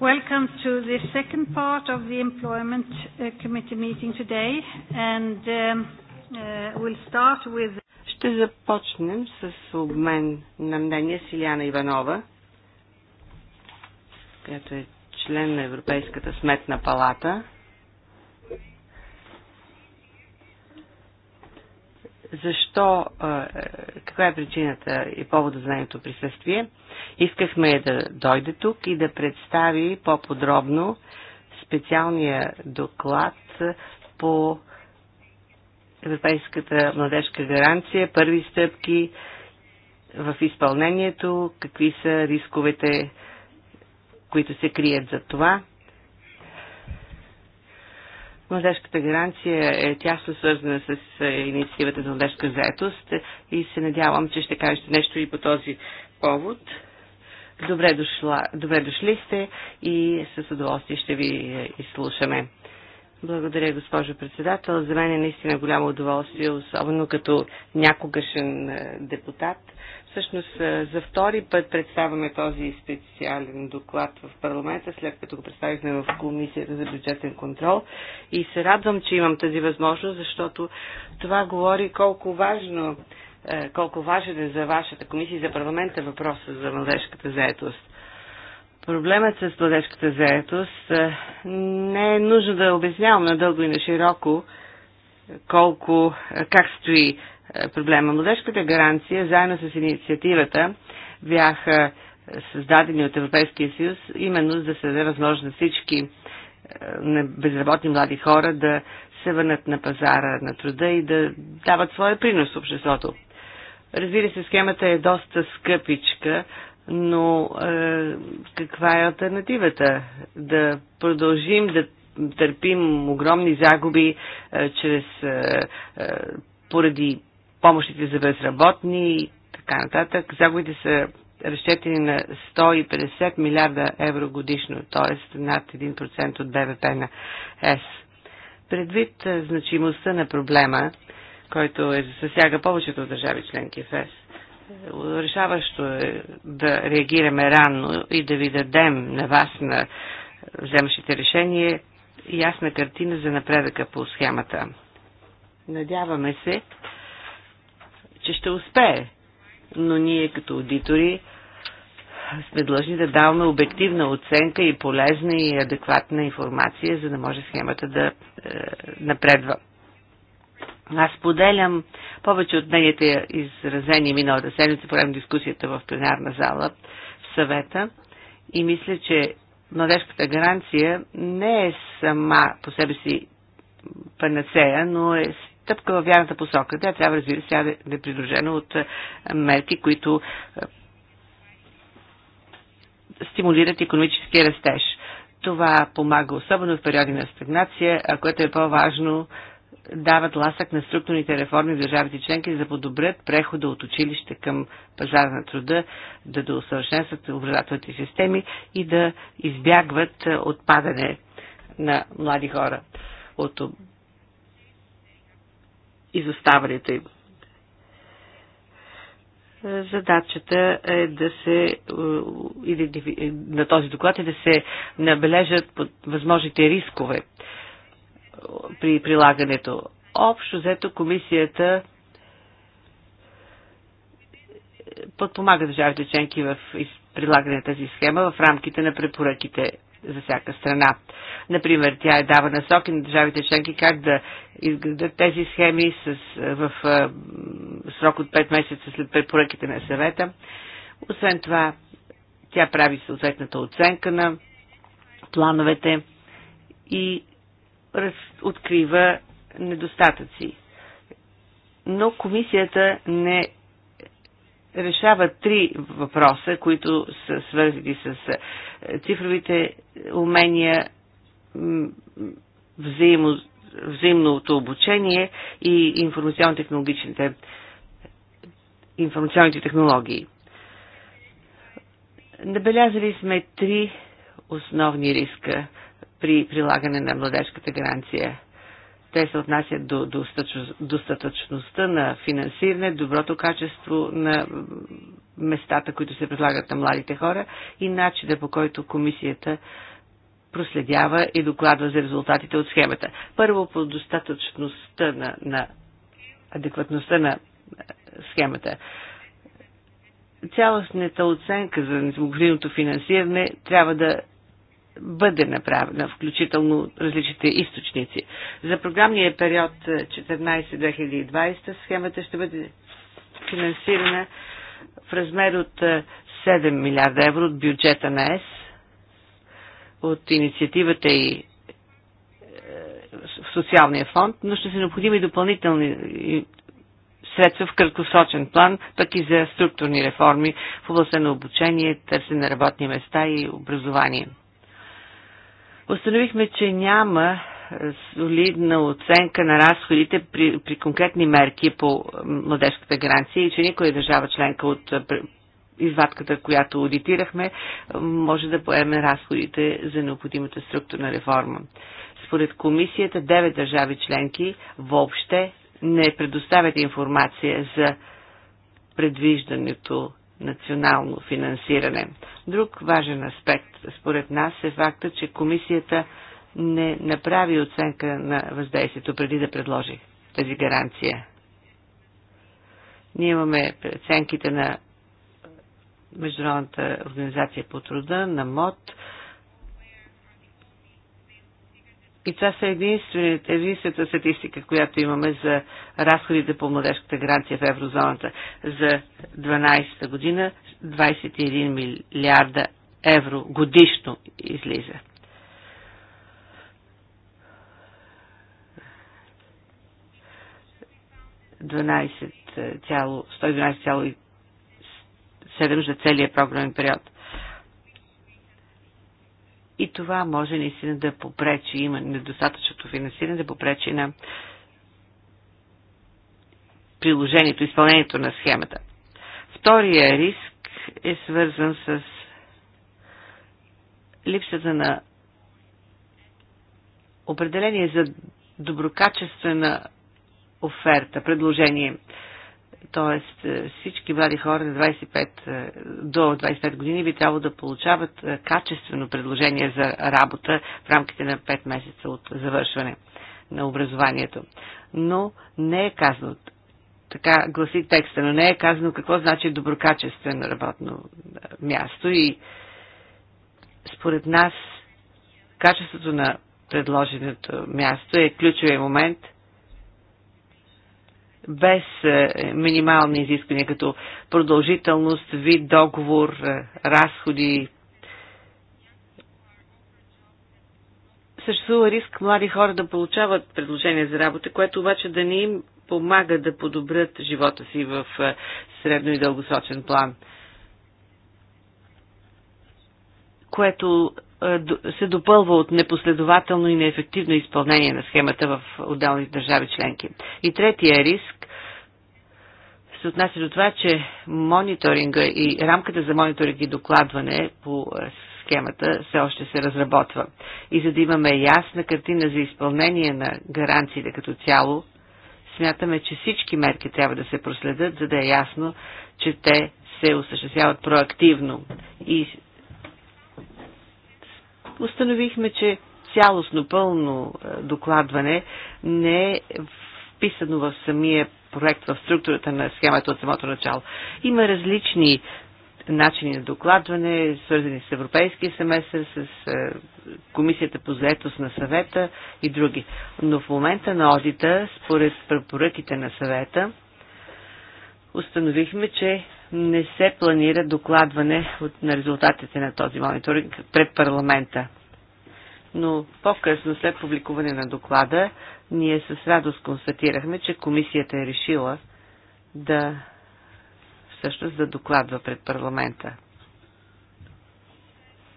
Welcome to the second part of the Employment uh, Committee meeting today, and um, uh, we'll start with. Ще започнем с обмен на мнение с Иляна Иванова, която е член на Европейската сметна палата. Защо е, коя е причината и повода за нейното присъствие. Искахме да дойде тук и да представи по-подробно специалния доклад по Европейската младежка гаранция, първи стъпки в изпълнението, какви са рисковете, които се крият за това. Младежката гаранция е тясно свързана с е, инициативата за младежка заетост и се надявам, че ще кажете нещо и по този повод. Добре, дошла, добре дошли сте и с удоволствие ще ви е, изслушаме. Благодаря, госпожо председател. За мен е наистина голямо удоволствие, особено като някогашен е, депутат – Всъщност за втори път представяме този специален доклад в парламента, след като го представихме в Комисията за бюджетен контрол. И се радвам, че имам тази възможност, защото това говори колко важно колко важен е за вашата комисия и за парламента въпроса за младежката заетост. Проблемът с младежката заетост не е нужно да обяснявам надълго и на широко колко, как стои е, проблема. Младежката гаранция, заедно с инициативата, бяха създадени от Европейския съюз, именно за да се даде възможност на всички е, безработни млади хора да се върнат на пазара на труда и да дават своя принос в обществото. Разбира се, схемата е доста скъпичка, но е, каква е альтернативата? Да продължим да търпим огромни загуби е, чрез е, е, поради помощите за безработни и така нататък. Загубите са разчетени на 150 милиарда евро годишно, т.е. над 1% от БВП на ЕС. Предвид значимостта на проблема, който е, засяга повечето от държави членки в ЕС, е, решаващо е да реагираме рано и да ви дадем на вас, на вземащите решение, ясна картина за напредъка по схемата. Надяваме се, че ще успее. Но ние като аудитори сме длъжни да даваме обективна оценка и полезна и адекватна информация, за да може схемата да е, напредва. Аз поделям повече от мнението изразени миналата седмица по дискусията в пленарна зала в съвета и мисля, че младежката гаранция не е сама по себе си панацея, но е стъпка във вярната посока. Тя трябва, разбира се, да е придружена от мерки, които стимулират економически растеж. Това помага особено в периоди на стагнация, а което е по-важно, дават ласък на структурните реформи в държавите членки, за да подобрят прехода от училище към пазара на труда, да доусъвършенстват образователните системи и да избягват отпадане на млади хора от изоставането им. Задачата е да се е, е, на този доклад е да се набележат под възможните рискове при прилагането. Общо взето комисията подпомага държавите членки в прилагане на тази схема в рамките на препоръките за всяка страна. Например, тя е дава насоки на държавите членки как да изградат тези схеми с, в, в срок от 5 месеца след препоръките на съвета. Освен това, тя прави съответната оценка на плановете и раз, открива недостатъци. Но комисията не решава три въпроса, които са свързани с е, цифровите умения, взаимо, взаимното обучение и информационно-технологичните информационните технологии. Набелязали сме три основни риска при прилагане на младежката гаранция. Те се отнасят до достатъчността на финансиране, доброто качество на местата, които се предлагат на младите хора и начина по който комисията проследява и докладва за резултатите от схемата. Първо по достатъчността на, на адекватността на е, схемата. Цялостната оценка за необходимото финансиране трябва да бъде направена, включително различните източници. За програмния период 14-2020 схемата ще бъде финансирана в размер от 7 е, милиарда евро от бюджета на ЕС, от инициативата и е, в социалния фонд, но ще са необходими допълнителни средства в краткосрочен план, пък и за структурни реформи в областта на обучение, търсене на работни места и образование. Установихме, че няма солидна оценка на разходите при, при конкретни мерки по младежката гаранция и че никоя държава членка от е, извадката, която аудитирахме, може да поеме разходите за необходимата структурна реформа. Според комисията, 9 държави членки въобще не предоставят информация за предвиждането национално финансиране. Друг важен аспект според нас е факта, че комисията не направи оценка на въздействието преди да предложи тази гаранция. Ние имаме преценките на Международната организация по труда, на МОД, и това са единствената статистика, която имаме за разходите по младежката гаранция в еврозоната. За 12-та година 21 милиарда евро годишно излиза. цяло 112,7 за целия програмен период. И това може наистина да попречи, има недостатъчното финансиране да попречи на приложението, изпълнението на схемата. Втория риск е свързан с липсата на определение за доброкачествена оферта, предложение. Т.е. всички млади хора на 25, е, до 25 години би трябвало да получават е, качествено предложение за работа в рамките на 5 месеца от завършване на образованието. Но не е казано, така гласи текста, но не е казано какво значи доброкачествено работно е, място и според нас качеството на предложеното място е ключовия момент – без е, минимални изисквания, като продължителност, вид, договор, е, разходи. Съществува риск млади хора да получават предложения за работа, което обаче да не им помага да подобрят живота си в е, средно и дългосрочен план. Което е, се допълва от непоследователно и неефективно изпълнение на схемата в отделни държави членки. И третия риск се отнася до това, че мониторинга и рамката за мониторинг и докладване по е, схемата все още се разработва. И за да имаме ясна картина за изпълнение на гаранциите като цяло, смятаме, че всички мерки трябва да се проследят, за да е ясно, че те се осъществяват проактивно и установихме, че цялостно пълно е, докладване не е вписано в самия проект, в структурата на схемата от самото начало. Има различни начини на докладване, свързани с европейския семестър, с е, Комисията по заетост на съвета и други. Но в момента на одита, според препоръките на съвета, установихме, че не се планира докладване от, на резултатите на този мониторинг пред парламента. Но по-късно, след публикуване на доклада, ние с радост констатирахме, че комисията е решила да всъщност да докладва пред парламента.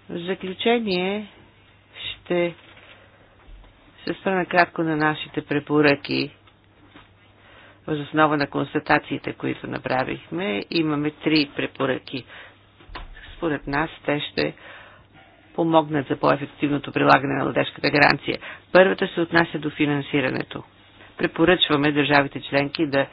В заключение ще се спра кратко на нашите препоръки основа на констатациите, които направихме, имаме три препоръки. Според нас те ще помогнат за по-ефективното прилагане на младежката гаранция. Първата се отнася до финансирането. Препоръчваме държавите членки да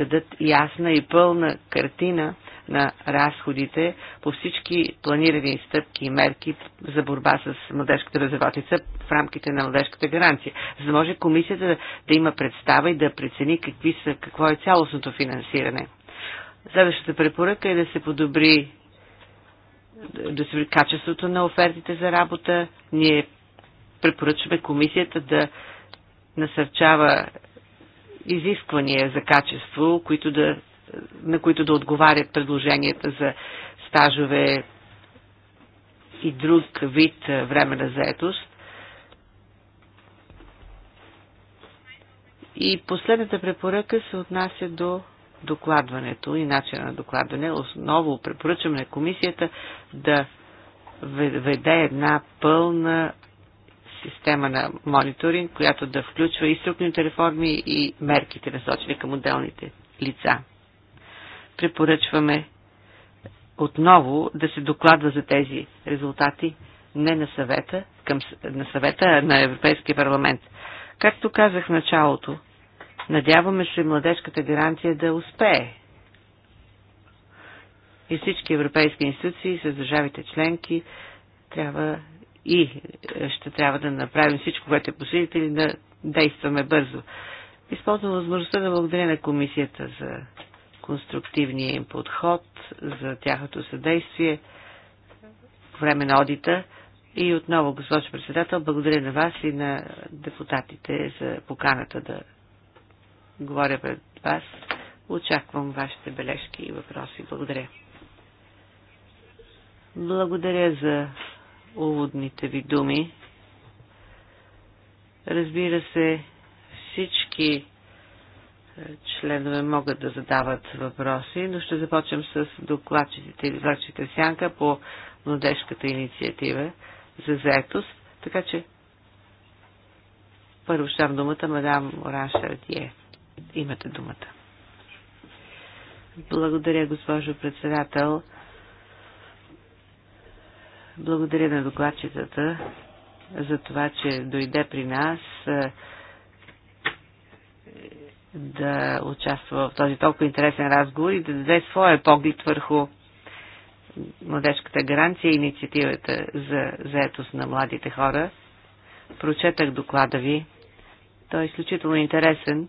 ще дадат ясна и пълна картина на разходите по всички планирани стъпки и мерки за борба с младежката безработица в рамките на младежката гаранция, за да може комисията да, да има представа и да прецени какви са, какво е цялостното финансиране. Следващата препоръка е да се подобри да се качеството на офертите за работа. Ние препоръчваме комисията да насърчава изисквания за качество, които да, на които да отговарят предложенията за стажове и друг вид време на заетост. И последната препоръка се отнася до докладването и начина на докладване. Основно препоръчваме на комисията да веде една пълна система на мониторинг, която да включва и структурните реформи и мерките, насочени към отделните лица. Препоръчваме отново да се докладва за тези резултати не на съвета, към, на съвета, а на Европейския парламент. Както казах в началото, надяваме се младежката гаранция да успее. И всички европейски институции с държавите членки трябва и е, ще трябва да направим всичко, което е посилите и да действаме бързо. Използвам възможността да благодаря на комисията за конструктивния им подход, за тяхното съдействие време на одита. И отново, госпожо председател, благодаря на вас и на депутатите за поканата да говоря пред вас. Очаквам вашите бележки и въпроси. Благодаря. Благодаря за уводните ви думи. Разбира се, всички е, членове могат да задават въпроси, но ще започнем с докладчиците и докладчите Сянка по младежката инициатива за заетост. Така че първо ще дам думата мадам Ораша Радие. Имате думата. Благодаря, госпожо председател. Благодаря на докладчицата за това, че дойде при нас е, да участва в този толкова интересен разговор и да даде своя поглед върху младежката гаранция и инициативата за заетост на младите хора. Прочетах доклада ви. Той е изключително интересен.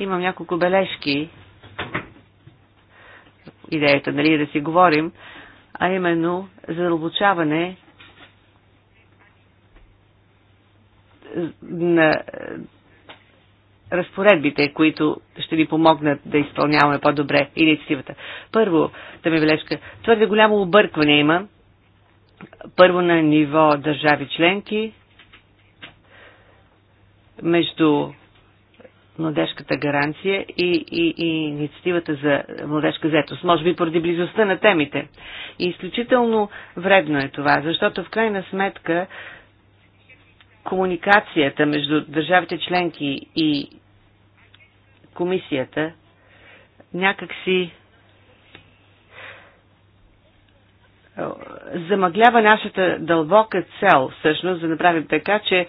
Имам няколко бележки. Идеята, нали, да си говорим, а именно задълбочаване на е, разпоредбите, които ще ни помогнат да изпълняваме по-добре инициативата. Първо, да ми бележка, твърде голямо объркване има. Първо на ниво държави членки, между младежката гаранция и, и, и инициативата за младежка заетост. Може би поради близостта на темите. И изключително вредно е това, защото в крайна сметка комуникацията между държавите членки и комисията някакси замъглява нашата дълбока цел, всъщност, да направим така, че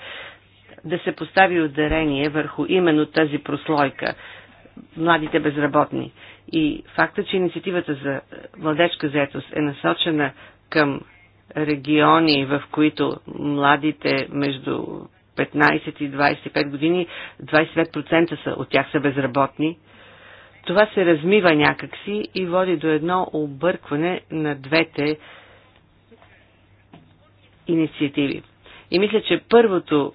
да се постави ударение върху именно тази прослойка младите безработни. И факта, че инициативата за е, младежка заетост е насочена към региони, в които младите между 15 и 25 години, 25% са, от тях са безработни, това се размива някакси и води до едно объркване на двете инициативи. И мисля, че първото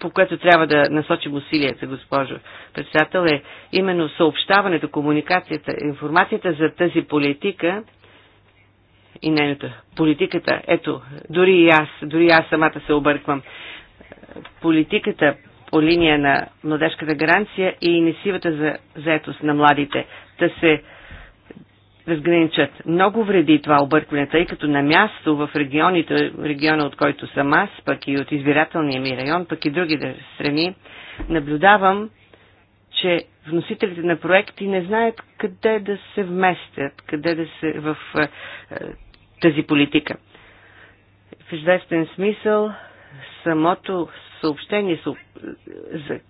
по което трябва да насочим усилията, госпожо председател, е именно съобщаването, комуникацията, информацията за тази политика и нейната политиката. Ето, дори и аз, дори и аз самата се обърквам. Политиката по линия на младежката гаранция и инициативата за заетост на младите. Да се разграничат. Много вреди това объркване, тъй като на място в регионите, региона от който съм аз, пък и от избирателния ми район, пък и други страни, наблюдавам, че вносителите на проекти не знаят къде да се вместят, къде да се в е, е, тази политика. В известен смисъл самото съобщение за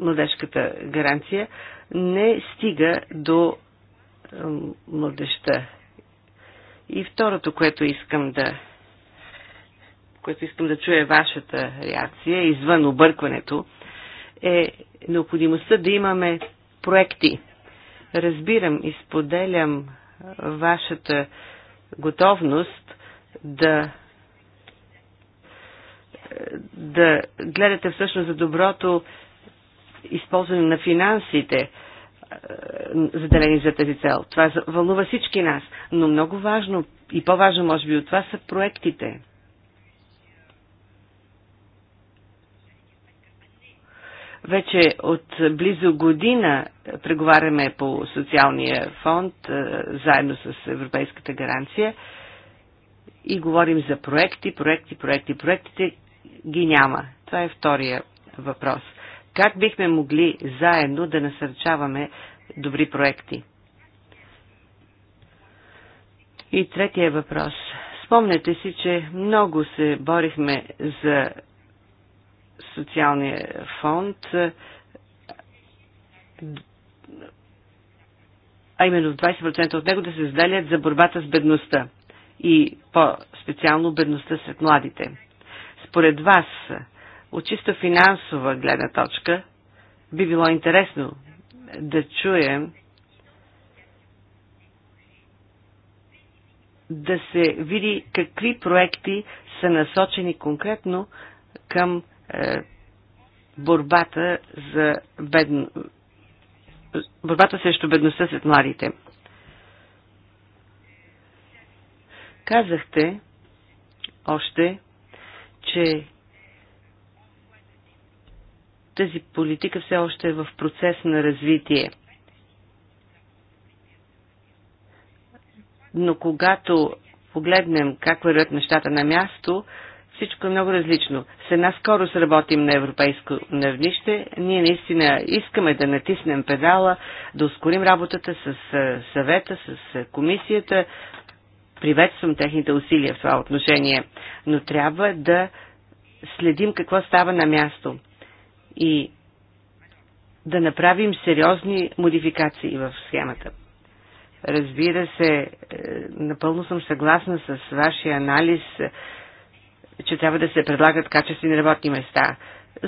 младежката гаранция не стига до младеща. И второто, което искам да което искам да чуя е вашата реакция, извън объркването, е необходимостта да имаме проекти. Разбирам и споделям вашата готовност да да гледате всъщност за доброто използване на финансите, е, заделени за тази цел. Това вълнува всички нас, но много важно и по-важно може би от това са проектите. Вече от близо година преговаряме по социалния фонд, е, заедно с Европейската гаранция и говорим за проекти, проекти, проекти. Проектите ги няма. Това е втория въпрос – как бихме могли заедно да насърчаваме добри проекти? И третия въпрос. Спомняте си, че много се борихме за социалния фонд, а именно 20% от него да се заделят за борбата с бедността и по-специално бедността сред младите. Според вас, от чисто финансова гледна точка би било интересно да чуем да се види какви проекти са насочени конкретно към е, борбата за бедно... борбата срещу бедността сред младите. Казахте още, че тази политика все още е в процес на развитие. Но когато погледнем как вървят нещата на място, всичко е много различно. С една скорост работим на европейско навнище. Ние наистина искаме да натиснем педала, да ускорим работата с съвета, с комисията. Приветствам техните усилия в това отношение, но трябва да следим какво става на място и да направим сериозни модификации в схемата. Разбира се, е, напълно съм съгласна с вашия анализ, е, че трябва да се предлагат качествени работни места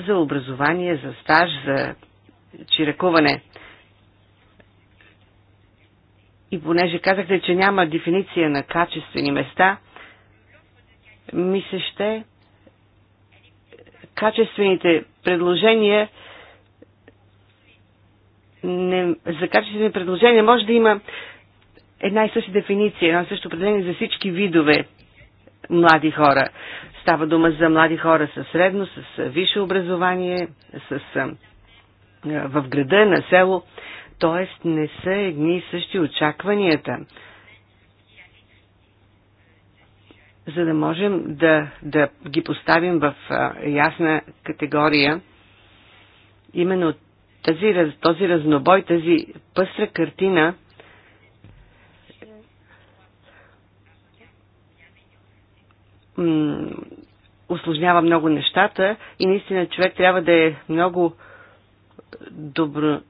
за образование, за стаж, за чиракуване. И понеже казахте, че няма дефиниция на качествени места, ми се ще качествените предложения не, за качествени предложения може да има една и съща дефиниция, едно и също определение за всички видове млади хора. Става дума за млади хора със средно, с висше образование, с, в града, на село. Тоест не са едни и същи очакванията за да можем да, да ги поставим в ясна категория. Именно тази, този разнобой, тази пъстра картина осложнява много нещата и наистина човек трябва да е много добро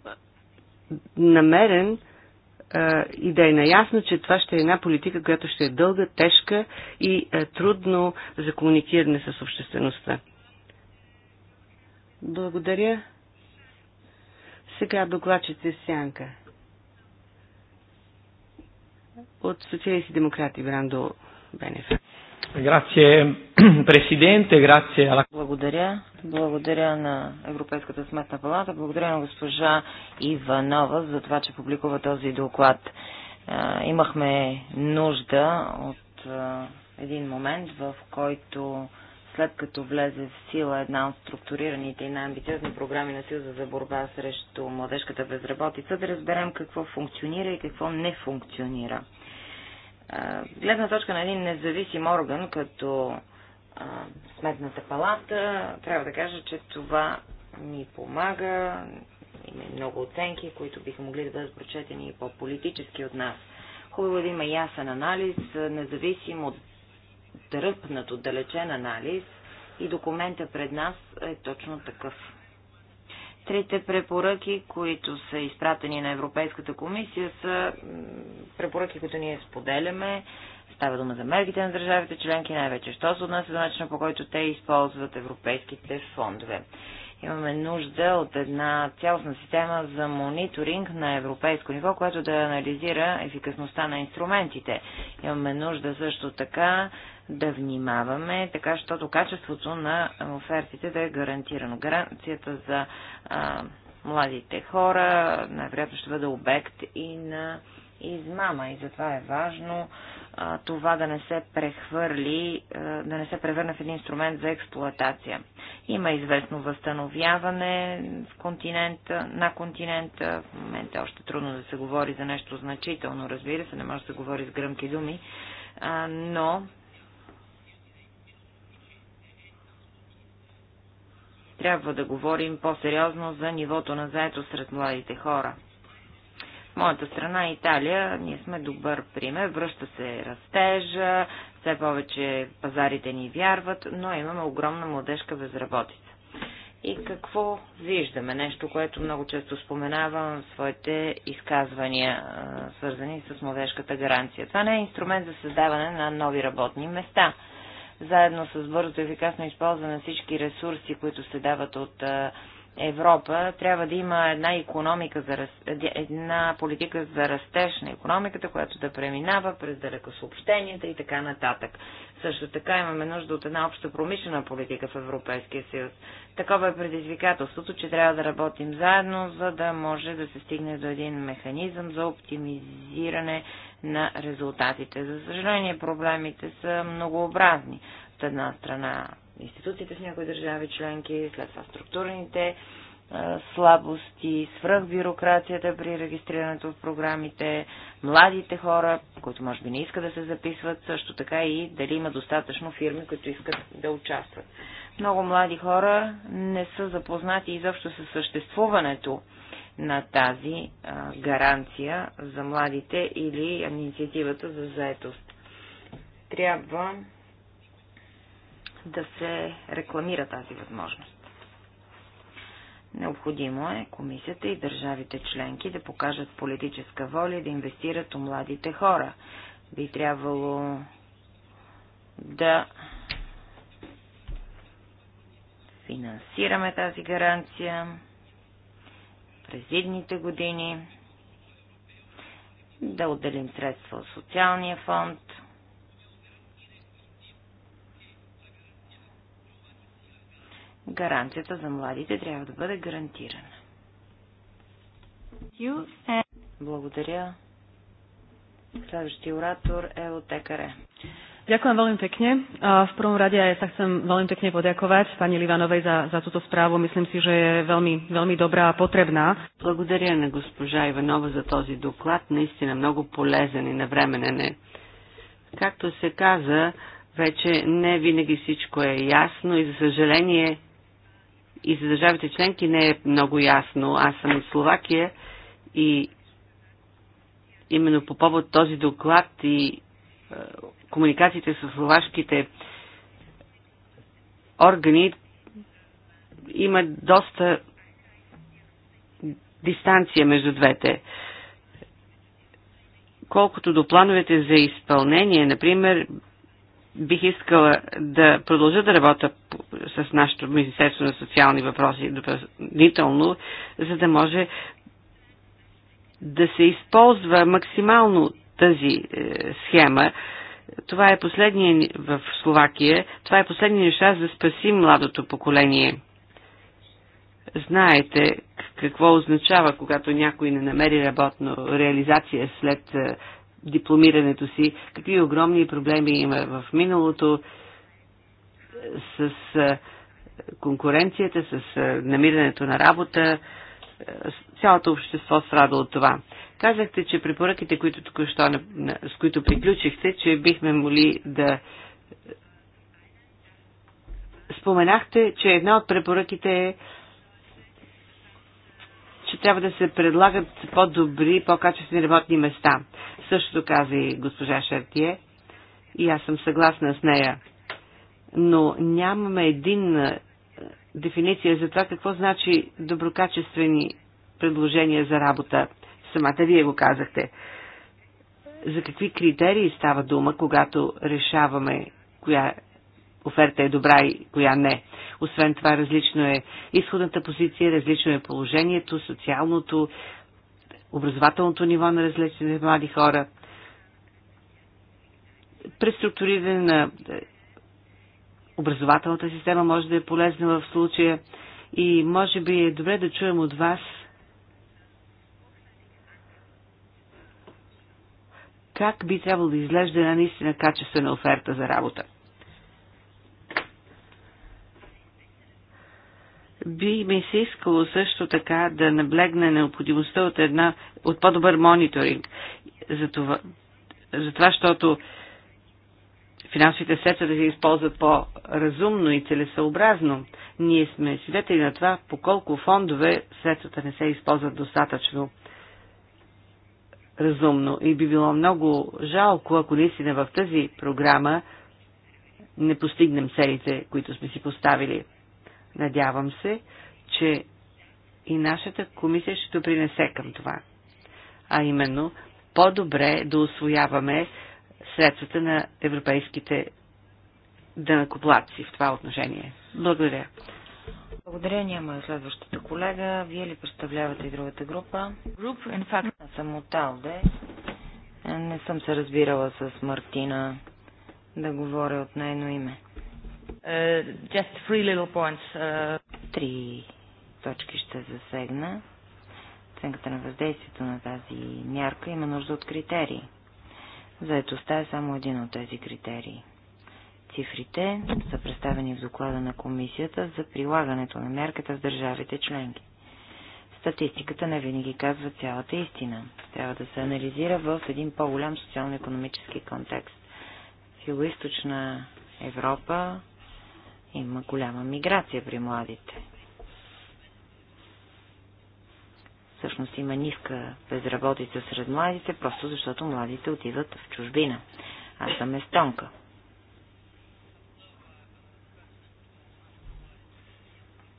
намерен, и да е наясно, че това ще е една политика, която ще е дълга, тежка и трудно за комуникиране с обществеността. Благодаря. Сега докладчите Сянка. От социалисти демократи Брандо Бенефа. Благодаря. Благодаря на Европейската сметна палата. Благодаря на госпожа Иванова за това, че публикува този доклад. Имахме нужда от един момент, в който след като влезе в сила една от структурираните и най-амбициозни програми на Съюза за борба срещу младежката безработица, да разберем какво функционира и какво не функционира гледна точка на един независим орган, като а, Сметната палата, трябва да кажа, че това ми помага. Има много оценки, които биха могли да бъдат прочетени и по-политически от нас. Хубаво е да има ясен анализ, независим от дръпнат, отдалечен анализ и документа пред нас е точно такъв. Трите препоръки, които са изпратени на Европейската комисия, са препоръки, които ние споделяме. Става дума за мерките на държавите членки, най-вече що се отнася до начина по който те използват европейските фондове. Имаме нужда от една цялостна система за мониторинг на европейско ниво, която да анализира ефикасността на инструментите. Имаме нужда също така да внимаваме, така, защото качеството на офертите да е гарантирано. Гаранцията за а, младите хора най-вероятно ще бъде обект и на измама и затова е важно а, това да не се прехвърли, а, да не се превърне в един инструмент за експлоатация. Има известно възстановяване в континента, на континента. В момента е още трудно да се говори за нещо значително, разбира се, не може да се говори с гръмки думи, а, но трябва да говорим по-сериозно за нивото на заето сред младите хора. В моята страна, Италия, ние сме добър пример. Връща се растежа, все повече пазарите ни вярват, но имаме огромна младежка безработица. И какво виждаме? Нещо, което много често споменавам в своите изказвания, свързани с младежката гаранция. Това не е инструмент за създаване на нови работни места – заедно с бързото ефикасно използване на всички ресурси, които се дават от Европа трябва да има една економика за раз... една политика за растеж на економиката, която да преминава през далекосъобщенията и така нататък. Също така имаме нужда от една обща промишлена политика в Европейския съюз. Такова е предизвикателството, че трябва да работим заедно, за да може да се стигне до един механизъм за оптимизиране на резултатите. За съжаление, проблемите са многообразни от една страна институциите в някои държави членки, след това структурните слабости, свръхбюрокрацията при регистрирането в програмите, младите хора, които може би не искат да се записват, също така и дали има достатъчно фирми, които искат да участват. Много млади хора не са запознати изобщо със съществуването на тази гаранция за младите или инициативата за заетост. Трябва да се рекламира тази възможност. Необходимо е комисията и държавите членки да покажат политическа воля да инвестират у младите хора. Би трябвало да финансираме тази гаранция през идните години, да отделим средства от социалния фонд, гаранцията за младите трябва да бъде гарантирана. Благодаря. Следващия оратор е от ЕКР. Ďakujem veľmi pekne. V prvom rade aj sa chcem veľmi pekne poďakovať pani Livanovej za, za túto správu. Myslím si, že je veľmi, veľmi dobrá a potrebná. Благодаря на госпожа Иванова за този доклад. Наистина много полезен и навременен е. Както се каза, вече не винаги всичко е ясно и за съжаление и за държавите членки не е много ясно. Аз съм от Словакия и именно по повод този доклад и е, комуникациите с словашките органи има доста дистанция между двете. Колкото до плановете за изпълнение, например, бих искала да продължа да работя с нашето Министерство на социални въпроси допълнително, за да може да се използва максимално тази е, схема. Това е последния в Словакия, това е последния шанс да спасим младото поколение. Знаете какво означава, когато някой не намери работно реализация след е, дипломирането си, какви огромни проблеми има в миналото е, с е, конкуренцията, с е, намирането на работа. Цялото общество страда от това. Казахте, че препоръките, които току-що, с които приключихте, че бихме моли да споменахте, че една от препоръките е че трябва да се предлагат по-добри, по-качествени работни места. Същото каза и госпожа Шартие. И аз съм съгласна с нея. Но нямаме един дефиниция за това какво значи доброкачествени предложения за работа. Самата вие го казахте. За какви критерии става дума, когато решаваме коя оферта е добра и коя не. Освен това, различно е изходната позиция, различно е положението, социалното, образователното ниво на различните млади хора, преструктуриране на е, образователната система може да е полезна в случая и може би е добре да чуем от вас как би трябвало да изглежда една наистина качествена оферта за работа. Би ми се искало също така да наблегне необходимостта от, една, от по-добър мониторинг за това, за това, защото финансовите средства да се използват по-разумно и целесъобразно. Ние сме свидетели на това, по колко фондове средствата не се използват достатъчно разумно. И би било много жалко, ако наистина в тази програма не постигнем целите, които сме си поставили. Надявам се, че и нашата комисия ще допринесе към това. А именно, по-добре да освояваме средствата на европейските дънакоплаци в това отношение. Благодаря. Благодаря. Няма следващата колега. Вие ли представлявате и другата група? Груп, fact... съм от Алде. Не съм се разбирала с Мартина да говоря от нейно име. Е, just three little points. Е. Три точки ще засегна. Оценката на въздействието на тази мярка има нужда от критерии. Заетостта е само един от тези критерии. Цифрите са представени в доклада на комисията за прилагането на мярката в държавите членки. Статистиката не винаги казва цялата истина. Трябва да се анализира в един по-голям социално-економически контекст. В Юго-Источна Европа има голяма миграция при младите. Всъщност има ниска безработица сред младите, просто защото младите отиват в чужбина. Аз съм естонка.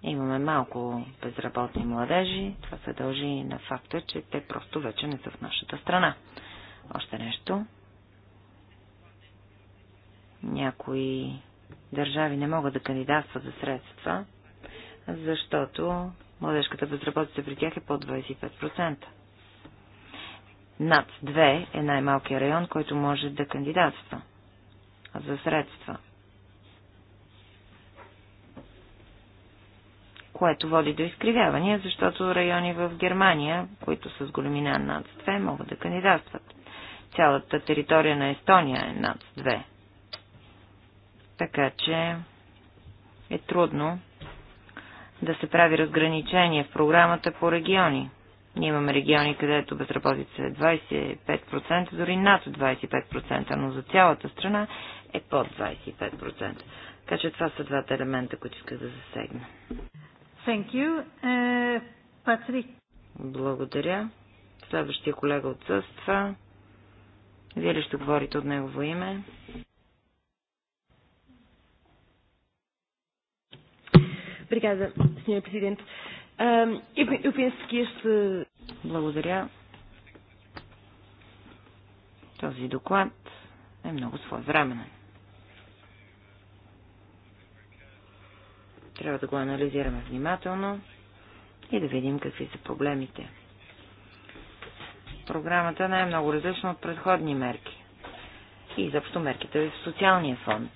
Имаме малко безработни младежи. Това се дължи на факта, че те просто вече не са в нашата страна. Още нещо. Някои държави не могат да кандидатстват за средства, защото младежката безработица при тях е под 25%. Над 2 е най-малкият район, който може да кандидатства за средства. Което води до изкривявания, защото райони в Германия, които с големина над 2, могат да кандидатстват. Цялата територия на Естония е над така че е трудно да се прави разграничение в програмата по региони. Ние имаме региони, където безработица е 25%, дори над 25%, но за цялата страна е под 25%. Така че това са двата елемента, които иска да засегна. Thank you. Uh, Благодаря. Следващия колега отсъства. Вие ли ще говорите от негово име? Obrigada, Sr. Presidente. Um, eu, eu penso que este. Благодаря. Този доклад е много своевременен. Трябва да го анализираме внимателно и да видим какви са проблемите. Програмата не е много различна от предходни мерки и изобщо мерките в социалния фонд.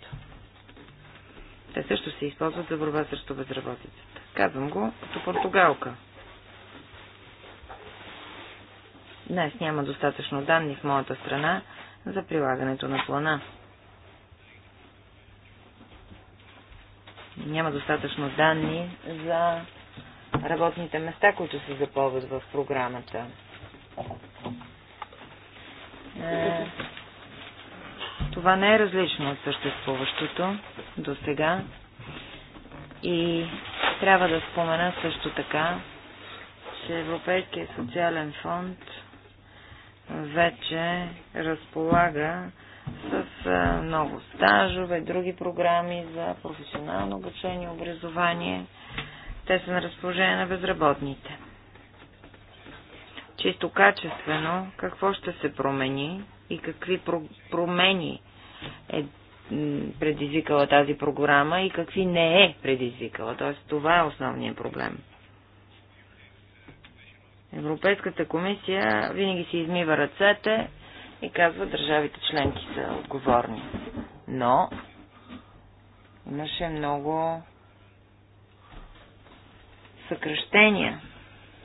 Те също се използват за борба срещу безработицата. Казвам го като португалка. Днес няма достатъчно данни в моята страна за прилагането на плана. Няма достатъчно данни за работните места, които се запълват в програмата. Е, това не е различно от съществуващото до сега. И трябва да спомена също така, че Европейския социален фонд вече разполага с много стажове, други програми за професионално обучение и образование. Те са на разположение на безработните. Чисто качествено, какво ще се промени и какви промени е предизвикала тази програма и какви не е предизвикала. Тоест това е основният проблем. Европейската комисия винаги си измива ръцете и казва държавите членки са отговорни. Но имаше много съкръщения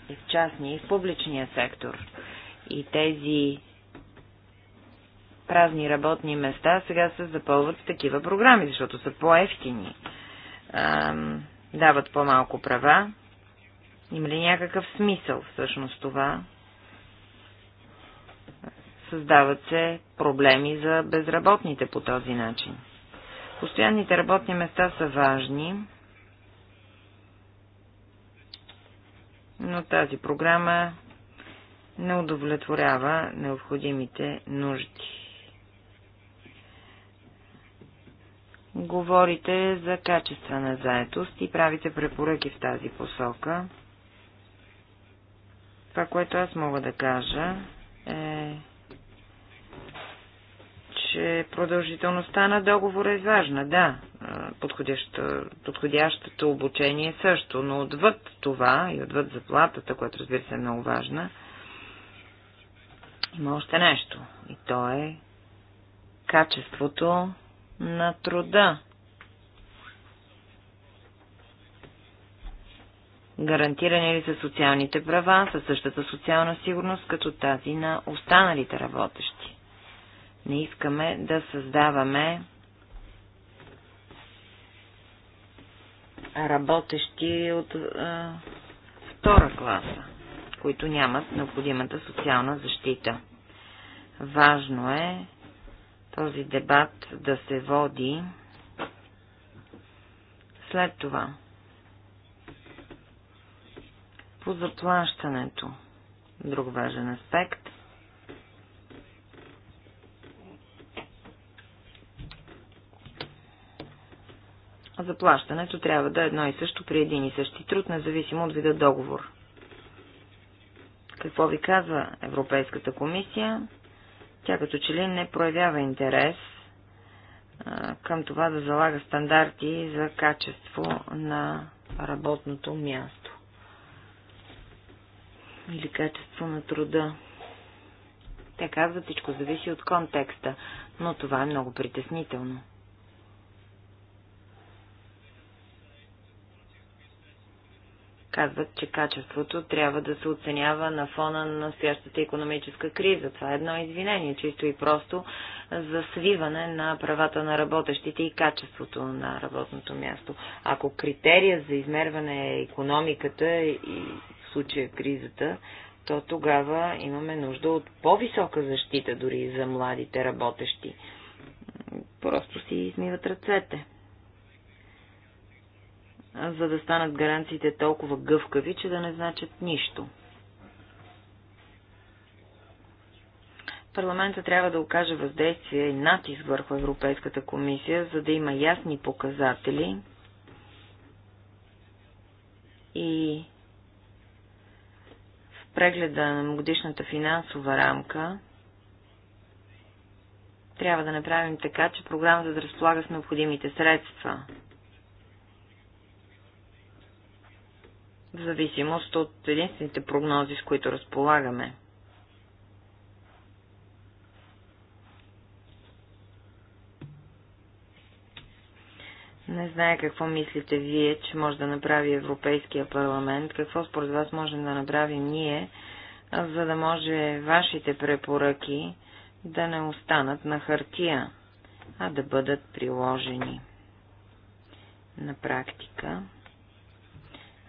и в частния, и в публичния сектор. И тези празни работни места сега се запълват с такива програми, защото са по-ефтини. Дават по-малко права. Има ли някакъв смисъл всъщност това? Създават се проблеми за безработните по този начин. Постоянните работни места са важни, но тази програма не удовлетворява необходимите нужди. говорите за на заетост и правите препоръки в тази посока. Това, което аз мога да кажа е, че продължителността на договора е важна, да, е, подходящо, подходящото обучение също, но отвъд това и отвъд заплатата, която разбира се е много важна, има още нещо и то е качеството на труда. Гарантирани ли са социалните права със същата социална сигурност, като тази на останалите работещи? Не искаме да създаваме работещи от а, втора класа, които нямат необходимата социална защита. Важно е този дебат да се води след това. По заплащането. Друг важен аспект. Заплащането трябва да е едно и също при един и същи труд, независимо от вида договор. Какво ви казва Европейската комисия? Тя като че ли не проявява интерес към това да залага стандарти за качество на работното място или качество на труда. Те казват, всичко зависи от контекста, но това е много притеснително. казват, че качеството трябва да се оценява на фона на настоящата економическа криза. Това е едно извинение, чисто и просто, за свиване на правата на работещите и качеството на работното място. Ако критерия за измерване е економиката и в случая кризата, то тогава имаме нужда от по-висока защита дори за младите работещи. Просто си измиват ръцете за да станат гаранциите толкова гъвкави, че да не значат нищо. Парламента трябва да окаже въздействие и натиск върху Европейската комисия, за да има ясни показатели и в прегледа на годишната финансова рамка трябва да направим така, че програмата да разполага с необходимите средства. в зависимост от единствените прогнози, с които разполагаме. Не знае какво мислите вие, че може да направи Европейския парламент, какво според вас можем да направим ние, за да може вашите препоръки да не останат на хартия, а да бъдат приложени. На практика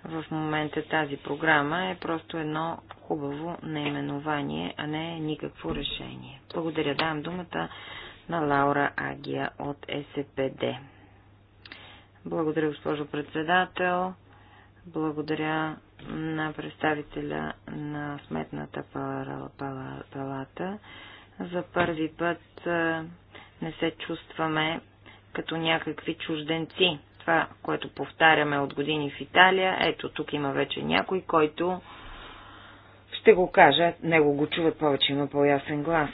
в момента тази програма е просто едно хубаво наименование, а не никакво решение. Благодаря. Давам думата на Лаура Агия от СПД. Благодаря, госпожо председател. Благодаря на представителя на Сметната палата. За първи път не се чувстваме като някакви чужденци това, което повтаряме от години в Италия. Ето, тук има вече някой, който ще го кажа, него го чуват повече, има по-ясен глас.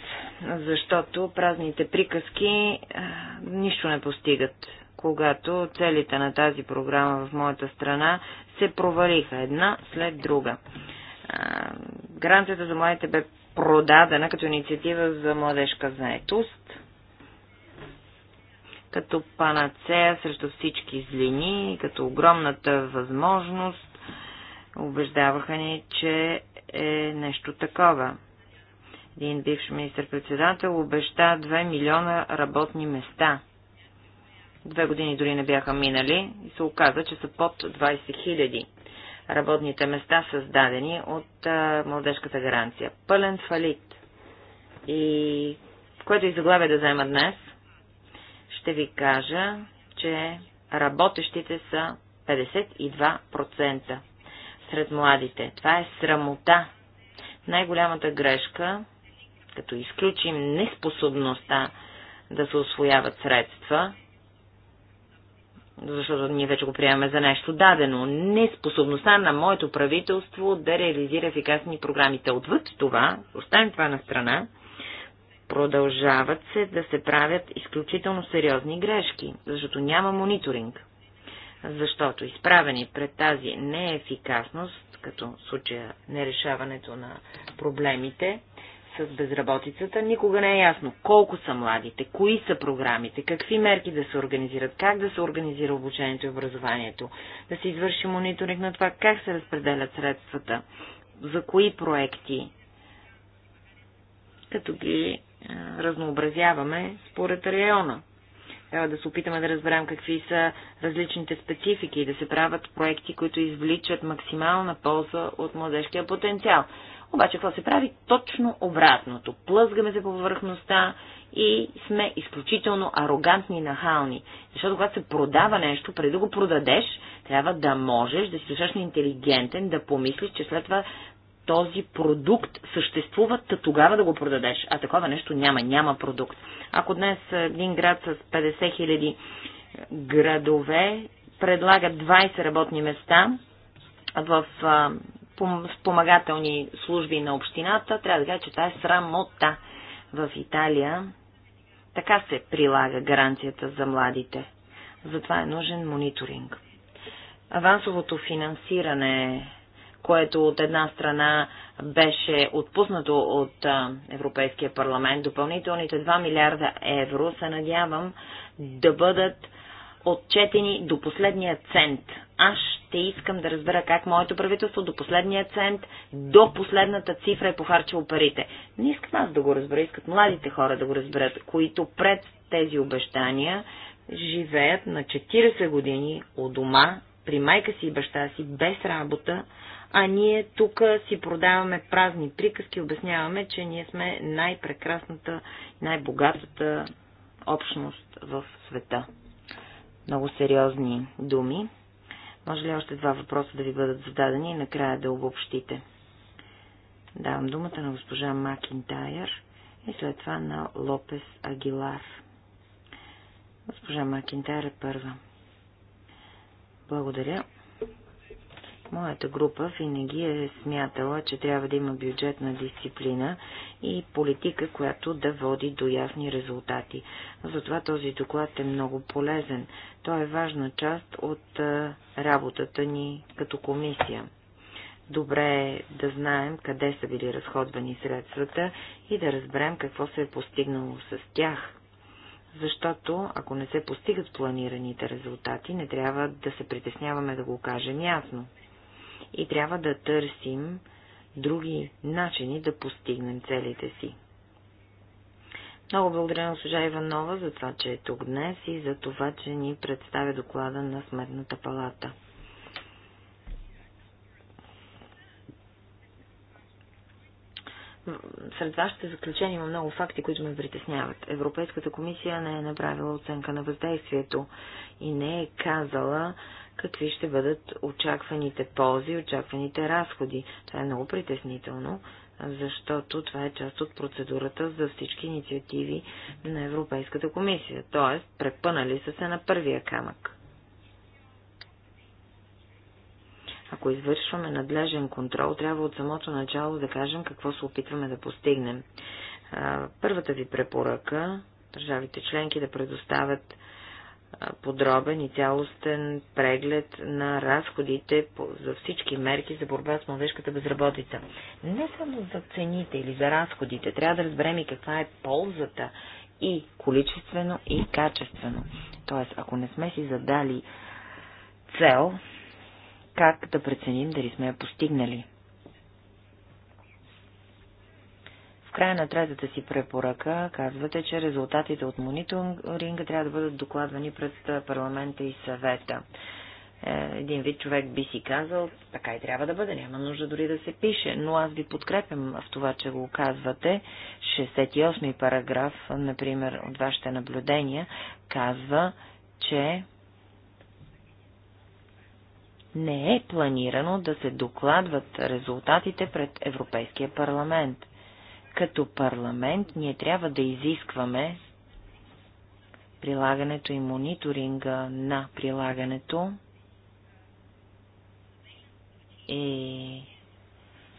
Защото празните приказки а, нищо не постигат, когато целите на тази програма в моята страна се провалиха една след друга. А, гаранцията за младите бе продадена като инициатива за младежка заетост – като панацея срещу всички злини, като огромната възможност. Убеждаваха ни, че е нещо такова. Един бивш министр-председател обеща 2 милиона работни места. Две години дори не бяха минали и се оказа, че са под 20 хиляди работните места, създадени от а, младежката гаранция. Пълен фалит. И което и заглавие да взема днес, ще ви кажа, че работещите са 52% сред младите. Това е срамота. Най-голямата грешка, като изключим неспособността да се освояват средства, защото ние вече го приемаме за нещо дадено. Неспособността на моето правителство да реализира ефикасни програмите. Отвъд това, оставим това на страна, Продължават се да се правят изключително сериозни грешки, защото няма мониторинг. Защото изправени пред тази неефикасност, като случая нерешаването на проблемите, с безработицата, никога не е ясно колко са младите, кои са програмите, какви мерки да се организират, как да се организира обучението и образованието, да се извърши мониторинг на това как се разпределят средствата, за кои проекти, като ги разнообразяваме според района. Трябва да се опитаме да разберем какви са различните специфики и да се правят проекти, които извличат максимална полза от младежкия потенциал. Обаче какво се прави? Точно обратното. Плъзгаме се по повърхността и сме изключително арогантни и нахални. Защото когато се продава нещо, преди да го продадеш, трябва да можеш да си достатъчно интелигентен, да помислиш, че след това този продукт съществува, та тогава да го продадеш. А такова нещо няма, няма продукт. Ако днес един град с 50 хиляди е, градове предлага 20 работни места в е, спомагателни служби на общината, трябва да кажа, че това е срамота в Италия. Така се прилага гаранцията за младите. Затова е нужен мониторинг. Авансовото финансиране което от една страна беше отпуснато от Европейския парламент. Допълнителните 2 милиарда евро се надявам да бъдат отчетени до последния цент. Аз ще искам да разбера как моето правителство до последния цент, до последната цифра е похарчило парите. Не искам аз да го разбера, искат младите хора да го разберат, които пред тези обещания живеят на 40 години у дома, при майка си и баща си, без работа, а ние тук си продаваме празни приказки, обясняваме, че ние сме най-прекрасната, най-богатата общност в света. Много сериозни думи. Може ли още два въпроса да ви бъдат зададени и накрая да обобщите? Давам думата на госпожа Макинтайр и след това на Лопес Агилар. Госпожа Макинтайр е първа. Благодаря. Моята група винаги е смятала, че трябва да има бюджетна дисциплина и политика, която да води до ясни резултати. Затова този доклад е много полезен. Той е важна част от работата ни като комисия. Добре е да знаем къде са били разходвани средствата и да разберем какво се е постигнало с тях защото ако не се постигат планираните резултати, не трябва да се притесняваме да го кажем ясно и трябва да търсим други начини да постигнем целите си. Много благодаря на служа Иванова за това, че е тук днес и за това, че ни представя доклада на Сметната палата. Сред вашите заключения има много факти, които ме притесняват. Европейската комисия не е направила оценка на въздействието и не е казала, какви ще бъдат очакваните ползи, очакваните разходи. Това е много притеснително, защото това е част от процедурата за всички инициативи на Европейската комисия. Тоест, препънали са се на първия камък. Ако извършваме надлежен контрол, трябва от самото начало да кажем какво се опитваме да постигнем. Първата ви препоръка държавите членки да предоставят подробен и цялостен преглед на разходите за всички мерки за борба с младежката безработица. Не само за цените или за разходите, трябва да разберем и каква е ползата и количествено, и качествено. Тоест, ако не сме си задали цел, как да преценим дали сме я постигнали? В края на третата си препоръка казвате, че резултатите от мониторинга трябва да бъдат докладвани пред парламента и съвета. Е, един вид човек би си казал, така и трябва да бъде, няма нужда дори да се пише, но аз ви подкрепям в това, че го казвате. 68 параграф, например, от вашите наблюдения, казва, че не е планирано да се докладват резултатите пред Европейския парламент. Като парламент ние трябва да изискваме прилагането и мониторинга на прилагането и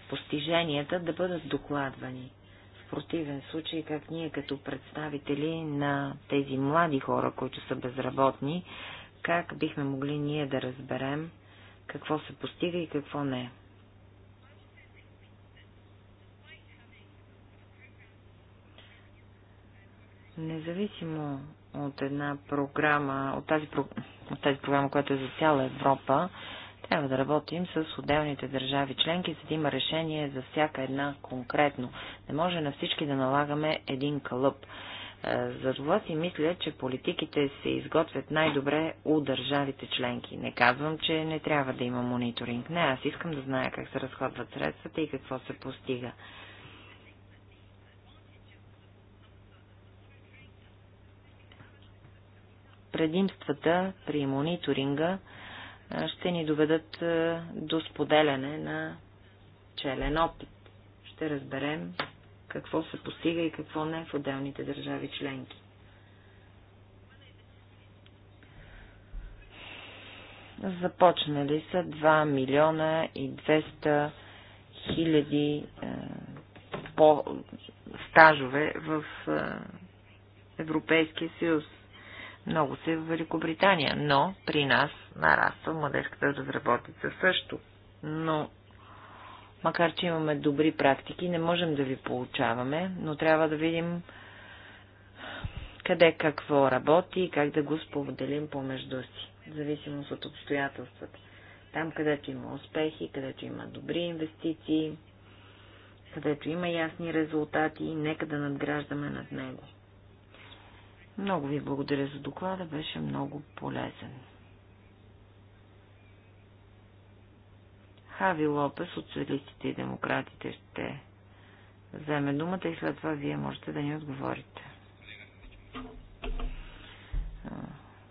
постиженията да бъдат докладвани. В противен случай, как ние като представители на тези млади хора, които са безработни, как бихме могли ние да разберем какво се постига и какво не. Независимо от една програма, от тази, от тази програма, която е за цяла Европа, трябва да работим с отделните държави членки, за да има решение за всяка една конкретно. Не може на всички да налагаме един кълъп. Е, Затова си мисля, че политиките се изготвят най-добре у държавите членки. Не казвам, че не трябва да има мониторинг. Не, аз искам да зная как се разходват средствата и какво се постига. предимствата при мониторинга ще ни доведат до споделяне на челен опит. Ще разберем какво се постига и какво не в отделните държави членки. Започнали са 2 милиона и 200 хиляди по стажове в Европейския съюз. Много се е в Великобритания, но при нас нараства младежката разработица също. Но макар че имаме добри практики, не можем да ви получаваме, но трябва да видим къде какво работи и как да го споделим помежду си, в зависимост от обстоятелствата. Там, където има успехи, където има добри инвестиции, където има ясни резултати, нека да надграждаме над него. Много ви благодаря за доклада, беше много полезен. Хави Лопес от Социалистите и Демократите ще вземе думата и след това вие можете да ни отговорите.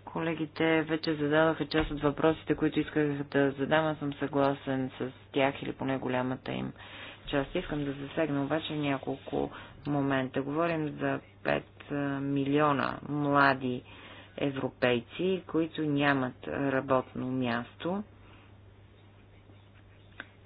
Колегите вече зададоха част от въпросите, които исках да задам. Аз съм съгласен с тях или поне голямата им част. Искам да засегна обаче няколко момента. Говорим за пет милиона млади европейци, които нямат работно място.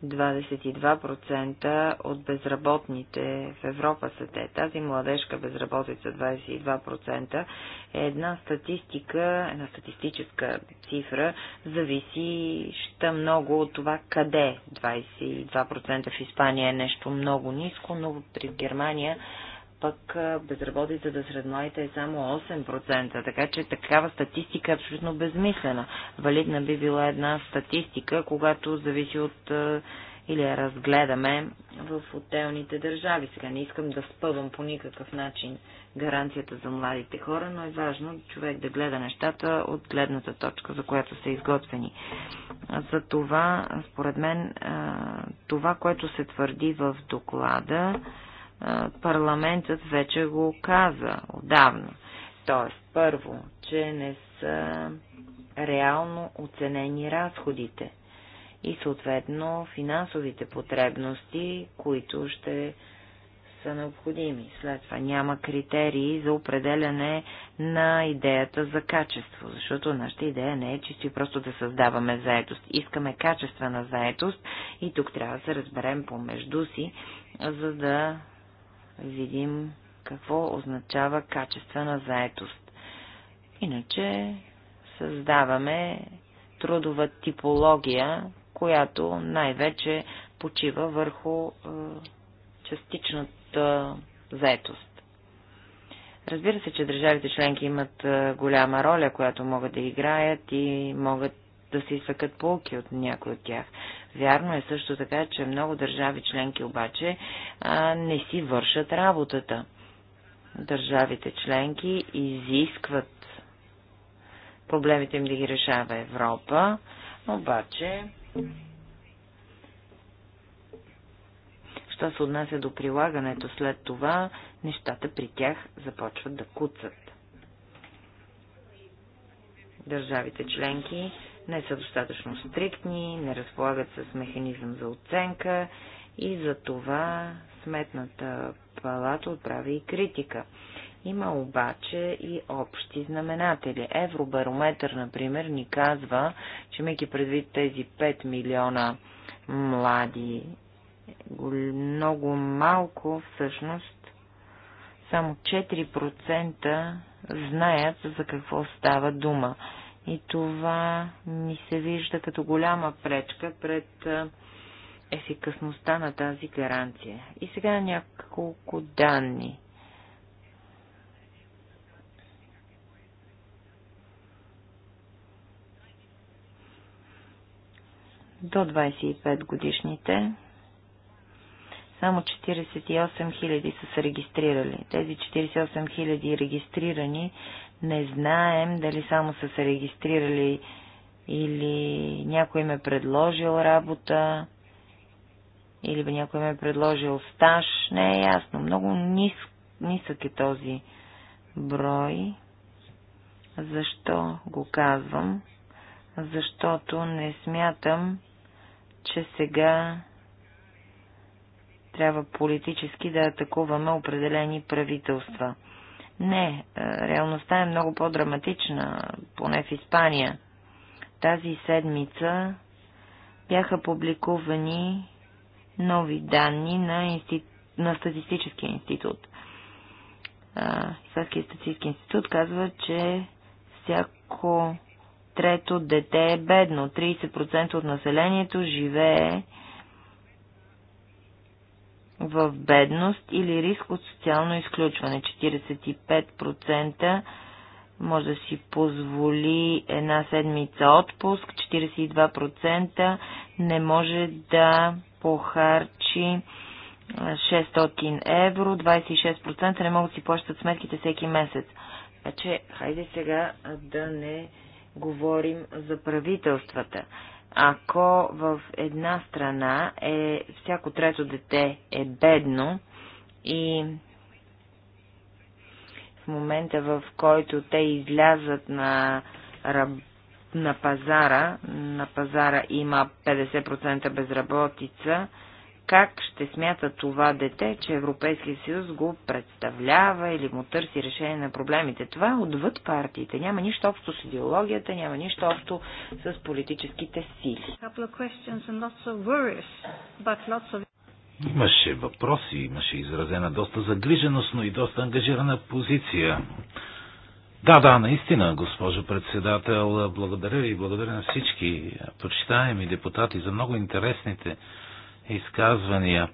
22% от безработните в Европа са те. Тази младежка безработица 22% е една статистика, една статистическа цифра, зависища много от това къде. 22% в Испания е нещо много ниско, но при Германия пък безработицата сред младите е само 8%, така че такава статистика е абсолютно безмислена. Валидна би била една статистика, когато зависи от или я разгледаме в отделните държави. Сега не искам да спъвам по никакъв начин гаранцията за младите хора, но е важно човек да гледа нещата от гледната точка, за която са изготвени. За това, според мен, това, което се твърди в доклада, парламентът вече го каза отдавна. Тоест, първо, че не са реално оценени разходите и съответно финансовите потребности, които ще са необходими. След това няма критерии за определяне на идеята за качество, защото нашата идея не е чисто и просто да създаваме заетост. Искаме качествена заетост и тук трябва да се разберем помежду си, за да видим какво означава качествена заетост. Иначе създаваме трудова типология, която най-вече почива върху е, частичната заетост. Разбира се, че държавите членки имат е, голяма роля, която могат да играят и могат да се изсъкат полки от някой от тях. Вярно е също така, че много държави членки обаче а, не си вършат работата. Държавите членки изискват проблемите им да ги решава Европа, обаче Що се отнася до прилагането след това, нещата при тях започват да куцат. Държавите членки не са достатъчно стриктни, не разполагат с механизъм за оценка и за това Сметната палата отправи и критика. Има обаче и общи знаменатели. Евробарометър, например, ни казва, че имайки предвид тези 5 милиона млади, много малко всъщност, само 4% знаят за какво става дума. И това ни се вижда като голяма пречка пред ефикасността на тази гаранция. И сега няколко данни. До 25 годишните само 48 000 са се регистрирали. Тези 48 000 регистрирани не знаем дали само са се регистрирали или някой им е предложил работа, или някой им е предложил стаж. Не е ясно. Много нис, нисък е този брой. Защо го казвам? Защото не смятам, че сега трябва политически да атакуваме определени правителства. Не, е, реалността е много по-драматична, поне в Испания. Тази седмица бяха публикувани нови данни на, инстит... на Статистическия институт. Испанския статистически институт казва, че всяко трето дете е бедно. 30% от населението живее в бедност или риск от социално изключване. 45% може да си позволи една седмица отпуск, 42% не може да похарчи 600 евро, 26% не могат да си плащат сметките всеки месец. Така значи, че, хайде сега да не говорим за правителствата. Ако в една страна е, всяко трето дете е бедно и в момента, в който те излязат на, на пазара, на пазара има 50% безработица, как ще смята това дете, че Европейския съюз го представлява или му търси решение на проблемите. Това е отвъд партиите. Няма нищо общо с идеологията, няма нищо общо с политическите сили. Имаше въпроси, имаше изразена доста загриженост, но и доста ангажирана позиция. Да, да, наистина, госпожо председател, благодаря ви, благодаря на всички почитаеми депутати за много интересните изказвания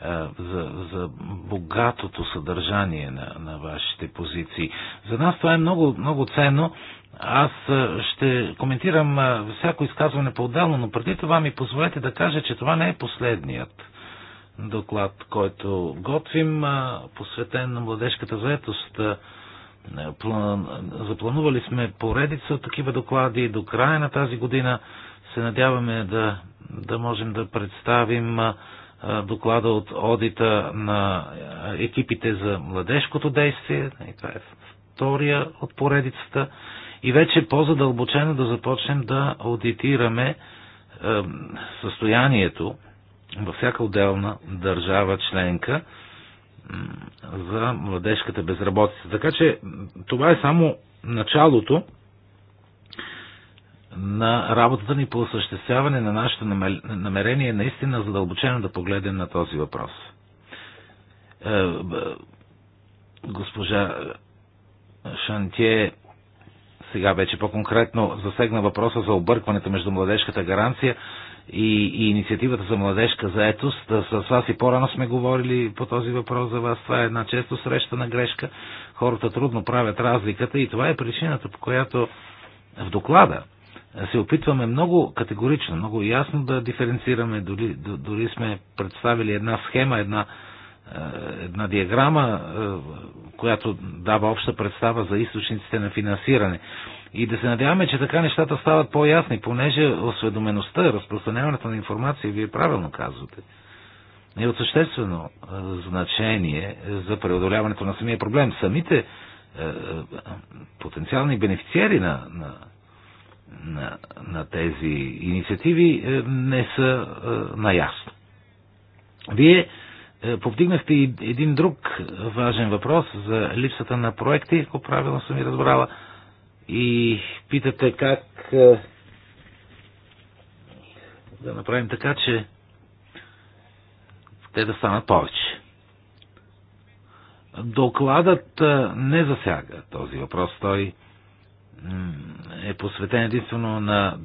е, за, за богатото съдържание на, на вашите позиции. За нас това е много, много ценно. Аз е, ще коментирам е, всяко изказване по-отделно, но преди това ми позволете да кажа, че това не е последният доклад, който готвим, посветен на младежката заетост. Запланували сме поредица от такива доклади до края на тази година. Се надяваме да да можем да представим доклада от одита на екипите за младежкото действие. И това е втория от поредицата. И вече по-задълбочено да започнем да аудитираме състоянието във всяка отделна държава членка за младежката безработица. Така че това е само началото на работата ни по осъществяване на нашето намерение наистина задълбочено да погледнем на този въпрос. Е, госпожа Шантие сега вече по-конкретно засегна въпроса за объркването между младежката гаранция и, и инициативата за младежка заетост. С вас и по-рано сме говорили по този въпрос за вас. Това е една често срещана грешка. Хората трудно правят разликата и това е причината, по която в доклада се опитваме много категорично, много ясно да диференцираме. Дори, дори сме представили една схема, една, е, една диаграма, е, която дава обща представа за източниците на финансиране. И да се надяваме, че така нещата стават по-ясни, понеже осведомеността, разпространяването на информация, вие правилно казвате, е от съществено е, значение за преодоляването на самия проблем. Самите потенциални бенефициери на, на на, на тези инициативи е, не са е, наясно. Вие е, повдигнахте и един друг важен въпрос за липсата на проекти, ако правилно съм ви разбрала, и питате как да направим така, че те да станат повече. Докладът не засяга този въпрос. Той е посветен единствено на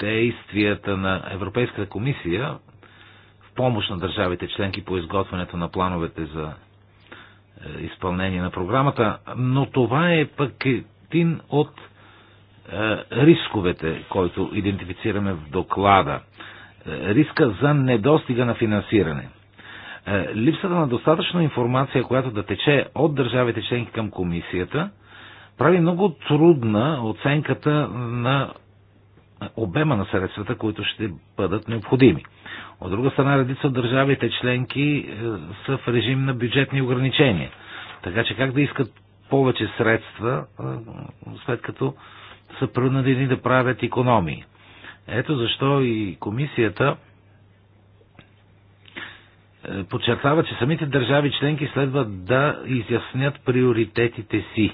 действията на Европейската комисия в помощ на държавите членки по изготвянето на плановете за е, изпълнение на програмата, но това е пък един от е, рисковете, който идентифицираме в доклада. Е, риска за недостига на финансиране. Липсата на достатъчно информация, която да тече от държавите членки към комисията – прави много трудна оценката на обема на средствата, които ще бъдат необходими. От друга страна, редица държавите членки е, са в режим на бюджетни ограничения. Така че как да искат повече средства, е, след като са принудени да правят економии. Ето защо и комисията е, подчертава, че самите държави членки следва да изяснят приоритетите си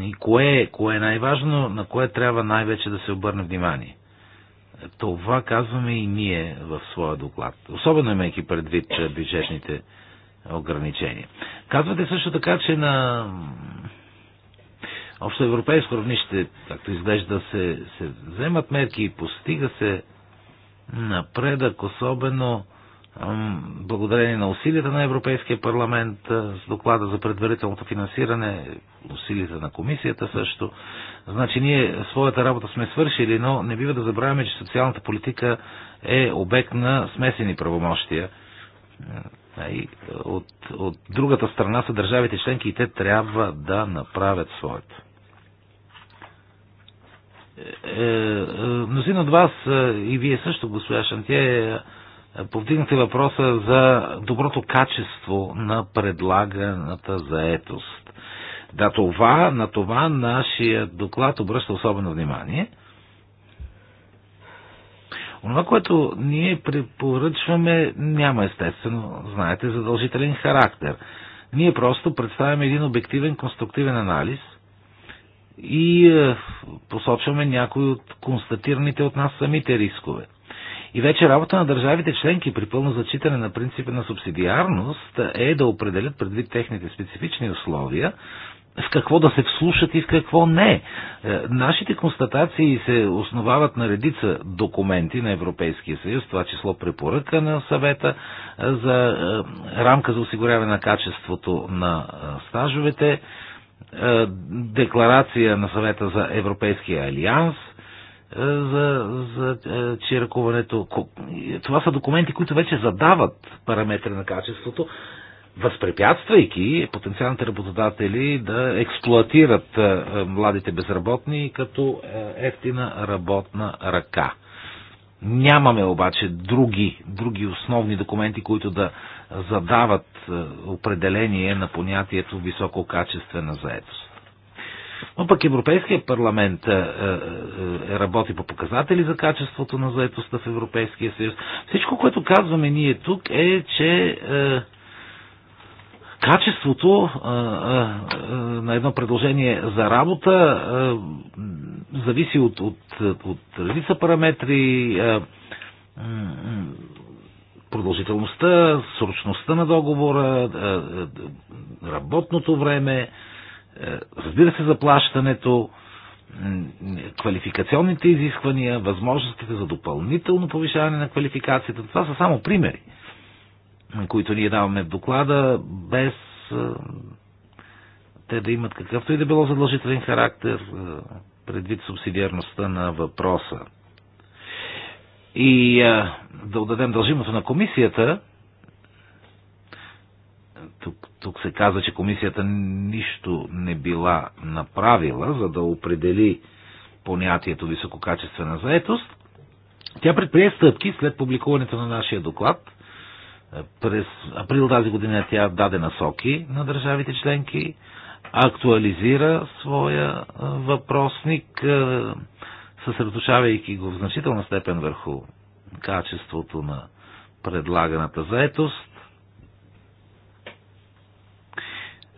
и кое, кое е най-важно, на кое трябва най-вече да се обърне внимание? Това казваме и ние в своя доклад, особено имайки предвид бюджетните ограничения. Казвате също така, че на общо европейско равнище, както изглежда, се, се вземат мерки и постига се напредък, особено благодарение на усилията на Европейския парламент с доклада за предварителното финансиране, усилията на комисията също. Значи ние своята работа сме свършили, но не бива да забравяме, че социалната политика е обект на смесени правомощия. И от, от другата страна са държавите членки и те трябва да направят своето. Е, е, е, Мнозин от вас и вие също, госпожа Шантие, Повдигнате въпроса за доброто качество на предлаганата заетост. Да, това, на това нашия доклад обръща особено внимание. Онова, което ние препоръчваме, няма естествено, знаете, задължителен характер. Ние просто представяме един обективен, конструктивен анализ и е, посочваме някои от констатираните от нас самите рискове – и вече работа на държавите членки при пълно зачитане на принципа на субсидиарност е да определят предвид техните специфични условия в какво да се вслушат и в какво не. Е, нашите констатации се основават на редица документи на Европейския съюз, това число препоръка на съвета е, за е, рамка за осигуряване на качеството на стажовете, декларация на съвета за Европейския алианс – за, за е, чиракуването. Това са документи, които вече задават параметри на качеството, възпрепятствайки потенциалните работодатели да експлуатират е, младите безработни като е, ефтина работна ръка. Нямаме обаче други, други основни документи, които да задават определение на понятието висококачествена заедост. Но пък Европейския парламент е, е, е, работи по показатели за качеството на заетостта в Европейския съюз. Всичко, което казваме ние тук е, че качеството а, а, на едно предложение за работа а, зависи от, от, от редица параметри, а, продължителността, срочността на договора, а, работното време, а, е, разбира се, заплащането, квалификационните изисквания, възможностите за допълнително повишаване на квалификацията. Това са само примери, които ние даваме в доклада, без е, те да имат какъвто и да било задължителен характер е, предвид субсидиарността на въпроса. И да отдадем дължимото на комисията, тук, тук се каза, че комисията нищо не била направила, за да определи понятието висококачествена заетост. Тя предприе стъпки след публикуването на нашия доклад. През април тази година тя даде насоки на държавите членки, актуализира своя въпросник, съсредоточавайки го в значителна степен върху качеството на предлаганата заетост,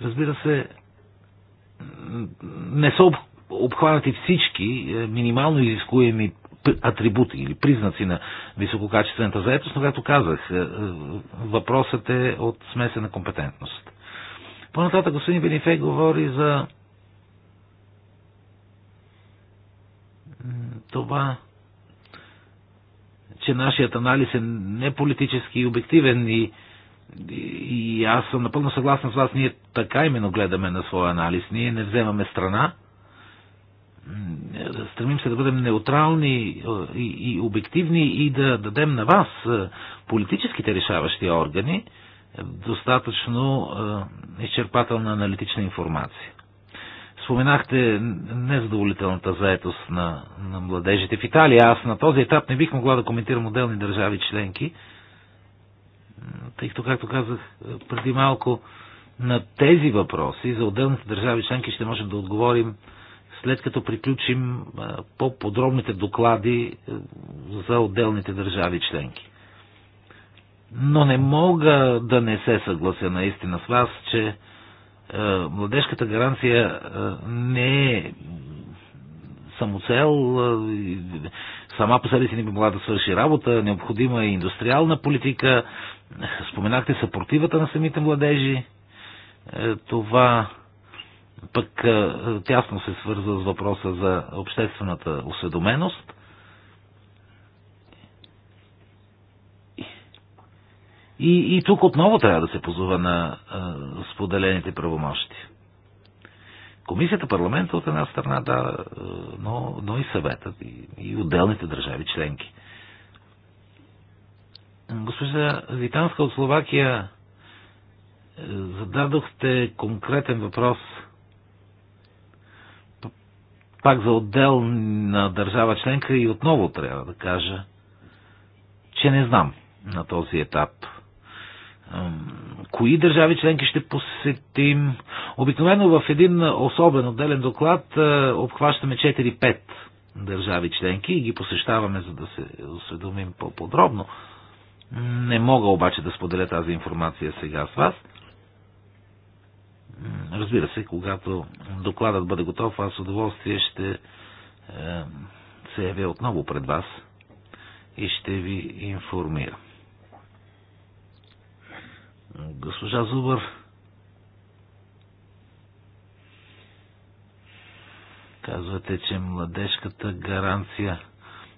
Разбира се, не са обхванати всички е, минимално изискуеми атрибути или признаци на висококачествената заетост, но както казах, е, е, въпросът е от смесена компетентност. По-нататък господин Бенифей говори за това, че нашият анализ е не политически и обективен и и аз съм напълно съгласен с вас, ние така именно гледаме на своя анализ. Ние не вземаме страна, стремим се да бъдем неутрални и, обективни и да дадем на вас, политическите решаващи органи, достатъчно изчерпателна аналитична информация. Споменахте незадоволителната заетост на, на младежите в Италия. Аз на този етап не бих могла да коментирам отделни държави членки, тъй като, както казах преди малко, на тези въпроси за отделните държави членки ще можем да отговорим след като приключим по-подробните доклади е, за отделните държави членки. Но не мога да не се съглася наистина с вас, че е, младежката гаранция е, не е самоцел, е, сама по себе си не би могла да свърши работа, необходима е индустриална политика, Споменахте съпротивата на самите младежи. Е, това пък е, тясно се свързва с въпроса за обществената осведоменост. И, и тук отново трябва да се позова на а, е, споделените правомощи. Комисията, парламента от една страна, да, но, но и съветът, и, и отделните държави членки. Госпожа Витанска от Словакия, е, зададохте конкретен въпрос пак за отдел на държава членка и отново трябва да кажа, че не знам на този етап. Кои държави членки ще посетим? Обикновено в един особен отделен доклад е, обхващаме 4-5 държави членки и ги посещаваме, за да се осведомим по-подробно. по подробно не мога обаче да споделя тази информация сега с вас. Разбира се, когато докладът бъде готов, аз с удоволствие ще е, се явя отново пред вас и ще ви информирам. Госпожа Зубър. Казвате, че младежката гаранция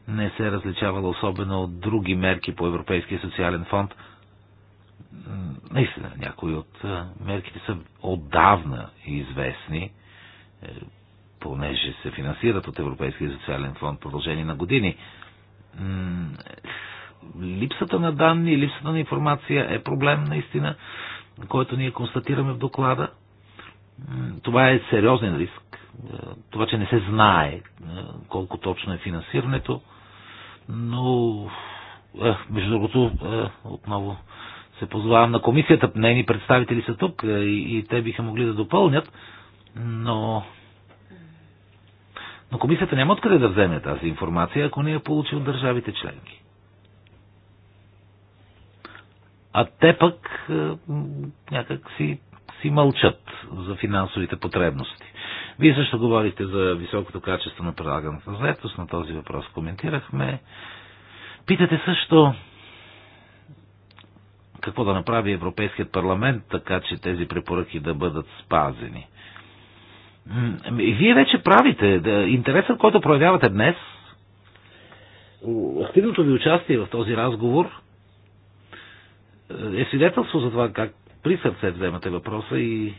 не се е различавала особено от други мерки по Европейския социален фонд. Наистина, някои от мерките са отдавна известни, е, понеже се финансират от Европейския социален фонд продължение на години. Липсата на данни, липсата на информация е проблем наистина, който ние констатираме в доклада. Това е сериозен риск. Е, това, че не се знае е, колко точно е финансирането, но е, между другото е, отново се позовавам на комисията, нейни представители са тук е, и, и те биха могли да допълнят, но но комисията няма откъде да вземе тази информация, ако не я получи от държавите членки. А те пък е, някак си, си мълчат за финансовите потребности. Вие също говорите за високото качество на предлаганата заетост, на този въпрос коментирахме. Питате също какво да направи Европейският парламент, така че тези препоръки да бъдат спазени. Вие вече правите. Интересът, който проявявате днес, активното ви участие в този разговор е свидетелство за това как при сърце вземате въпроса и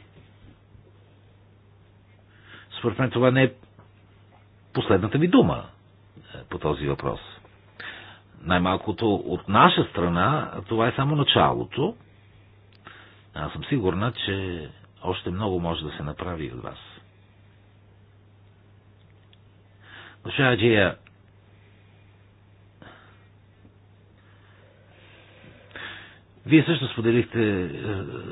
според мен това не е последната ми дума е, по този въпрос. Най-малкото от наша страна това е само началото. Аз съм сигурна, че още много може да се направи от вас. Госпожа Джия, Вие също споделихте е,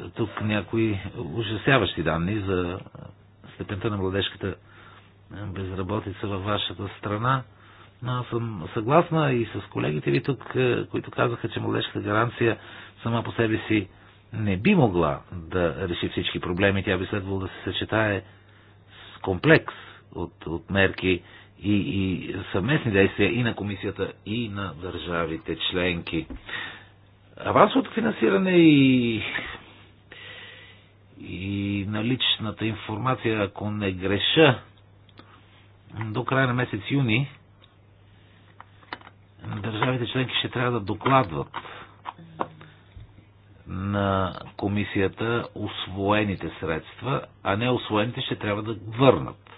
тук някои ужасяващи данни за степента на младежката е, безработица във вашата страна. Но аз съм съгласна и с колегите ви тук, е, които казаха, че младежката гаранция сама по себе си не би могла да реши всички проблеми. Тя би следвало да се съчетае с комплекс от, от мерки и, и съвместни действия и на комисията, и на държавите членки. Авансовото финансиране и и наличната информация, ако не греша, до края на месец юни държавите членки ще трябва да докладват на комисията освоените средства, а не освоените ще трябва да върнат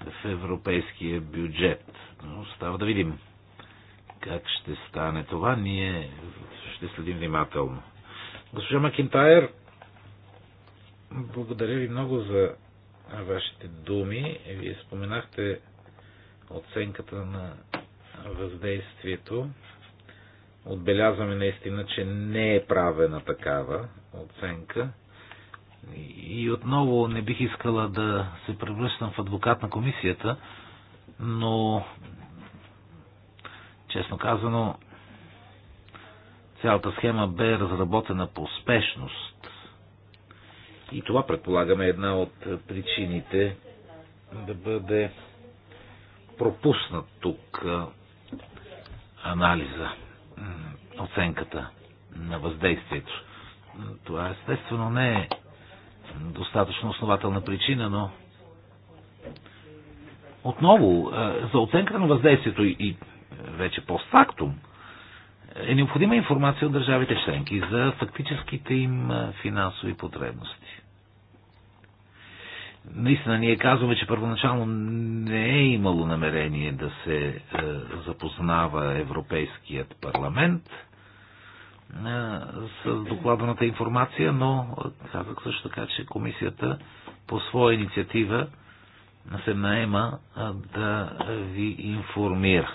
в европейския бюджет. Но става да видим как ще стане това. Ние ще следим внимателно. Госпожа Макинтайр, благодаря ви много за вашите думи. Вие споменахте оценката на въздействието. Отбелязваме наистина, че не е правена такава оценка. И отново не бих искала да се превръщам в адвокат на комисията, но честно казано цялата схема бе разработена по успешност и това, предполагаме, една от е, причините да бъде пропуснат тук е, анализа, оценката на въздействието. Това естествено не е достатъчно основателна причина, но отново е, за оценката на въздействието и вече постфактум е необходима информация от държавите членки за фактическите им финансови потребности. Наистина ние казваме, че първоначално не е имало намерение да се е, запознава Европейският парламент е, с докладваната информация, но казах също така, че комисията по своя инициатива се наема е, да ви информира.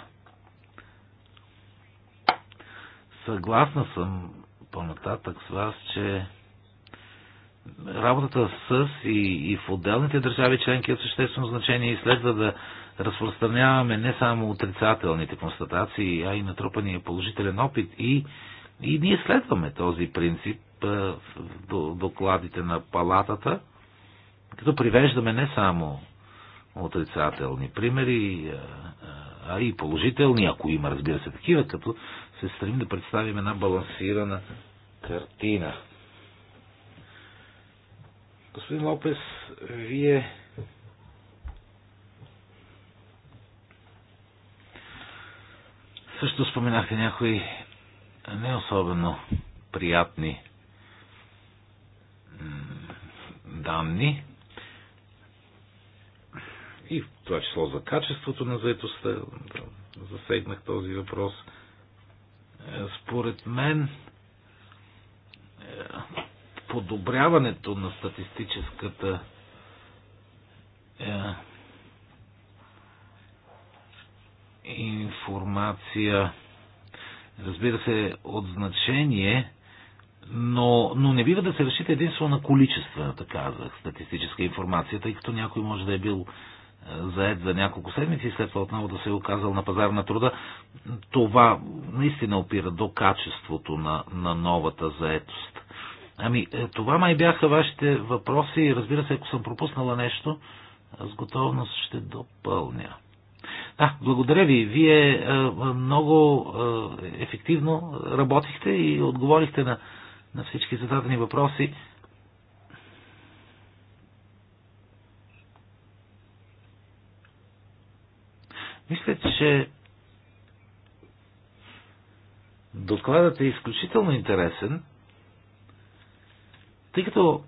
Съгласна съм по-нататък с вас, че работата с и, и в отделните държави членки е от съществено значение и следва да разпространяваме не само отрицателните констатации, а и натрупания положителен опит. И, и ние следваме този принцип в докладите на палатата, като привеждаме не само отрицателни примери, а и положителни, ако има, разбира се, такива, като се стремим да представим една балансирана картина. Господин Лопес, вие също споменахте някои не особено приятни данни и в това число за качеството на заедостта, засегнах този въпрос. Е, според мен е, подобряването на статистическата е, информация, разбира се, от значение, но, но не бива да се решите единствено на количествената, казах, статистическа информация, тъй като някой може да е бил е, заед за няколко седмици и след това отново да се е оказал на пазар на труда. Това наистина опира до качеството на, на новата заетост. Ами, е, това май бяха вашите въпроси. Разбира се, ако съм пропуснала нещо, с готовност ще допълня. Да, благодаря ви. Вие е, много е, ефективно работихте и отговорихте на, на всички зададени въпроси. Мисля, че докладът е изключително интересен. Тъй като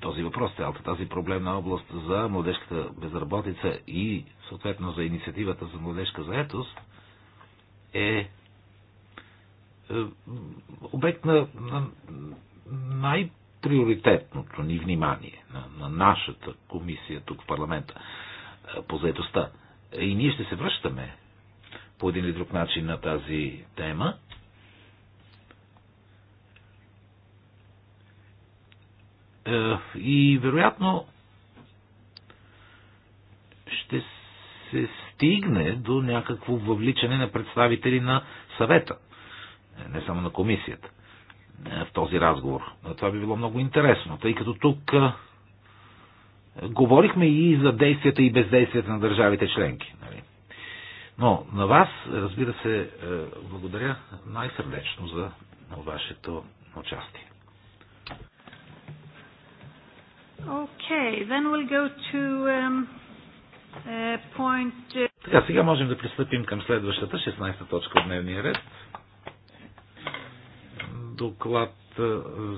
този въпрос, цялата тази проблемна област за младежката безработица и съответно за инициативата за младежка заетост е, е обект на, на най-приоритетното ни внимание, на, на нашата комисия тук в парламента е, по заедостта. И ние ще се връщаме по един или друг начин на тази тема Е, и вероятно ще се стигне до някакво въвличане на представители на съвета, е, не само на комисията, е, в този разговор. Това би било много интересно, тъй като тук говорихме и за действията и бездействията на държавите членки. Нали? Но на вас, разбира се, благодаря най-сърдечно за вашето участие. Okay, then we'll go to um, uh, point... Uh, така, сега можем да пристъпим към следващата, 16-та точка от дневния ред. Доклад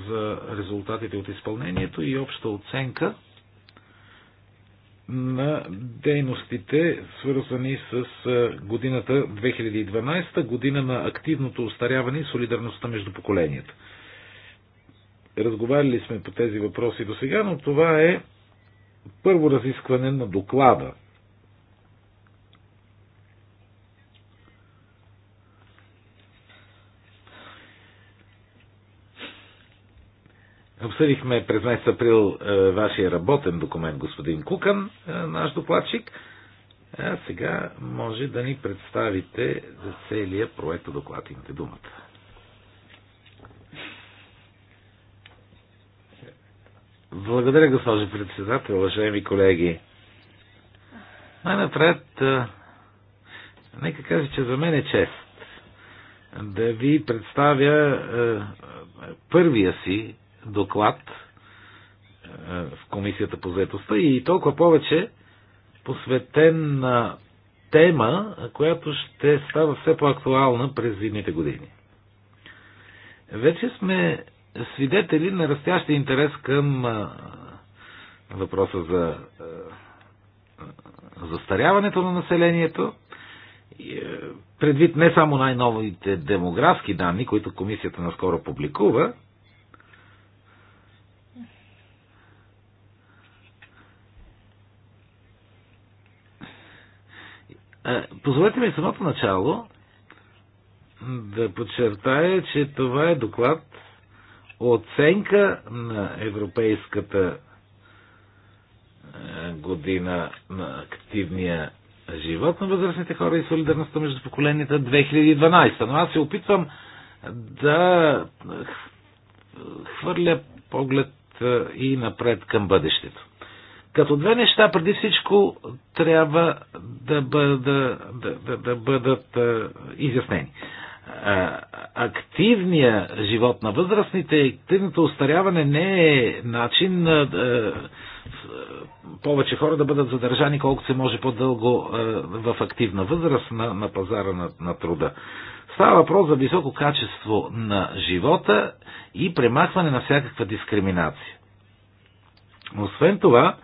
за резултатите от изпълнението и обща оценка на дейностите, свързани с годината 2012, година на активното устаряване и солидарността между поколенията. Разговаряли сме по тези въпроси до сега, но това е първо разискване на доклада. Обсъдихме през месец април е, вашия работен документ, господин Кукан, е, наш докладчик. А сега може да ни представите за целия проект доклад. Имате думата. Благодаря, госпожо председател, уважаеми колеги. Най-напред, нека кажа, че за мен е чест да ви представя първия си доклад в Комисията по заедостта и толкова повече посветен на тема, която ще става все по-актуална през едните години. Вече сме свидетели на растящия интерес към въпроса за застаряването на населението, е, предвид не само най-новите демографски данни, които комисията наскоро публикува, е, Позволете ми самото начало да подчертая, че това е доклад оценка на Европейската е, година на активния живот на възрастните хора и солидарността между поколенията 2012. Но аз се опитвам да хвърля поглед е, и напред към бъдещето. Като две неща, преди всичко, трябва да, бъда, да, да, да бъдат а, е, изяснени активния живот на възрастните и активното устаряване не е начин а, повече хора да бъдат задържани колкото се може по-дълго в активна възраст на, на пазара на, на труда. Става въпрос за високо качество на живота и премахване на всякаква дискриминация. Освен това,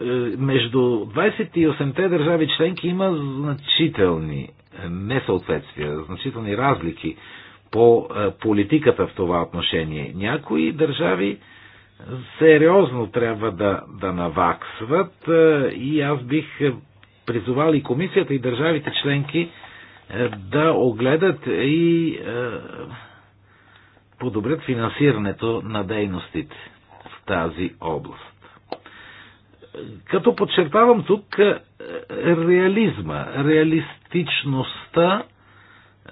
е, между 28-те държави членки има значителни несъответствия, значителни разлики по е, политиката в това отношение. Някои държави сериозно трябва да, да наваксват е, и аз бих е, призовал и комисията и държавите членки да огледат и подобрят финансирането на дейностите в тази област. Като подчертавам тук е, реализма, реалистичността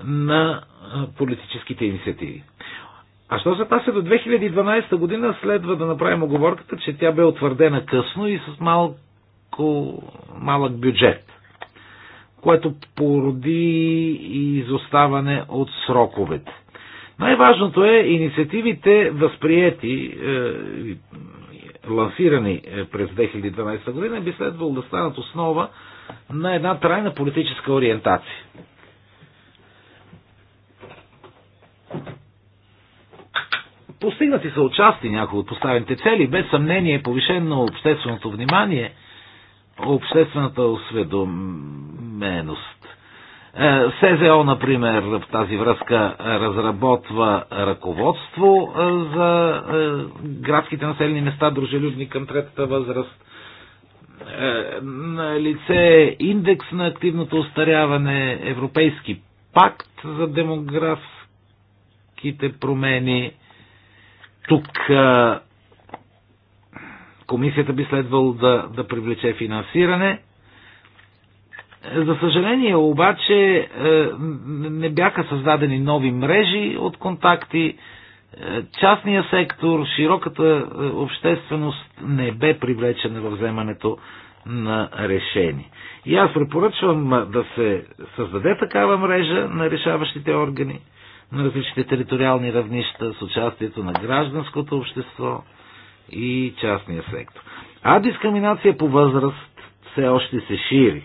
на е, политическите инициативи. А що се отнася до 2012 година, следва да направим оговорката, че тя бе утвърдена късно и с малко, малък бюджет, което породи и изоставане от сроковете. Най-важното е инициативите възприети, е, лансирани е, през 2012 година, би следвало да станат основа на една трайна политическа ориентация. Постигнати са участи някои от поставените цели, без съмнение е повишено общественото внимание, обществената осведоменост е, СЗО, например, в тази връзка разработва ръководство е, за е, градските населени места, дружелюбни към третата възраст. На лице индекс на активното устаряване, Европейски пакт за демографските промени. Тук комисията би следвало да, да привлече финансиране за съжаление обаче е, не бяха създадени нови мрежи от контакти, е, частния сектор, широката е, общественост не бе привлечена във вземането на решение. И аз препоръчвам да се създаде такава мрежа на решаващите органи на различните териториални равнища с участието на гражданското общество и частния сектор. А дискриминация по възраст все още се шири.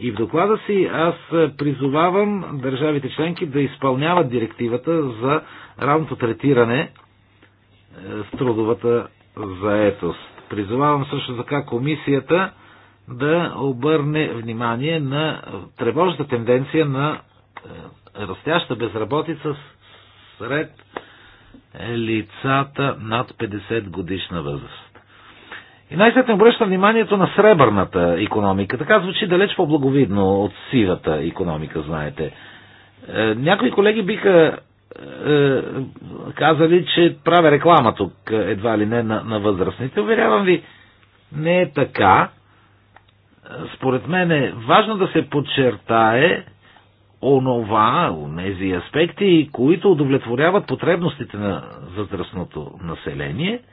И в доклада си аз е, призовавам държавите членки да изпълняват директивата за равното третиране е, с трудовата заетост. Призовавам също така комисията да обърне внимание на тревожната тенденция на е, растяща безработица сред лицата над 50 годишна възраст. И най-сетне обръща вниманието на сребърната економика. Така звучи далеч по-благовидно от сивата економика, знаете. Е, някои колеги биха е, казали, че правя реклама тук, е, едва ли не, на, на възрастните. Уверявам ви, не е така. Според мен е важно да се подчертае онова, тези аспекти, които удовлетворяват потребностите на възрастното население –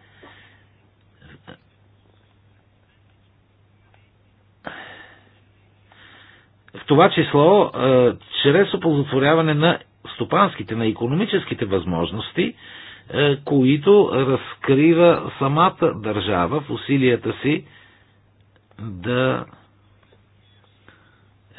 В това число, е, чрез оползотворяване на стопанските, на економическите възможности, е, които разкрива самата държава в усилията си да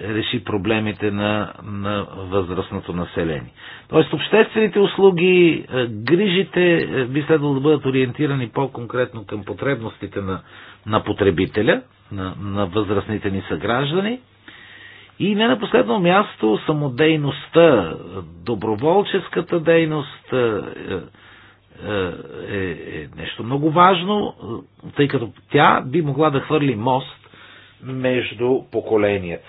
реши проблемите на, на възрастното население. Тоест обществените услуги, е, грижите би следвало да бъдат ориентирани по-конкретно към потребностите на, на потребителя, на, на възрастните ни съграждани – и не на последно място самодейността, доброволческата дейност е, е, е, е нещо много важно, тъй като тя би могла да хвърли мост между поколенията.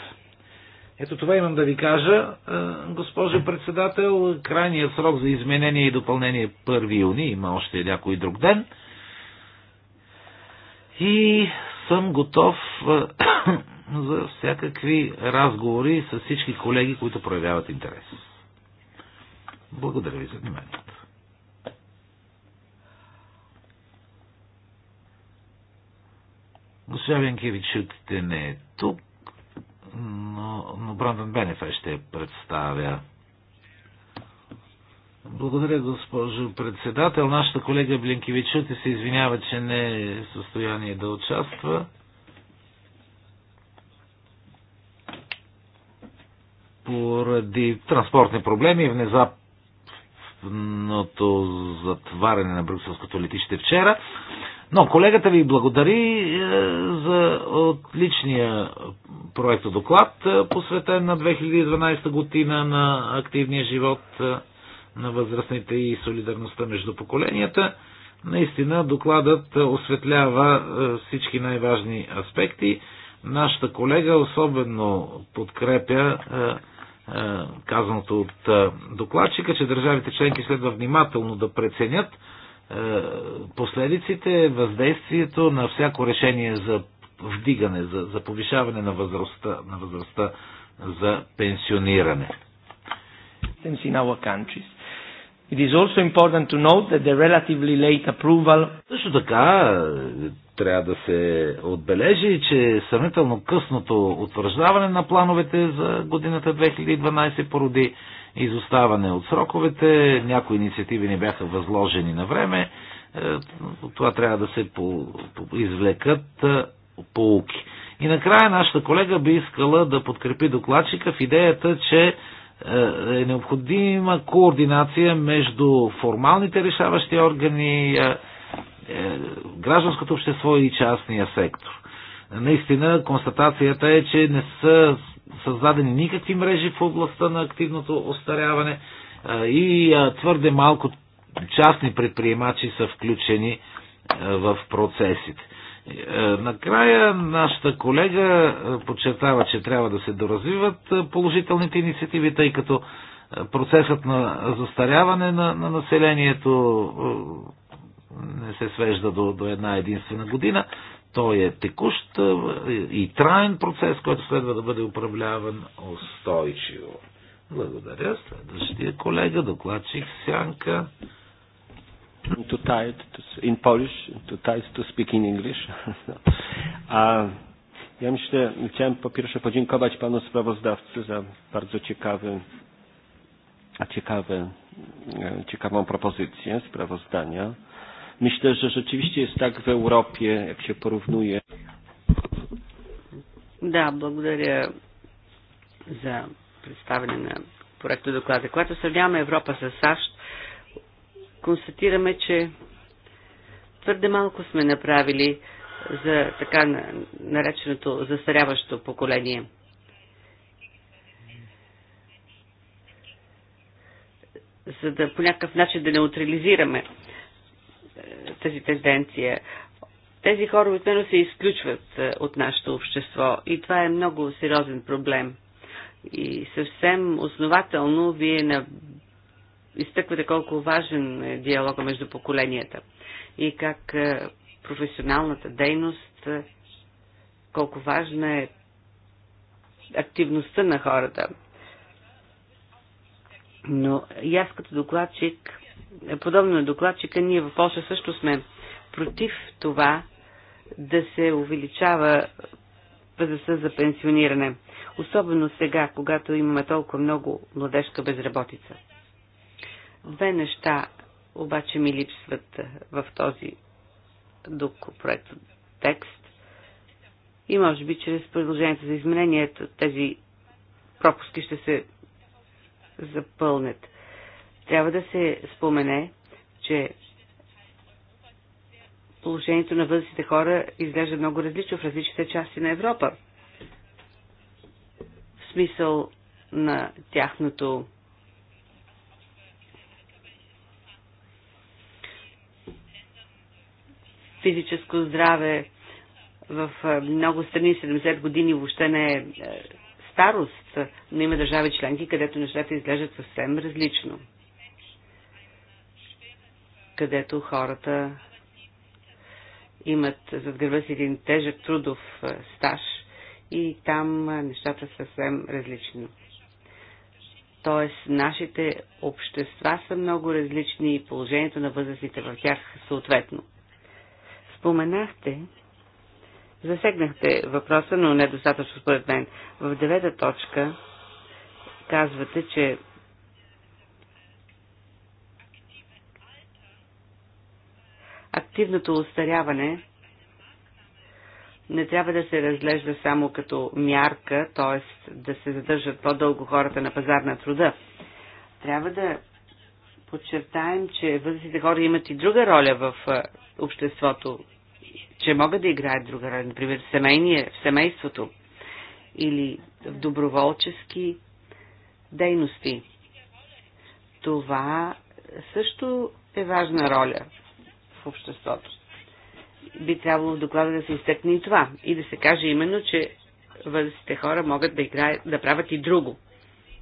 Ето това имам да ви кажа, е, госпожо председател. Крайният срок за изменение и допълнение е 1 юни, има още някой друг ден. И съм готов е, за всякакви разговори с всички колеги, които проявяват интерес. Благодаря ви за вниманието. Госпожа Венкевич Шутите не е тук, но, но Брандън Бенефе ще представя. Благодаря, госпожо председател. Нашата колега Блинкевичуте се извинява, че не е в състояние да участва. поради транспортни проблеми и внезапното затваряне на брюкселското летище вчера. Но колегата ви благодари е, за отличния проекто доклад, е, посветен на 2012 година на активния живот е, на възрастните и солидарността между поколенията. Наистина докладът осветлява всички най-важни аспекти. Нашата колега особено подкрепя е, казаното от е, докладчика, че държавите членки следва внимателно да преценят е, последиците, въздействието на всяко решение за вдигане, за, за повишаване на възрастта, на възрастта за пенсиониране. It is also important to note that the relatively late approval... Също така трябва да се отбележи, че сравнително късното утвърждаване на плановете за годината 2012 породи изоставане от сроковете, някои инициативи не бяха възложени на време, е, това трябва да се по, по, извлекат е, полуки. И накрая нашата колега би искала да подкрепи докладчика в идеята, че е, е необходима координация между формалните решаващи органи, е, гражданското общество и частния сектор. Наистина, констатацията е, че не са създадени никакви мрежи в областта на активното остаряване е, и е, твърде малко частни предприемачи са включени в процесите. Накрая нашата колега подчертава, че трябва да се доразвиват положителните инициативи, тъй като процесът на застаряване на, на населението не се свежда до, до една единствена година. Той е текущ и траен процес, който следва да бъде управляван устойчиво. Благодаря. Следващия колега, докладчик Сянка. Too tired to, in Polish, too tired to speak in English. A ja myślę, chciałem po pierwsze podziękować panu sprawozdawcy za bardzo ciekawy, ciekawe, ciekawą propozycję sprawozdania Myślę, że rzeczywiście jest tak w Europie, jak się porównuje. Да, благодаря за представяне на проекта доклада. Когато сравняваме Европа с САЩ, констатираме, че твърде малко сме направили за така нареченото застаряващо поколение. За да по някакъв начин да неутрализираме тази тенденция. Тези хора обикновено се изключват е, от нашето общество и това е много сериозен проблем. И съвсем основателно вие на... изтъквате колко важен е диалога между поколенията и как е, професионалната дейност, е, колко важна е активността на хората. Но и аз като докладчик подобно на докладчика, ние в Польша също сме против това да се увеличава възрастта за пенсиониране. Особено сега, когато имаме толкова много младежка безработица. Две неща обаче ми липсват в този проект текст. И може би чрез предложението за изменението тези пропуски ще се запълнят. Трябва да се спомене, че положението на възрастните хора изглежда много различно в различните части на Европа. В смисъл на тяхното физическо здраве в много страни 70 години въобще не е, е старост, но има държави членки, където нещата изглеждат съвсем различно където хората имат зад гърба си един тежък трудов стаж и там нещата са съвсем различни. Тоест, нашите общества са много различни и положението на възрастните в тях съответно. Споменахте, засегнахте въпроса, но недостатъчно според мен. В девета точка казвате, че Активното устаряване не трябва да се разглежда само като мярка, т.е. да се задържат по-дълго хората на пазар на труда. Трябва да подчертаем, че възрастните хора имат и друга роля в обществото, че могат да играят друга роля, например в, семейния, в семейството или в доброволчески дейности. Това също е важна роля обществото. Би трябвало в доклада да се изтъкне и това и да се каже именно, че възрастните хора могат да, играят, да правят и друго.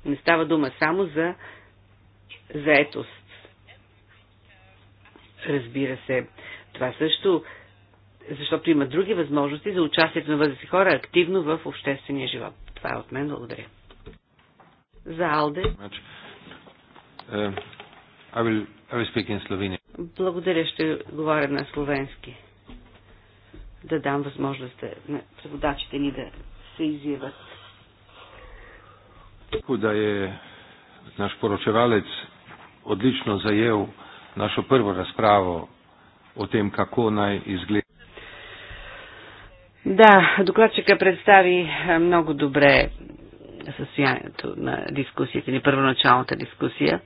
Не става дума само за заетост. Разбира се, това също, защото има други възможности за участието на възрастни хора активно в обществения живот. Това е от мен. Благодаря. За Алде. Uh, I will, I will speak in Slovenia. Благодаря, ще говоря на словенски. Да дам възможност на преводачите ни да се изяват. да е наш poročevalec отлично заел нашо първо разправо о тем како най izgleda. Да, докладчика представи много добре състоянието на дискусията ни, първоначалната дискусия.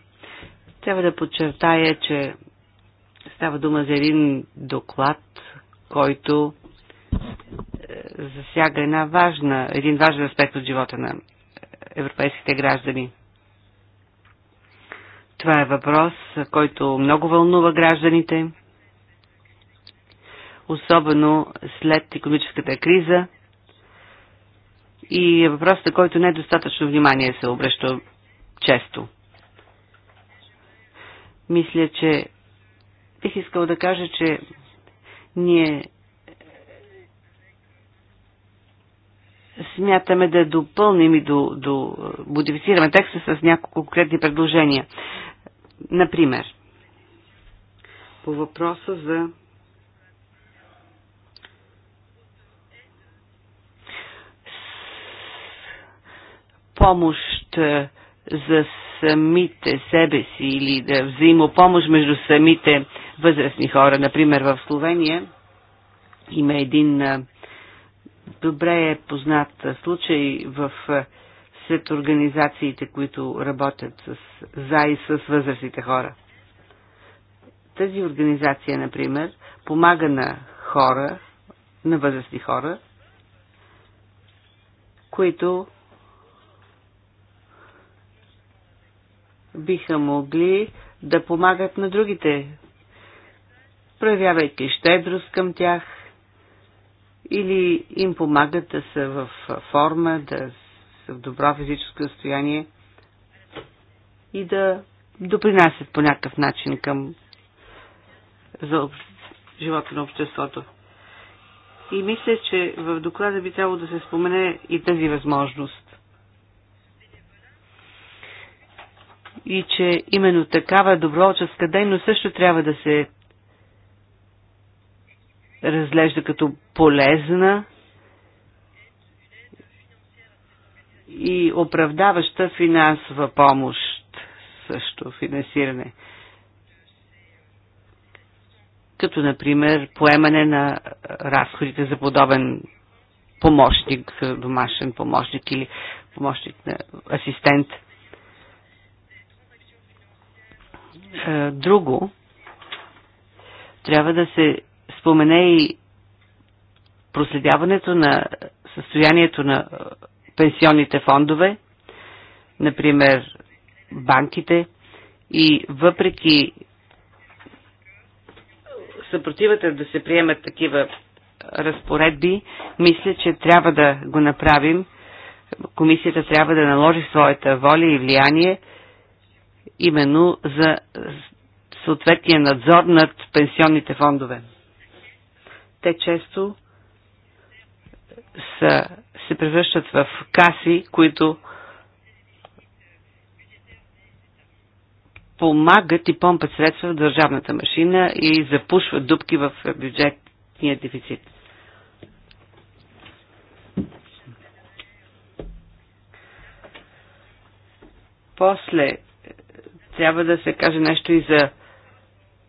Трябва да подчертая, че Става дума за един доклад, който е, засяга една важна, един важен аспект от живота на европейските граждани. Това е въпрос, който много вълнува гражданите, особено след економическата криза и е въпрос, на който недостатъчно внимание се обръща често. Мисля, че Бих искал да кажа, че ние смятаме да допълним и до, до модифицираме текста с няколко конкретни предложения. Например, по въпроса за помощ е, за самите себе си или да взаимопомощ между самите възрастни хора. Например, в Словения има един добре е познат случай в сред организациите, които работят с, за и с възрастните хора. Тази организация, например, помага на хора, на възрастни хора, които биха могли да помагат на другите проявявайки щедрост към тях или им помагат да са в форма, да са в добро физическо състояние и да допринасят по някакъв начин към за живота на обществото. И мисля, че в доклада би трябвало да се спомене и тази възможност. И че именно такава доброволческа дейност също трябва да се разглежда като полезна и оправдаваща финансова помощ също, финансиране. Като, например, поемане на разходите за подобен помощник, домашен помощник или помощник на асистент. Е, друго, трябва да се спомене и проследяването на състоянието на пенсионните фондове, например банките, и въпреки съпротивата да се приемат такива разпоредби, мисля, че трябва да го направим. Комисията трябва да наложи своята воля и влияние именно за съответния надзор над пенсионните фондове те често са, се превръщат в каси, които помагат и помпат средства в държавната машина и запушват дупки в бюджетния дефицит. После трябва да се каже нещо и за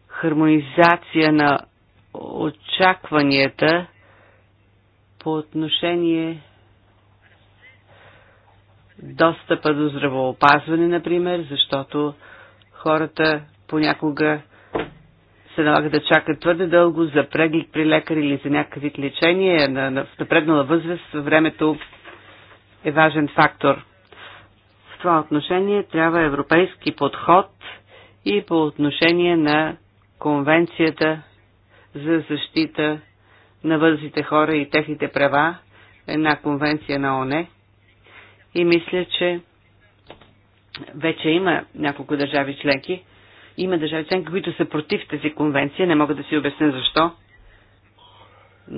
хармонизация на очакванията по отношение достъпа до здравоопазване, например, защото хората понякога се налага да чакат твърде дълго за преглед при лекар или за някакъв вид лечение на, на, в напреднала възраст, времето е важен фактор. В това отношение трябва европейски подход и по отношение на конвенцията за защита на възрастните хора и техните права, една конвенция на ОНЕ. И мисля, че вече има няколко държави членки. Има държави членки, които са против тази конвенция. Не мога да си обясня защо.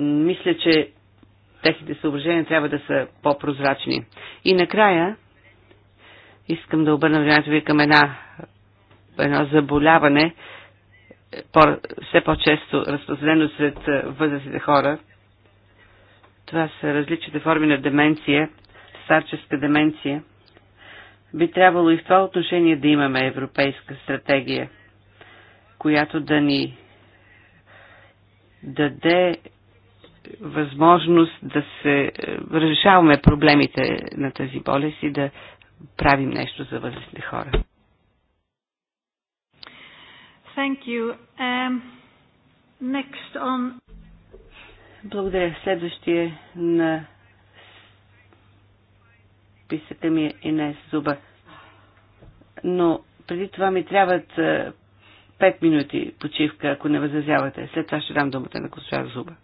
Мисля, че техните съображения трябва да са по-прозрачни. И накрая искам да обърна вниманието ви към една, едно заболяване, по, все по-често разпространено сред възрастните хора. Това са различните форми на деменция, старческа деменция. Би трябвало и в това отношение да имаме европейска стратегия, която да ни даде възможност да се разрешаваме проблемите на тази болест и да правим нещо за възрастни хора. Thank you. Um, next on... Благодаря. Следващия на списъка ми е Инес Зуба. Но преди това ми трябват 5 е, минути почивка, ако не възразявате. След това ще дам думата на госпожа Зуба.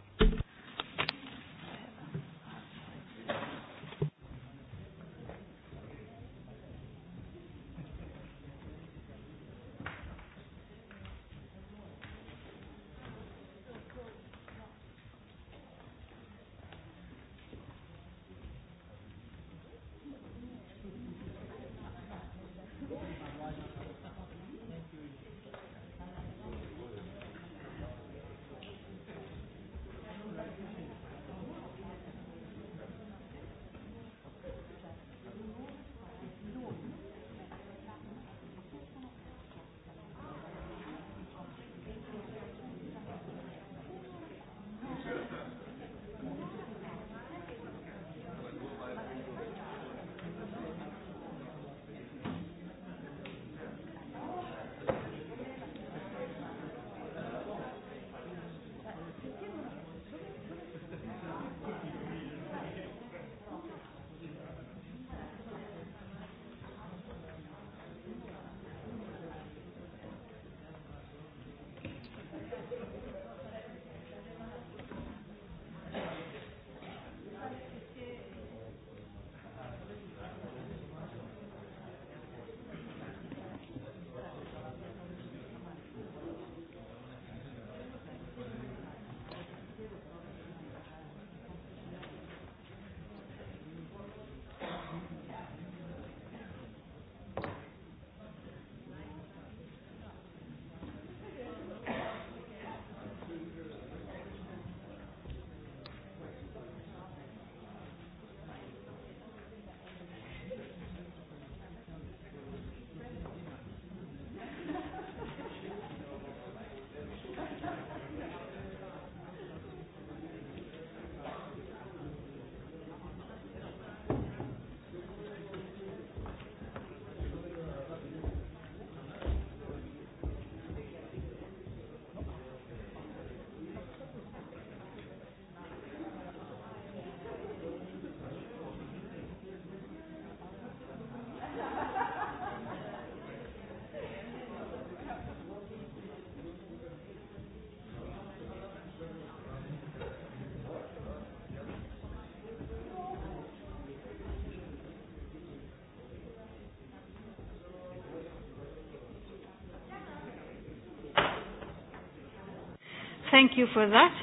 Thank you for that.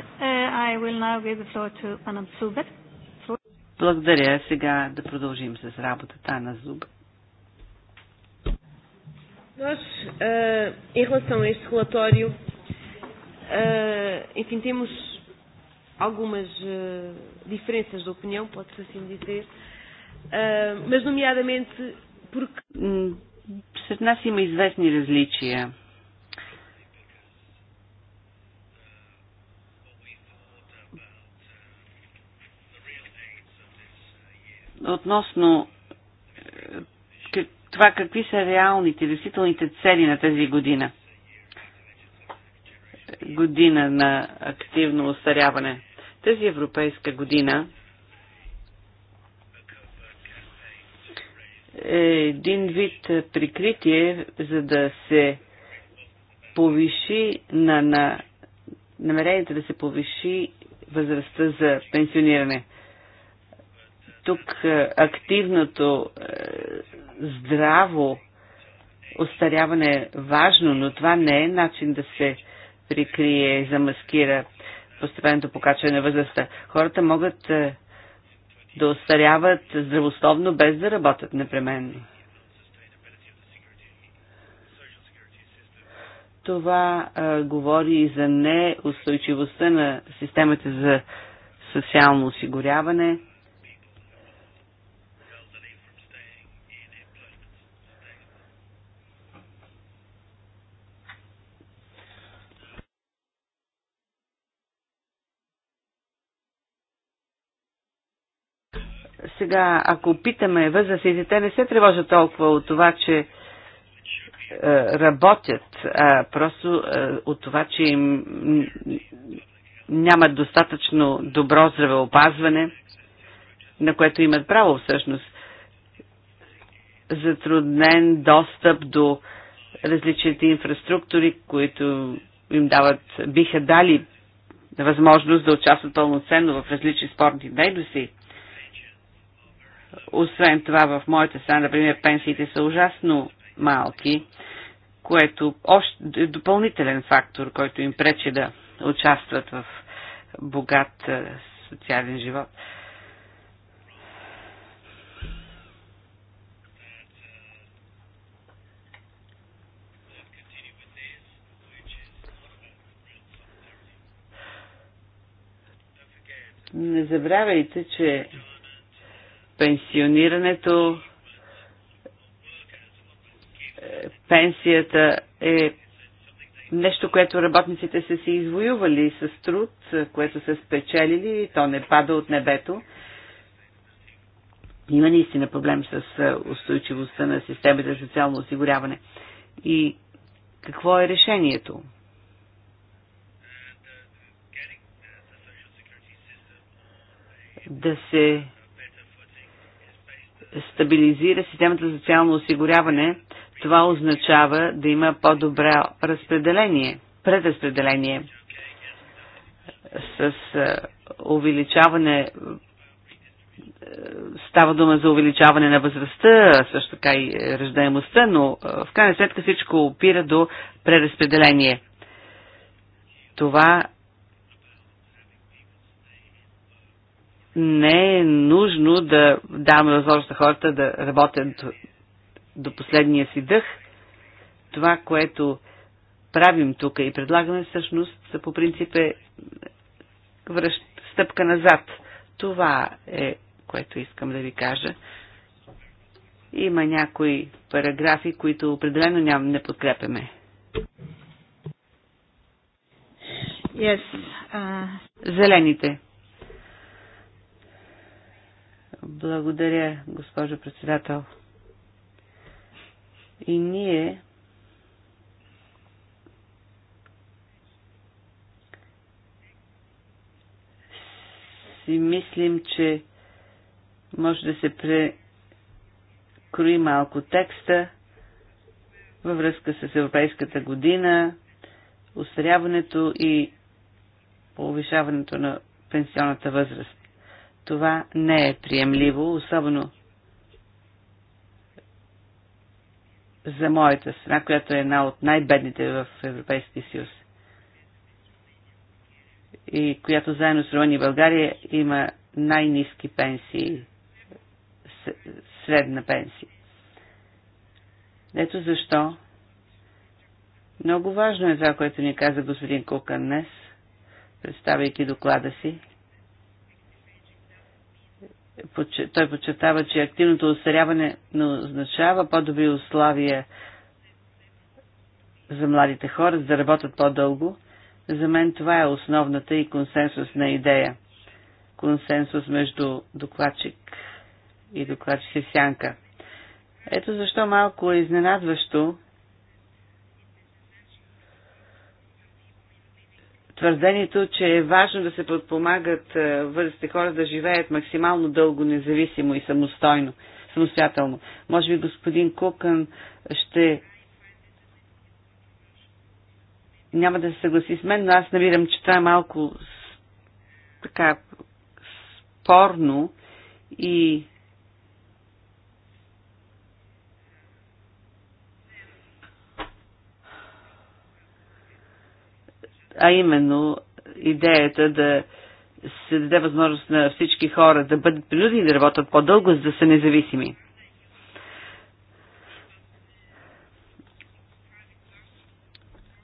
I will now give the floor to Madam Zuber. Благодаря. Сега да продължим с работата Ана Зуб. Nós, uh, em relação a este relatório, uh, enfim, temos algumas uh, diferenças de opinião, pode-se assim dizer, uh, mas nomeadamente porque. Сред нас има известни различия относно е, това какви са реалните, действителните цели на тази година. Година на активно устаряване. Тази европейска година е един вид прикритие, за да се повиши на, на намерението да се повиши възрастта за пенсиониране – тук е, активното е, здраво остаряване е важно, но това не е начин да се прикрие и замаскира постепенното покачване на възрастта. Хората могат е, да остаряват здравословно, без да работят непременно. Това а, говори и за неустойчивостта на системата за социално осигуряване – Сега, ако питаме възрастните, те не се тревожат толкова от това, че е, работят, а просто е, от това, че им нямат достатъчно добро здравеопазване, на което имат право всъщност. Затруднен достъп до различните инфраструктури, които им дават, биха дали възможност да участват пълноценно в различни спортни дейности. Освен това, в моята страна, например, пенсиите са ужасно малки, което още е допълнителен фактор, който им пречи да участват в богат е, социален живот. Не забравяйте, че пенсионирането, пенсията е нещо, което работниците са си извоювали с труд, което са спечелили и то не пада от небето. Има наистина проблем с устойчивостта на системите за социално осигуряване. И какво е решението? Да се стабилизира системата за социално осигуряване, това означава да има по-добро разпределение, предразпределение с увеличаване става дума за увеличаване на възрастта, също така и ръждаемостта, но в крайна сметка всичко опира до преразпределение. Това не е нужно да даваме възможност на хората да работят до, до последния си дъх. Това, което правим тук и предлагаме всъщност по принцип е връщ, стъпка назад. Това е което искам да ви кажа. Има някои параграфи, които определено ням, не подкрепяме. Yes. Uh... Зелените. Благодаря, госпожо председател. И ние си мислим, че може да се прекрои малко текста във връзка с Европейската година, устаряването и повишаването на пенсионната възраст. Това не е приемливо, особено за моята страна, която е една от най-бедните в Европейския съюз и която заедно с Румъния и България има най-низки пенсии, средна пенсия. Ето защо много важно е това, което ни каза господин Кукан днес, представяйки доклада си, той подчертава, че активното остаряване не означава по-добри условия за младите хора, за да работят по-дълго. За мен това е основната и консенсусна идея. Консенсус между докладчик и докладчик Сянка. Ето защо малко е изненадващо, твърдението, че е важно да се подпомагат е, възрастните хора да живеят максимално дълго, независимо и самостойно, самостоятелно. Може би господин Кукън ще няма да се съгласи с мен, но аз намирам, че това е малко така спорно и а именно идеята да се даде възможност на всички хора да бъдат принудени да работят по-дълго, за да са независими.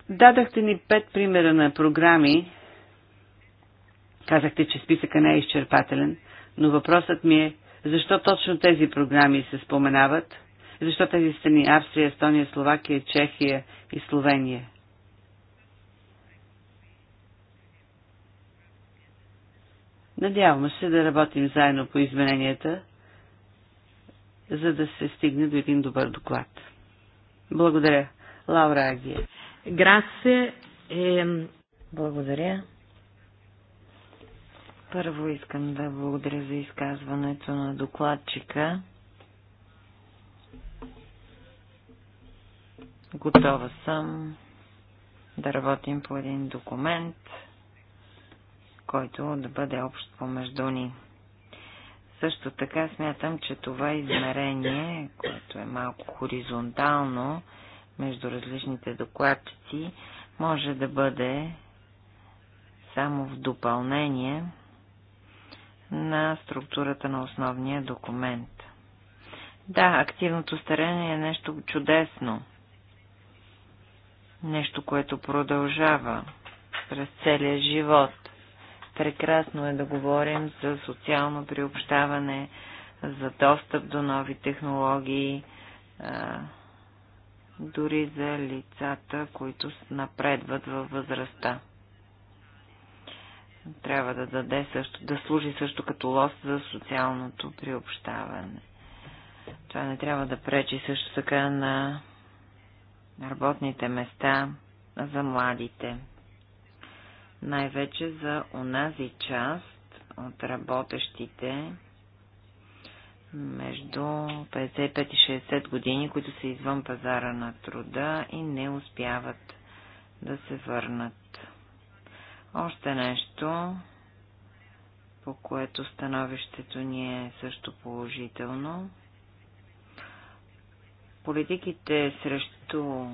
Дадахте ни пет примера на програми. Казахте, че списъка не е изчерпателен, но въпросът ми е, защо точно тези програми се споменават? Защо тези страни Австрия, Естония, Словакия, Чехия и Словения? Надяваме се да работим заедно по измененията, за да се стигне до един добър доклад. Благодаря. Лаура Агия. Грасе е... Благодаря. Първо искам да благодаря за изказването на докладчика. Готова съм да работим по един документ, който да бъде общ помежду ни. Също така смятам, че това измерение, което е малко хоризонтално между различните докладчици, може да бъде само в допълнение на структурата на основния документ. Да, активното старение е нещо чудесно. Нещо, което продължава през целия живот. Прекрасно е да говорим за социално приобщаване, за достъп до нови технологии, дори за лицата, които напредват във възрастта. Трябва да даде също, да служи също като лост за социалното приобщаване. Това не трябва да пречи също така на работните места за младите най-вече за онази част от работещите между 55 и 60 години, които са извън пазара на труда и не успяват да се върнат. Още нещо, по което становището ни е също положително. Политиките срещу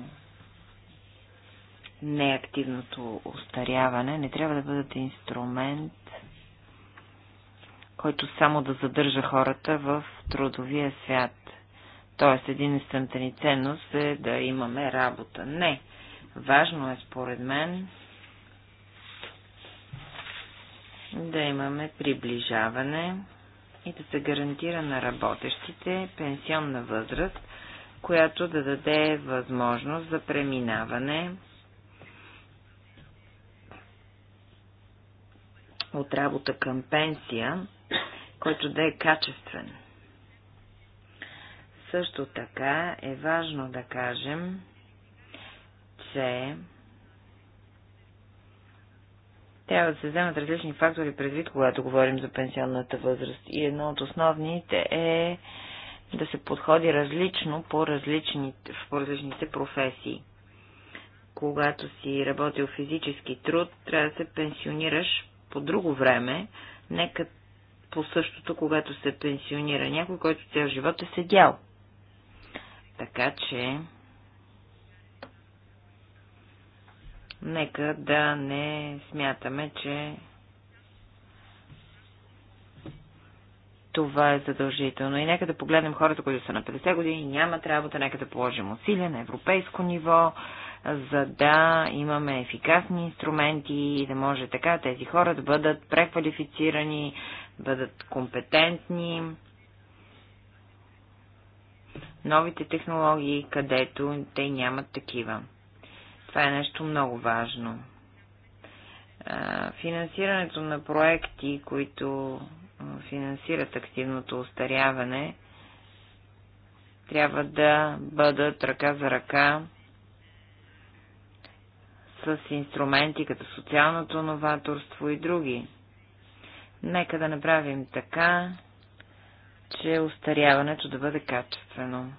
неактивното устаряване не трябва да бъдат инструмент, който само да задържа хората в трудовия свят. Тоест, единствената ни ценност е да имаме работа. Не. Важно е, според мен, да имаме приближаване и да се гарантира на работещите пенсионна възраст, която да даде възможност за преминаване от работа към пенсия, който да е качествен. Също така е важно да кажем, че трябва да се вземат различни фактори предвид, когато говорим за пенсионната възраст. И едно от основните е да се подходи различно по различните, по различните професии. Когато си работил физически труд, трябва да се пенсионираш по друго време, нека по същото, когато се пенсионира някой, който цял живот е седял. Така че, нека да не смятаме, че това е задължително. И нека да погледнем хората, които са на 50 години, нямат работа, нека да положим усилия на европейско ниво, за да имаме ефикасни инструменти и да може така тези хора да бъдат преквалифицирани, бъдат компетентни. Новите технологии, където те нямат такива. Това е нещо много важно. Финансирането на проекти, които финансират активното устаряване, трябва да бъдат ръка за ръка с инструменти като социалното новаторство и други. Нека да направим така, че устаряването да бъде качествено.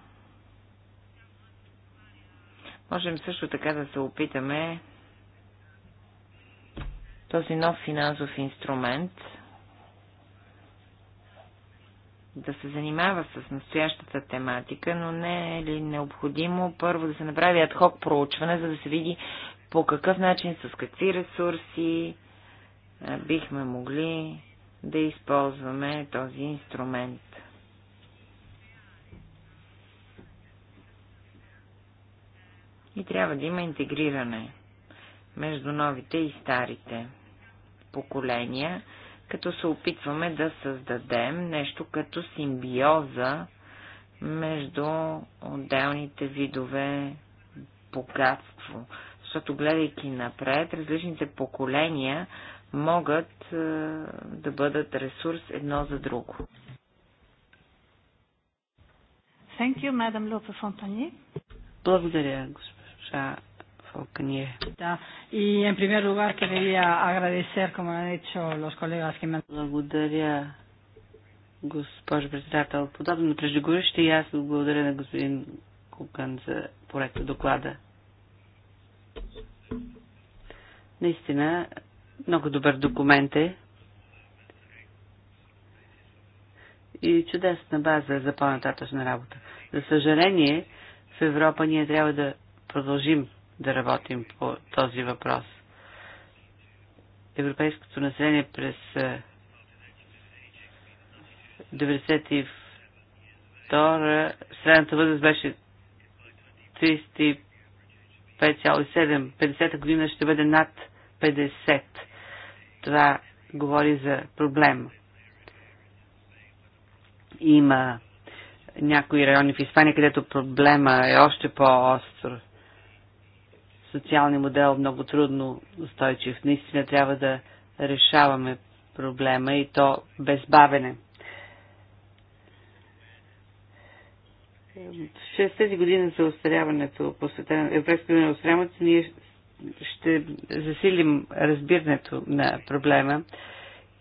Можем също така да се опитаме този нов финансов инструмент да се занимава с настоящата тематика, но не е ли необходимо първо да се направи адхок проучване, за да се види по какъв начин, с какви ресурси бихме могли да използваме този инструмент. И трябва да има интегриране между новите и старите поколения, като се опитваме да създадем нещо като симбиоза между отделните видове богатство, защото гледайки напред, различните поколения могат е, да бъдат ресурс едно за друго. Thank you, Madam Fontanier. Благодаря, госпожа Фолканье. Да, и en primer lugar quería agradecer, como han hecho los colegas que me... Благодаря, госпожо председател. Подобно на преждегорещите, и аз благодаря на господин Кукан за проекта доклада. Наистина, много добър документ е. И чудесна база за по-нататъчна работа. За съжаление, в Европа ние трябва да продължим да работим по този въпрос. Европейското население през 92 средната възраст беше 35 5,7. 50-та година ще бъде над 50. Това говори за проблем. Има някои райони в Испания, където проблема е още по-остро. Социалният модел е много трудно устойчив. Наистина трябва да решаваме проблема и то без бавене. Чрез тези години за устаряването, посветена Европейска на устаряването, ние ще засилим разбирането на проблема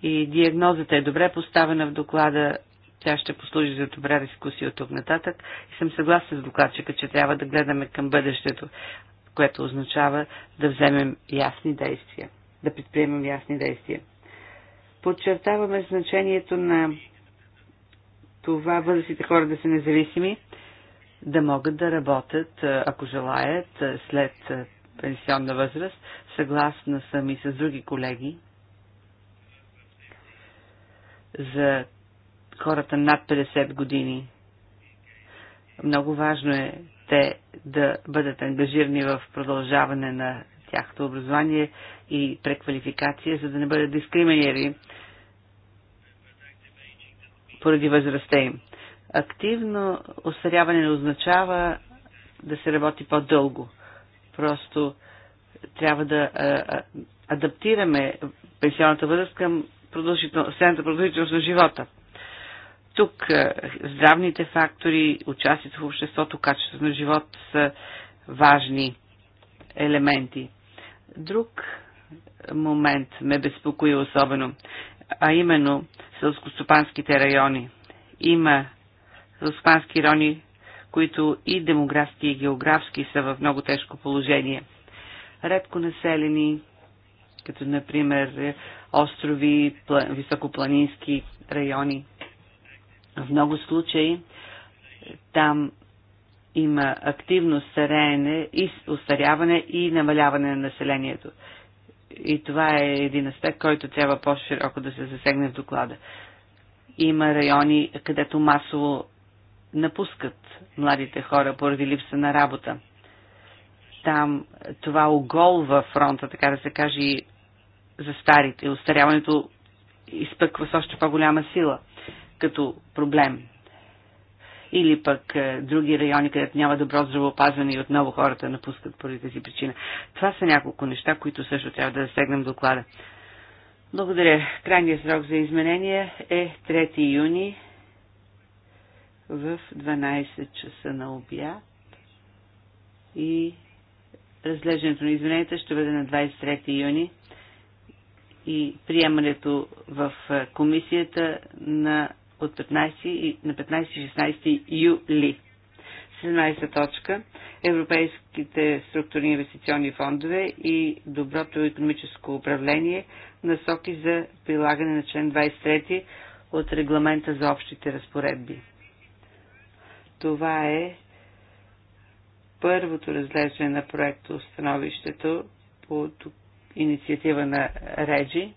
и диагнозата е добре поставена в доклада, тя ще послужи за добра дискусия от тук нататък и съм съгласна с докладчика, че трябва да гледаме към бъдещето, което означава да вземем ясни действия, да предприемем ясни действия. Подчертаваме значението на това възрастните хора да са независими – да могат да работят, ако желаят, след пенсионна възраст. Съгласна съм и с други колеги за хората над 50 години. Много важно е те да бъдат ангажирани в продължаване на тяхното образование и преквалификация, за да не бъдат дискриминирани поради възрастта им. Активно остаряване не означава да се работи по-дълго. Просто трябва да адаптираме пенсионната възраст към продължител... средната продължителност на живота. Тук здравните фактори, участието в обществото, качеството на живот са важни елементи. Друг момент ме безпокои особено, а именно селскостопанските райони. Има успански райони, които и демографски и географски са в много тежко положение. Редко населени, като например острови, високопланински райони. В много случаи там има активно стареене и устаряване и намаляване на населението. И това е един аспект, който трябва по-широко да се засегне в доклада. Има райони, където масово напускат младите хора поради липса на работа. Там това оголва фронта, така да се каже, и за старите. Остаряването изпъква с още по-голяма сила като проблем. Или пък е, други райони, където няма добро здравеопазване и отново хората напускат поради тази причина. Това са няколко неща, които също трябва да засегнем доклада. Благодаря. Крайният срок за изменение е 3 юни в 12 часа на обяд и разглеждането на извиненията ще бъде на 23 юни и приемането в комисията на от 15, на 15-16 юли. 17 точка. Европейските структурни инвестиционни фондове и доброто економическо управление насоки за прилагане на член 23 от регламента за общите разпоредби. Това е първото разглеждане на проекто становището по инициатива на Реджи.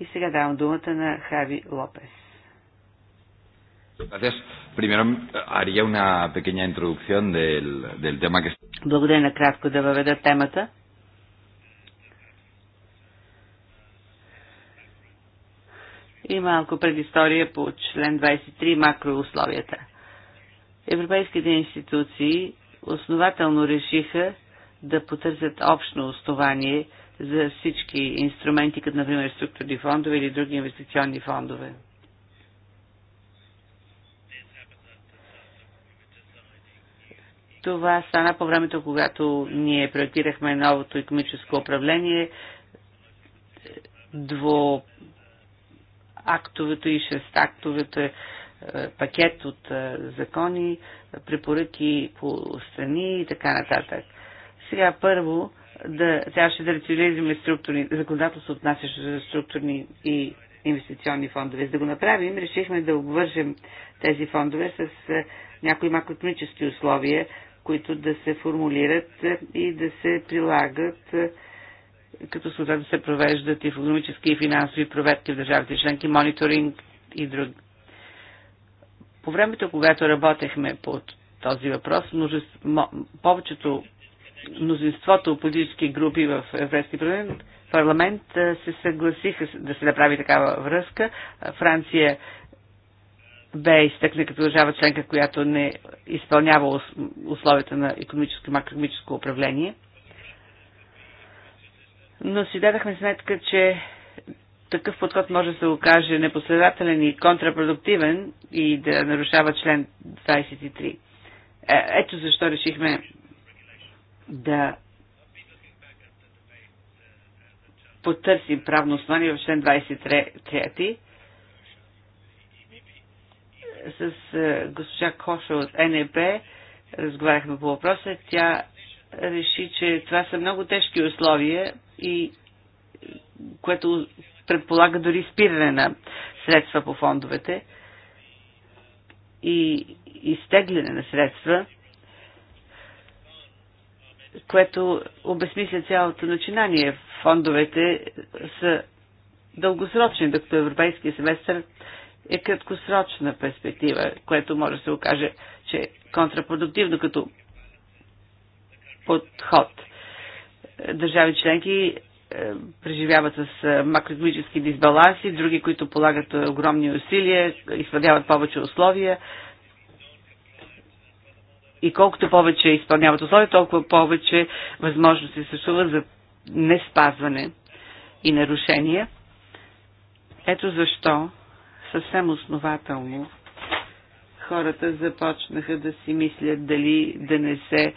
И сега давам думата на Хави Лопес. Gracias. Primero haría una pequeña introducción del, del tema que... Благодаря накратко да въведа темата. и малко предистория по член 23 макроусловията. Европейските институции основателно решиха да потърсят общо основание за всички инструменти, като например структурни фондове или други инвестиционни фондове. Това стана по времето, когато ние проектирахме новото економическо управление, актовете и шест актовете е, пакет от е, закони, препоръки по страни и така нататък. Сега първо да, трябваше да рецилизиме структурни, законодателство, отнасящо за структурни и инвестиционни фондове. За да го направим, решихме да обвържем тези фондове с е, някои макроекономически условия, които да се формулират и да се прилагат като съответно се провеждат економически и финансови проверки в държавите членки, мониторинг и други. По времето, когато работехме по този въпрос, множество, повечето, мнозинството политически групи в Европейския парламент, парламент се съгласиха да се направи такава връзка. Франция бе изтъкна като държава членка, която не изпълнява условията на економическо и макроекономическо управление – но си дадахме сметка, че такъв подход може да се окаже непоследателен и контрапродуктивен и да нарушава член 23. Е, ето защо решихме да потърсим правно основание в член 23 с е, госпожа Коша от НЕП разговаряхме по въпроса. Тя реши, че това са много тежки условия и което предполага дори спиране на средства по фондовете и изтегляне на средства, което обезмисля цялото начинание. Фондовете са дългосрочни, докато европейския семестър е краткосрочна перспектива, което може да се окаже, че е контрапродуктивно като подход – държави членки е, преживяват с е, макроекономически дисбаланси, други, които полагат е, огромни усилия, изпълняват повече условия. И колкото повече изпълняват условия, толкова повече възможности съществуват за не спазване и нарушения. Ето защо съвсем основателно хората започнаха да си мислят дали да не се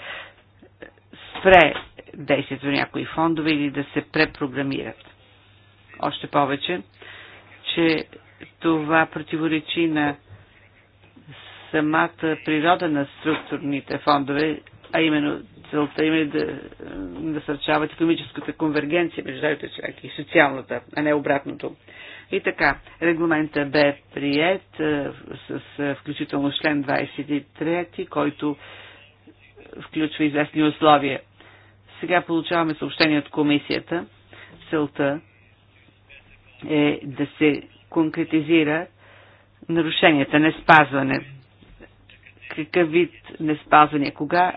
спре действието на някои фондове или да се препрограмират. Още повече, че това противоречи на самата природа на структурните фондове, а именно целта им е да насърчават економическата конвергенция между държавите и социалната, а не обратното. И така, регламента бе прият с включително член 23, който включва известни условия. Сега получаваме съобщение от комисията. Целта е да се конкретизира нарушенията, не спазване. Какъв вид не спазване? Кога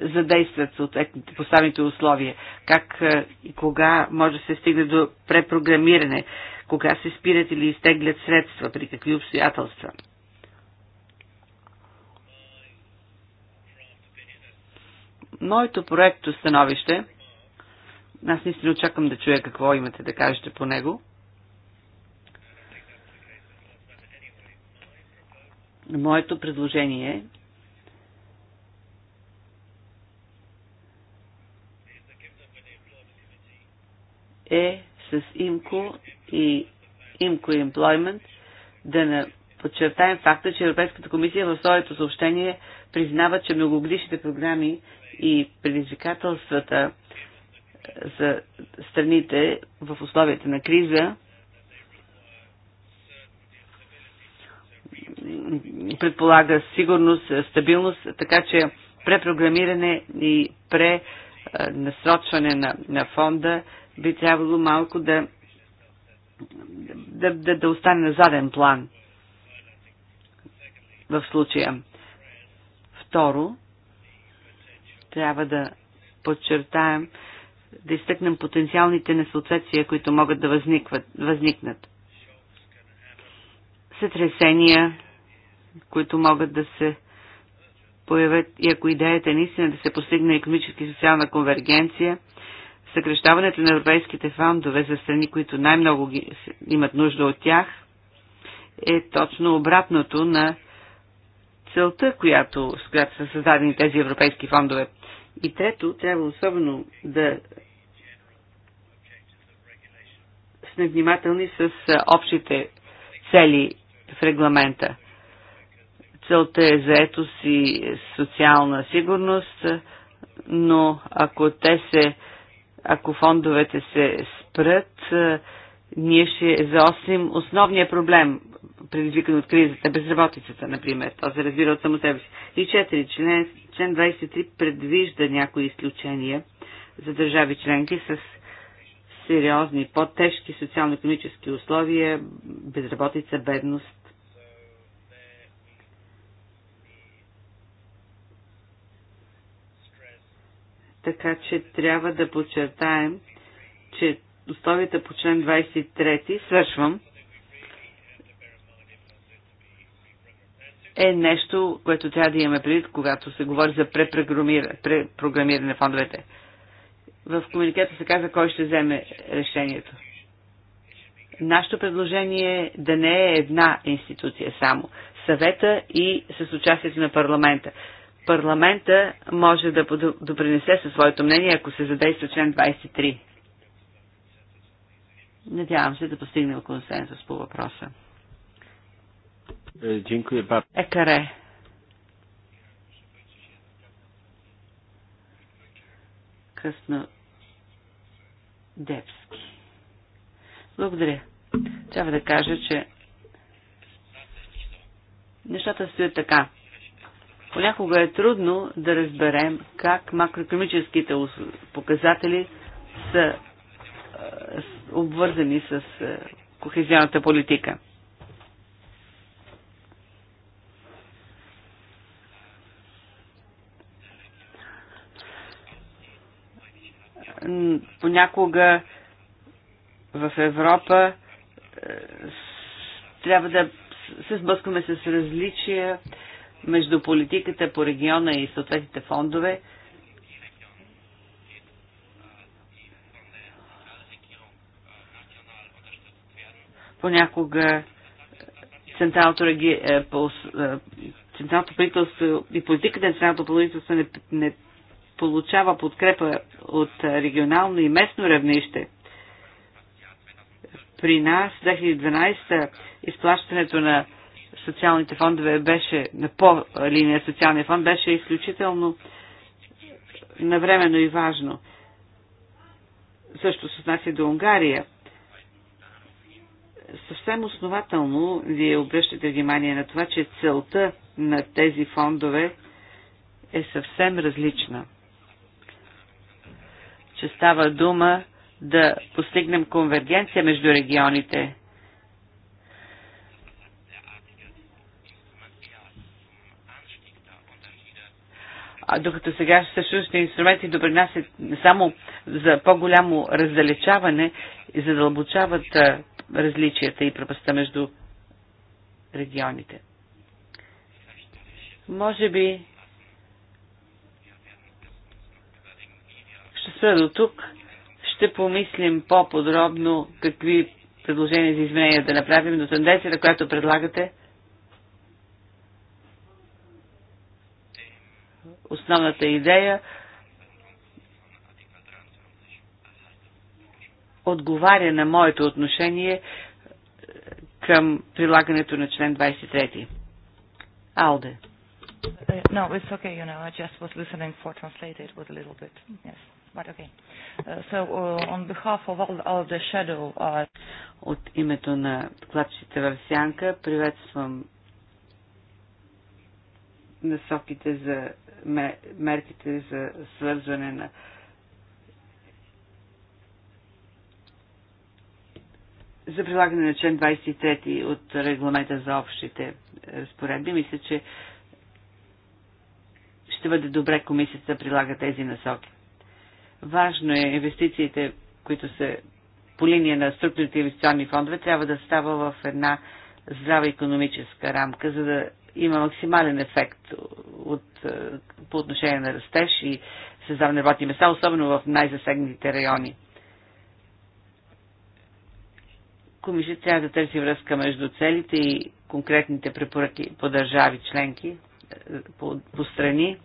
задействат съответните поставените условия? Как е, и кога може да се стигне до препрограмиране? Кога се спират или изтеглят средства? При какви обстоятелства? Моето проекто становище, аз наистина очаквам да чуя какво имате да кажете по него. Моето предложение е е с ИМКО и ИМКО Employment да не подчертаем факта, че Европейската комисия в своето съобщение признава, че многогодишните програми и предизвикателствата за страните в условията на криза предполага сигурност, стабилност, така че препрограмиране и пренасрочване на, на фонда би трябвало малко да, да, да, да остане на заден план в случая. Второ, трябва да подчертаем, да изтъкнем потенциалните несъответствия, които могат да възникват, възникнат. Сътресения, които могат да се появят и ако идеята е наистина да се постигне економически и социална конвергенция, съкрещаването на европейските фондове за страни, които най-много имат нужда от тях, е точно обратното на целта, която, с която са създадени тези европейски фондове. И трето, трябва особено да сме внимателни с общите цели в регламента. Целта е заетост и социална сигурност, но ако те се, ако фондовете се спрат, ние ще заострим основния проблем, предизвикан от кризата, безработицата, например. То се разбира от само себе си. И четири, член, Член 23 предвижда някои изключения за държави членки с сериозни, по-тежки социално-економически условия, безработица, бедност. Така че трябва да подчертаем, че условията по член 23, свършвам, е нещо, което трябва да имаме предвид, когато се говори за препрограмиране на фондовете. В комуникета се каза кой ще вземе решението. Нашето предложение е да не е една институция само. Съвета и с участието на парламента. Парламента може да допринесе със своето мнение, ако се задейства член 23. Надявам се да постигнем консенсус по въпроса. Dziękuję е, bardzo. Ekare. Къснодепски. Благодаря. Трябва да кажа, че нещата стоят така. Понякога е трудно да разберем как макроекономическите показатели са е, обвързани с е, кохезионната политика. понякога в Европа е, трябва да се сблъскваме с различия между политиката по региона и съответните фондове. Понякога централното, реги... Е, е, централното правителство и политиката на централното правителство не, не получава подкрепа от регионално и местно равнище. При нас 2012 изплащането на социалните фондове беше, на по линия социалния фонд беше изключително навременно и важно. Също се отнася до Унгария. Съвсем основателно вие обръщате внимание на това, че целта на тези фондове е съвсем различна че става дума да постигнем конвергенция между регионите. А докато сега съществуващите инструменти допринасят само за по-голямо раздалечаване и задълбочават различията и пропаста между регионите. Може би спра до тук. Ще помислим по-подробно какви предложения за изменения да направим, но тенденцията, която предлагате, основната идея отговаря на моето отношение е, към прилагането на член 23. Алде. Uh, no, it's okay, you know, I just was listening for translated with a little bit. Yes. But okay. Uh, so, uh, on behalf of all, all the shadow... Uh... От името на клапчите в сянка приветствам насоките за мерките за свързване на за прилагане на член 23 от регламента за общите разпоредби. Мисля, че ще бъде добре комисията да прилага тези насоки. Важно е инвестициите, които са по линия на структурните инвестиционни фондове, трябва да става в една здрава економическа рамка, за да има максимален ефект от, е, по отношение на растеж и създаване работни места, особено в най-засегните райони. Комисията трябва да търси връзка между целите и конкретните препоръки по държави членки, е, по, по страни,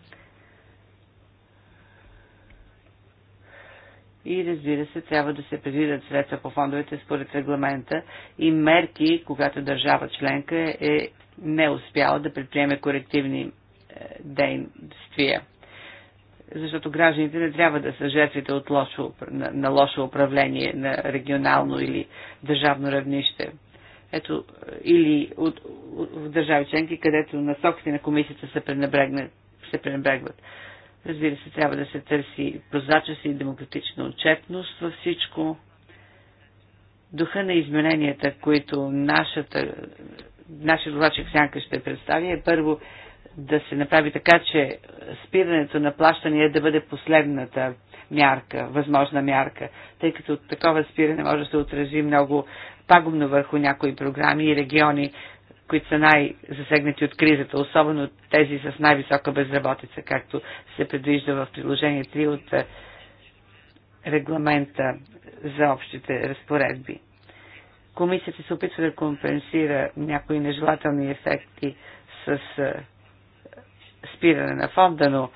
и разбира се, трябва да се предвидят средства по фондовете според регламента и мерки, когато държава членка е не успяла да предприеме корективни е, действия. Защото гражданите не трябва да са жертвите от лошо, на, на лошо управление на регионално или държавно равнище. Ето, е, или от, от, от, в държави членки, където насоките на комисията се се пренебрегват. Разбира се, трябва да се търси прозрачност и демократична отчетност във всичко. Духа на измененията, които нашата, нашия докладчик Сянка ще представи, е първо да се направи така, че спирането на плащания да бъде последната мярка, възможна мярка, тъй като такова спиране може да се отрази много пагубно върху някои програми и региони, които са най-засегнати от кризата, особено тези с най-висока безработица, както се предвижда в приложение 3 от е, регламента за общите разпоредби. Комисията се опитва да компенсира някои нежелателни ефекти с е, спиране на фонда, но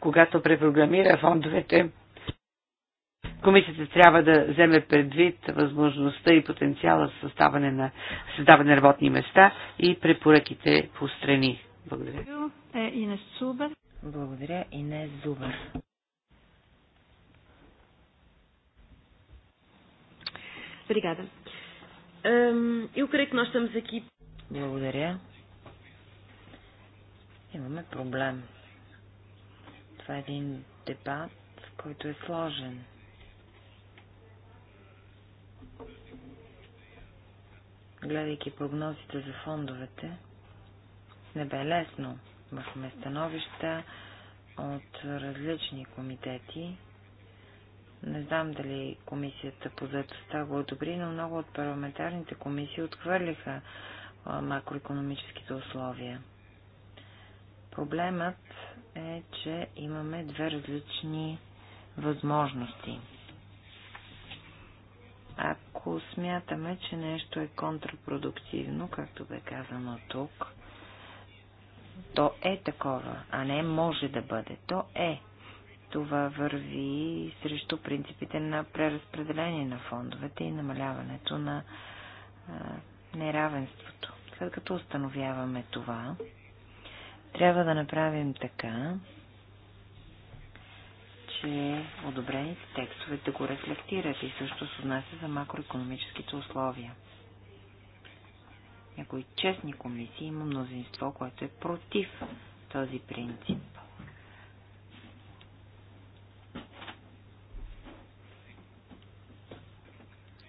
когато препрограмира фондовете, Комисията трябва да вземе предвид възможността и потенциала за създаване на, създаване на работни места и препоръките по страни. Благодаря. Е, Благодаря, Инес Зубър. Obrigada. Hum, eu creio que nós Благодаря. Имаме проблем. Това е един дебат, който е сложен. гледайки прогнозите за фондовете, не бе лесно. Имахме становища от различни комитети. Не знам дали комисията по заедостта го одобри, но много от парламентарните комисии отхвърлиха макроекономическите условия. Проблемът е, че имаме две различни възможности. А ако смятаме, че нещо е контрапродуктивно, както бе казано тук, то е такова, а не може да бъде. То е. Това върви срещу принципите на преразпределение на фондовете и намаляването на а, неравенството. След като установяваме това, трябва да направим така, че одобрените текстове да го рефлектират и също се отнася за макроекономическите условия. Някои честни комисии има мнозинство, което е против този принцип.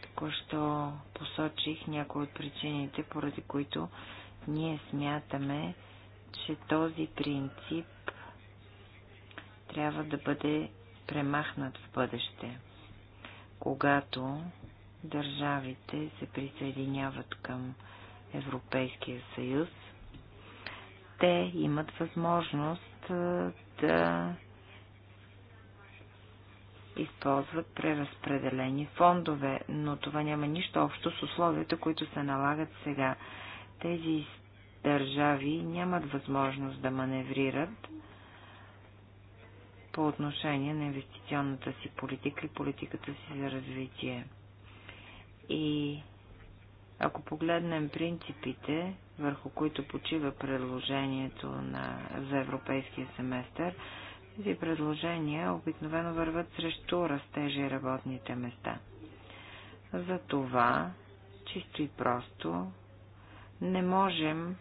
Току-що посочих някои от причините, поради които ние смятаме, че този принцип трябва да бъде премахнат в бъдеще, когато държавите се присъединяват към Европейския съюз, те имат възможност да използват преразпределени фондове, но това няма нищо общо с условията, които се налагат сега. Тези държави нямат възможност да маневрират по отношение на инвестиционната си политика и политиката си за развитие. И ако погледнем принципите, върху които почива предложението на, за европейския семестър, тези предложения обикновено върват срещу растежа и работните места. Затова, чисто и просто, не можем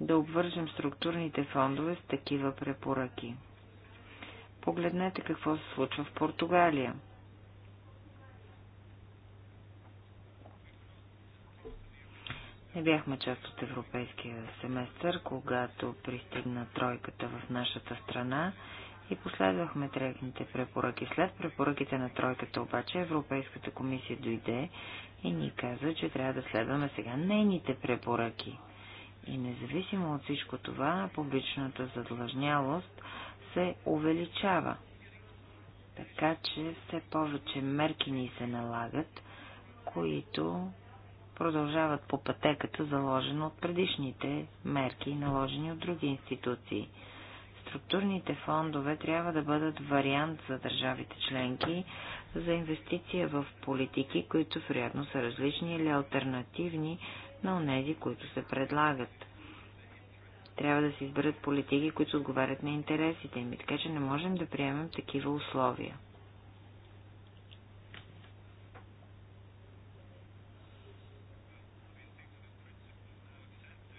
да обвържем структурните фондове с такива препоръки. Погледнете какво се случва в Португалия. Не бяхме част от европейския семестър, когато пристигна тройката в нашата страна и последвахме трехните препоръки. След препоръките на тройката обаче Европейската комисия дойде и ни каза, че трябва да следваме сега нейните препоръки. И независимо от всичко това, публичната задлъжнялост се увеличава. Така че все повече мерки ни се налагат, които продължават по пътеката, заложена от предишните мерки, наложени от други институции. Структурните фондове трябва да бъдат вариант за държавите членки за инвестиция в политики, които вероятно са различни или альтернативни на онези, които се предлагат. Трябва да се изберат политики, които отговарят на интересите им, така че не можем да приемем такива условия.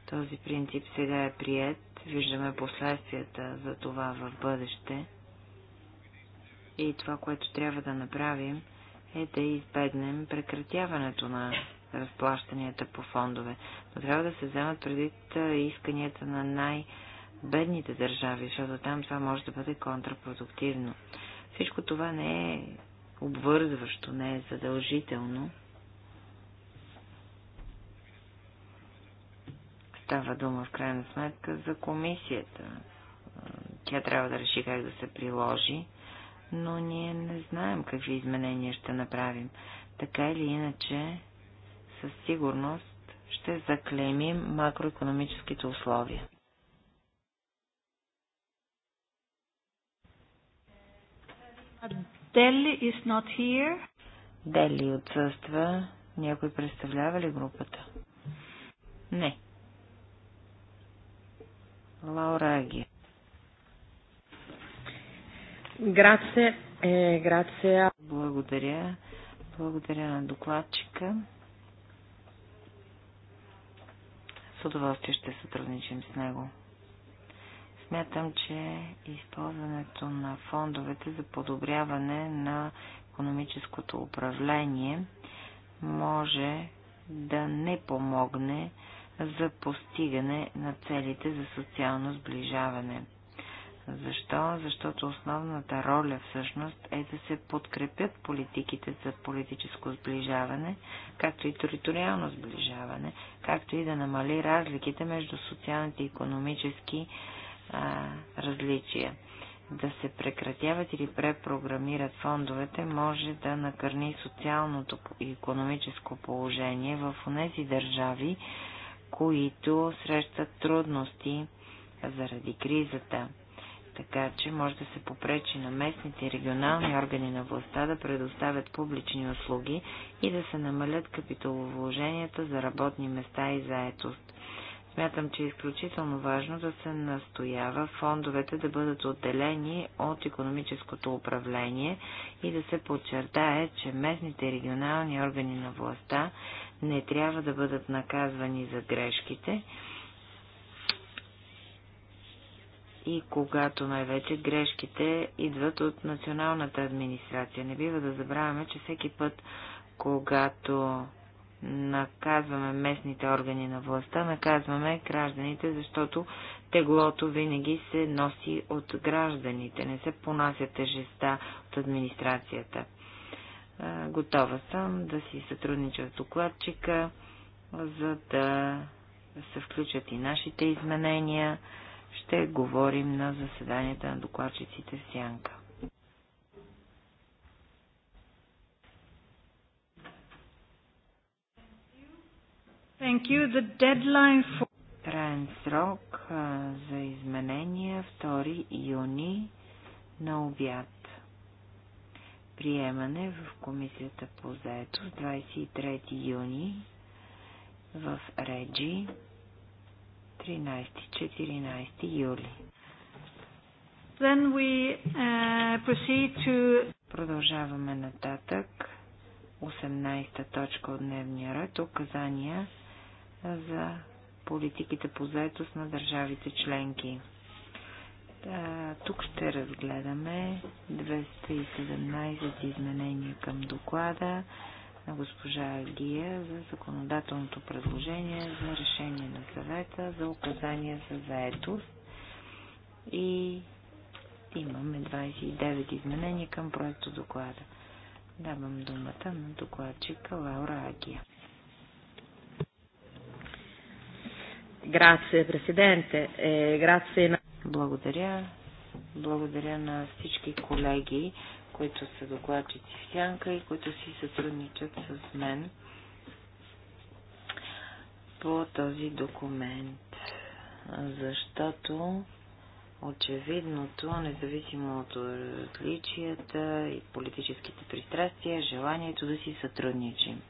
Този принцип сега е прият, виждаме последствията за това в бъдеще. И това, което трябва да направим, е да избегнем прекратяването на разплащанията е, по фондове. Но трябва да се вземат предвид е, исканията на най-бедните държави, защото там това може да бъде контрапродуктивно. Всичко това не е обвързващо, не е задължително. Става дума в крайна сметка за комисията. Е, тя трябва да реши как да се приложи, но ние не знаем какви изменения ще направим. Така или иначе, със сигурност ще заклемим макроекономическите условия. Дели is not here. Дели отсъства. Някой представлява ли групата? Не. Лаура Аги. Грация. Е, грация. Благодаря. Благодаря на докладчика. С удоволствие ще сътрудничим с него. Смятам, че използването на фондовете за подобряване на економическото управление може да не помогне за постигане на целите за социално сближаване. Защо? Защото основната роля всъщност е да се подкрепят политиките за политическо сближаване, както и териториално сближаване, както и да намали разликите между социалните и економически а, различия. Да се прекратяват или препрограмират фондовете може да накърни социалното и економическо положение в тези държави, които срещат трудности заради кризата така че може да се попречи на местните и регионални органи на властта да предоставят публични услуги и да се намалят капиталовложенията за работни места и заетост. Смятам, че е изключително важно да се настоява фондовете да бъдат отделени от економическото управление и да се подчертае, че местните и регионални органи на властта не трябва да бъдат наказвани за грешките, и когато най-вече грешките идват от националната администрация. Не бива да забравяме, че всеки път, когато наказваме местните органи на властта, наказваме гражданите, защото теглото винаги се носи от гражданите, не се понася тежеста от администрацията. Готова съм да си сътруднича с докладчика, за да се включат и нашите изменения ще говорим на заседанията на докладчиците в Сянка. Thank you. The deadline for... Траен срок а, за изменения 2 юни на обяд. Приемане в Комисията по заето с 23 юни в Реджи 13-14 юли. Then we, uh, proceed to... Продължаваме нататък. 18-та точка от дневния ред. Указания за политиките по заетост на държавите членки. Да, тук ще разгледаме 217 изменения към доклада на госпожа Гия за законодателното предложение за решение на съвета за указания за заетост и имаме 29 изменения към проекто доклада. Давам думата на докладчика Лаура Агия. Грация, президенте. Е, грация на... Благодаря. Благодаря на всички колеги, които са докладчици в Сянка и които си сътрудничат с мен по този документ. Защото очевидното, независимо от различията и политическите пристрастия, желанието да си сътрудничим.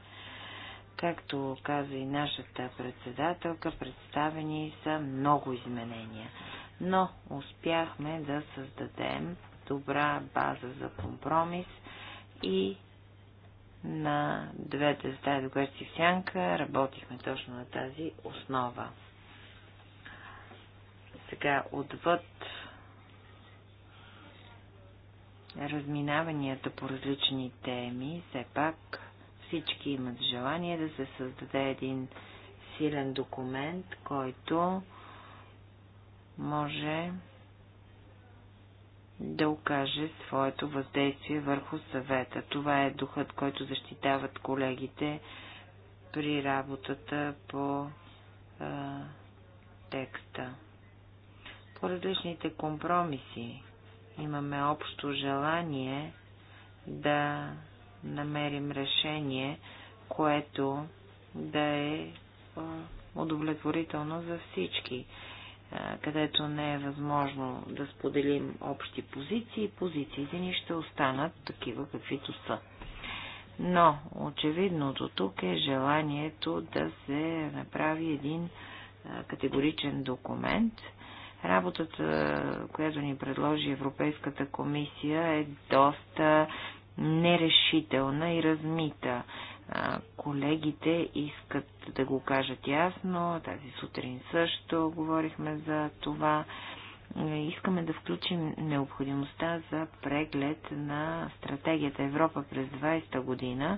Както каза и нашата председателка, представени са много изменения, но успяхме да създадем добра база за компромис и на двете стаи до си в сянка, работихме точно на тази основа. Сега, отвъд разминаванията по различни теми, все пак всички имат желание да се създаде един силен документ, който може да окаже своето въздействие върху съвета. Това е духът, който защитават колегите при работата по а, текста. По различните компромиси имаме общо желание да намерим решение, което да е удовлетворително за всички където не е възможно да споделим общи позиции, позициите ни ще останат такива, каквито са. Но очевидното тук е желанието да се направи един категоричен документ. Работата, която ни предложи Европейската комисия е доста нерешителна и размита колегите искат да го кажат ясно. Тази сутрин също говорихме за това. Искаме да включим необходимостта за преглед на стратегията Европа през 20-та година,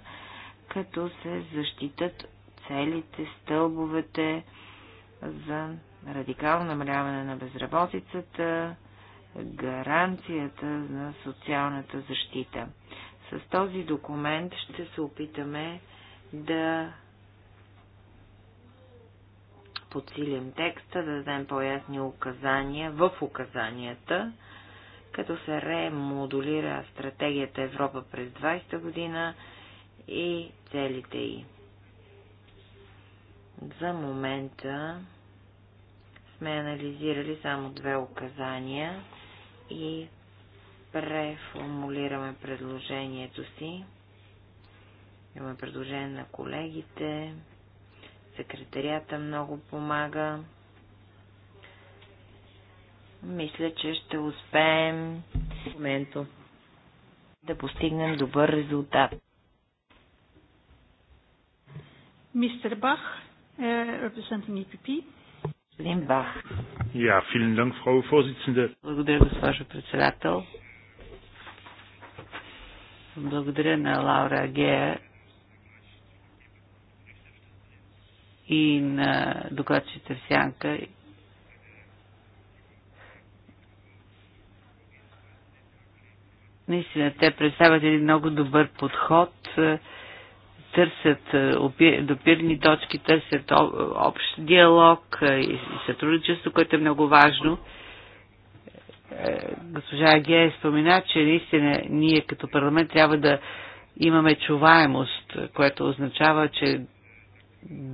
като се защитат целите, стълбовете за радикално намаляване на безработицата, гаранцията на социалната защита. С този документ ще се опитаме да подсилим текста, да дадем по-ясни указания в указанията, като се ремодулира стратегията Европа през 20 та година и целите й. За момента сме анализирали само две указания и преформулираме предложението си. Имаме предложение на колегите. Секретарията много помага. Мисля, че ще успеем момента да постигнем добър резултат. Мистер Бах, е, representing ИПП. E Господин Бах. Ja, vielen Dank, Frau Благодаря, госпожо председател. Благодаря на Лаура Гея и на докладчите в Сянка. Наистина, те представят един много добър подход, търсят е, допирни точки, търсят общ диалог е, и сътрудничество, което е много важно госпожа Гея спомена, че наистина ние като парламент трябва да имаме чуваемост, което означава, че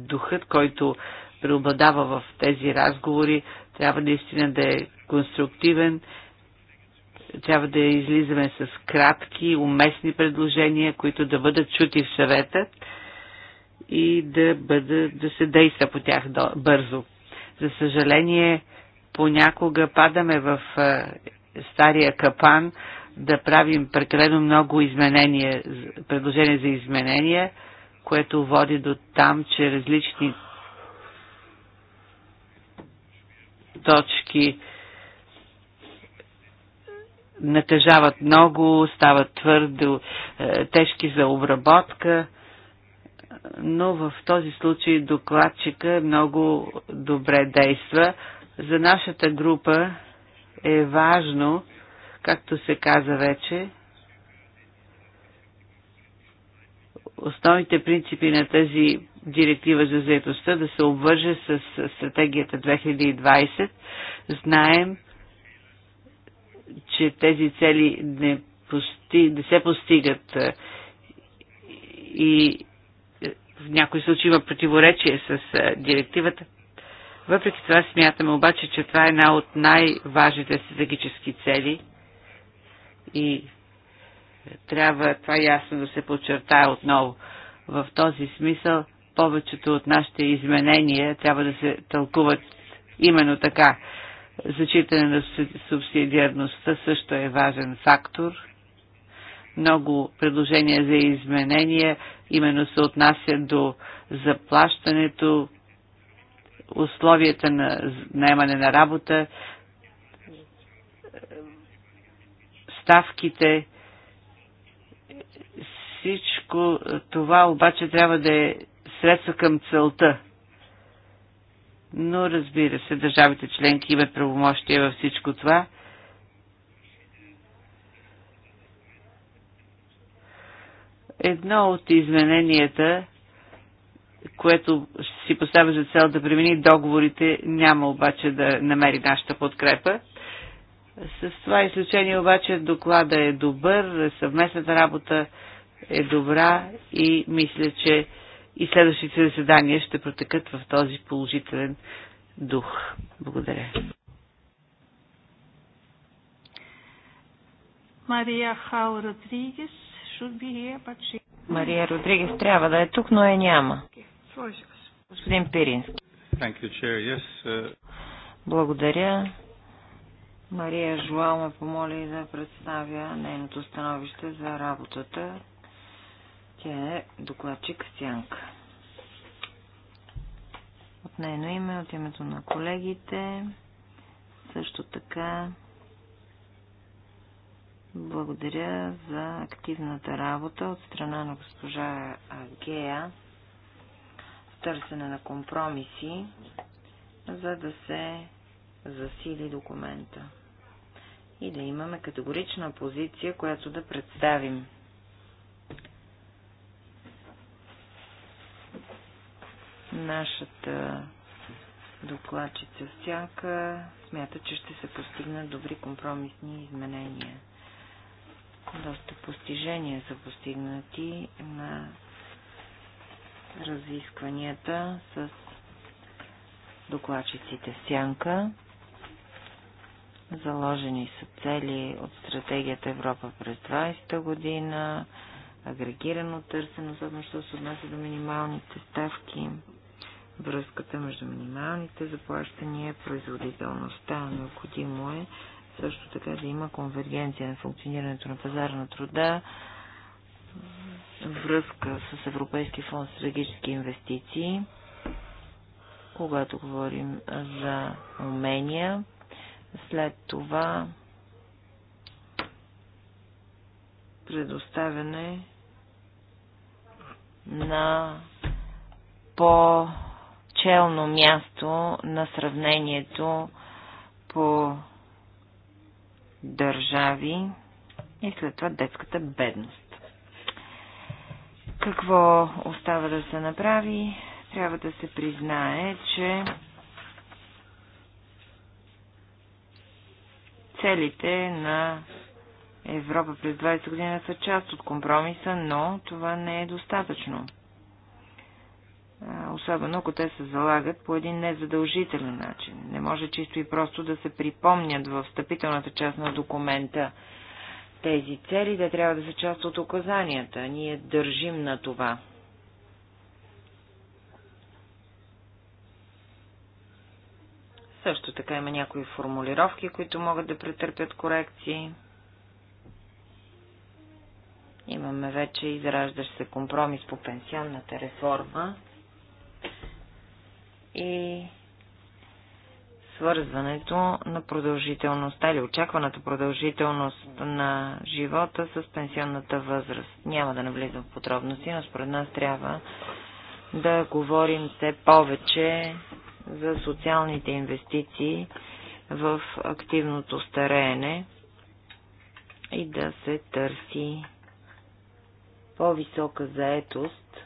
духът, който преобладава в тези разговори, трябва наистина да е конструктивен, трябва да излизаме с кратки, уместни предложения, които да бъдат чути в съвета и да, бъда, да се действа по тях бързо. За съжаление, понякога падаме в е, стария капан да правим прекалено много изменения, предложения за изменения, което води до там, че различни точки натежават много, стават твърдо е, тежки за обработка, но в този случай докладчика много добре действа, за нашата група е важно, както се каза вече, основните принципи на тази директива за заедостта да се обвърже с стратегията 2020. Знаем, че тези цели не, пости, не се постигат и в някои случаи има противоречие с директивата. Въпреки това смятаме обаче, че това е една от най-важните стратегически цели и трябва това ясно да се подчертая отново. В този смисъл повечето от нашите изменения трябва да се тълкуват именно така. Зачитане на субсидиарността също е важен фактор. Много предложения за изменения именно се отнасят до заплащането, условията на наемане на работа, ставките. Всичко това обаче трябва да е средство към целта. Но разбира се, държавите членки имат правомощия във всичко това. Едно от измененията което ще си поставя за цел да премени договорите, няма обаче да намери нашата подкрепа. С това изключение обаче доклада е добър, съвместната работа е добра и мисля, че и следващите заседания ще протекат в този положителен дух. Благодаря. Мария Хао Родригес should be Мария Родригес трябва да е тук, но е няма. Господин Пирински. Uh, благодаря. Мария Жуал ме помоли да представя нейното становище за работата. Тя е докладчик Сянка. От нейно име, от името на колегите, също така благодаря за активната работа от страна на госпожа Агея търсене на компромиси, за да се засили документа и да имаме категорична позиция, която да представим. Нашата докладчица Сянка смята, че ще се постигнат добри компромисни изменения. Доста постижения са постигнати на разискванията с докладчиците Сянка. Заложени са цели от стратегията Европа през 20-та година, агрегирано търсено, особено що се отнася до минималните ставки, връзката между минималните заплащания, производителността. Необходимо е също така да има конвергенция на функционирането на пазара на труда, връзка с Европейски фонд стратегически инвестиции, когато говорим за умения. След това предоставяне на по-челно място на сравнението по държави и след това детската бедност. Какво остава да се направи? Трябва да се признае, че целите на Европа през 20 година са част от компромиса, но това не е достатъчно. Особено ако те се залагат по един незадължителен начин. Не може чисто и просто да се припомнят в встъпителната част на документа тези цели, те трябва да са част от указанията. Ние държим на това. Също така има някои формулировки, които могат да претърпят корекции. Имаме вече израждащ се компромис по пенсионната реформа и свързването на продължителността или очакваната продължителност на живота с пенсионната възраст. Няма да навлизам в подробности, но според нас трябва да говорим все повече за социалните инвестиции в активното стареене и да се търси по-висока заетост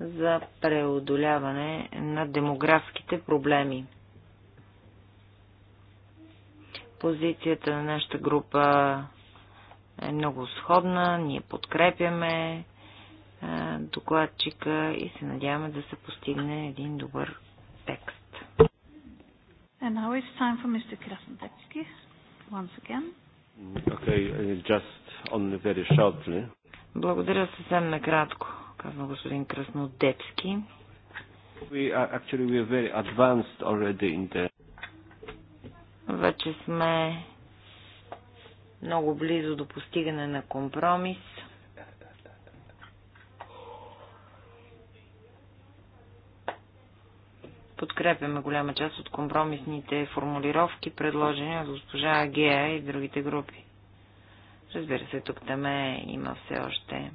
за преодоляване на демографските проблеми. Позицията на нашата група е много сходна. Ние подкрепяме докладчика и се надяваме да се постигне един добър текст. And now it's time for Mr. Krasnodebski once again. Okay, uh, just on very shortly. Благодаря съвсем накратко, казва господин Краснодепски. We are actually we are very advanced already in the вече сме много близо до постигане на компромис. Подкрепяме голяма част от компромисните формулировки, предложени от госпожа Агея и другите групи. Разбира се, тук таме има все още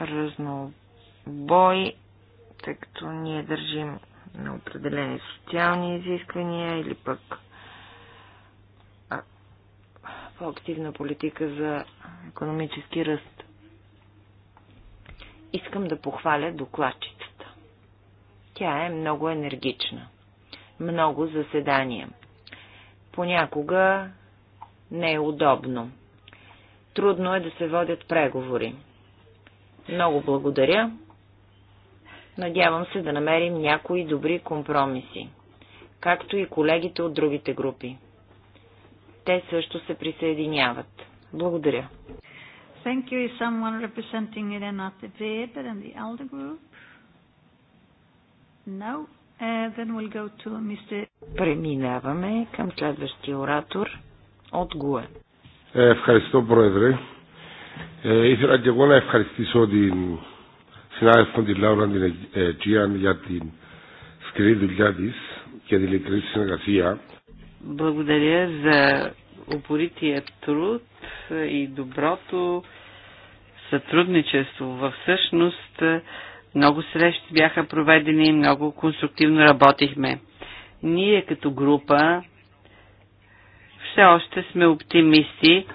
разнобой тъй като ние държим на определени социални изисквания или пък по-активна политика за економически ръст. Искам да похваля докладчицата. Тя е много енергична. Много заседания. Понякога не е удобно. Трудно е да се водят преговори. Много благодаря. Надявам се да намерим някои добри компромиси, както и колегите от другите групи. Те също се присъединяват. Благодаря. Thank you. someone representing Renate Weber and the ALDE group? No. Uh, then we'll go to Mr. Преминаваме към следващия оратор от ГУЕ. Ευχαριστώ, Πρόεδρε. Ε, ήθελα και εγώ να ευχαριστήσω την συνάδελφων τη Λάουρα την Αιτζίαν για την σκληρή δουλειά τη και την ειλικρινή συνεργασία. Благодаря за упорития труд и доброто сътрудничество. Във всъщност много срещи бяха проведени и много конструктивно работихме. Ние като група все още сме оптимисти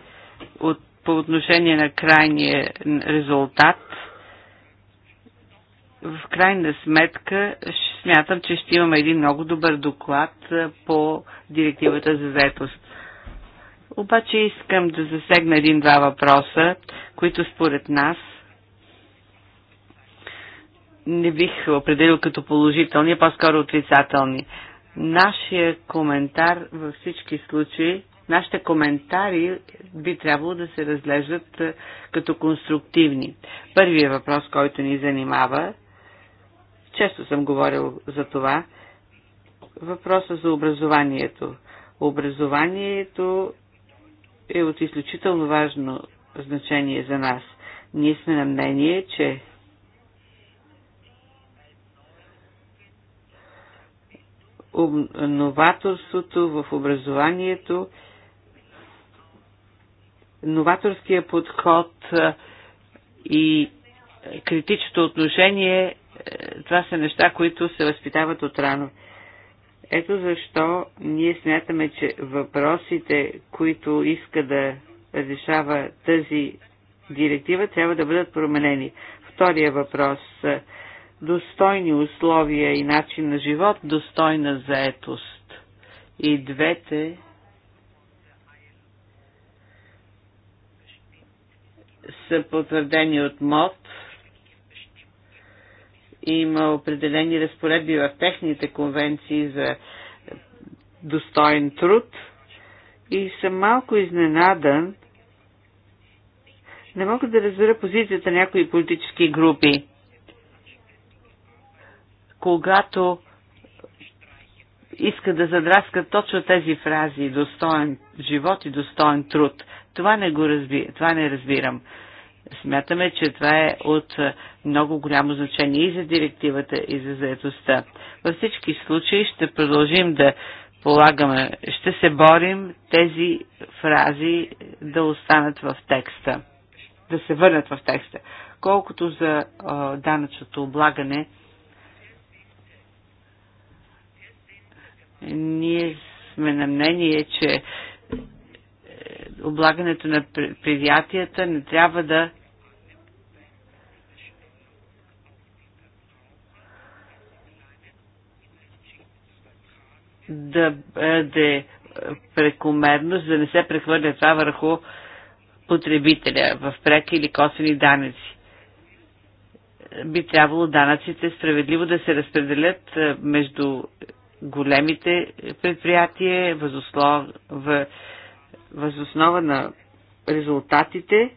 от, по отношение на крайния резултат – в крайна сметка смятам, че ще имаме един много добър доклад по директивата за заетост. Обаче искам да засегна един-два въпроса, които според нас не бих определил като положителни, а по-скоро отрицателни. Нашия коментар във всички случаи, нашите коментари би трябвало да се разглеждат като конструктивни. Първият въпрос, който ни занимава, често съм говорил за това. Въпроса за образованието. Образованието е от изключително важно значение за нас. Ние сме на мнение, че новаторството в образованието, новаторския подход и критичното отношение е, това са неща, които се възпитават от рано. Ето защо ние смятаме, че въпросите, които иска да решава тази директива, трябва да бъдат променени. Втория въпрос – достойни условия и начин на живот, достойна заетост. И двете са потвърдени от МОД има определени разпоредби в техните конвенции за достоен труд и съм малко изненадан. Не мога да разбера позицията на някои политически групи. Когато иска да задраска точно тези фрази достоен живот и достоен труд. Това не го разбирам. това не разбирам. Смятаме, че това е от много голямо значение и за директивата, и за заедостта. Във всички случаи ще продължим да полагаме, ще се борим тези фрази да останат в текста, да се върнат в текста. Колкото за а, данъчното облагане, ние сме на мнение, че е, облагането на предприятията не трябва да да бъде прекомерно, за да не се прехвърля това върху потребителя в преки или косвени данъци. Би трябвало данъците справедливо да се разпределят е, между големите предприятия възоснова на резултатите,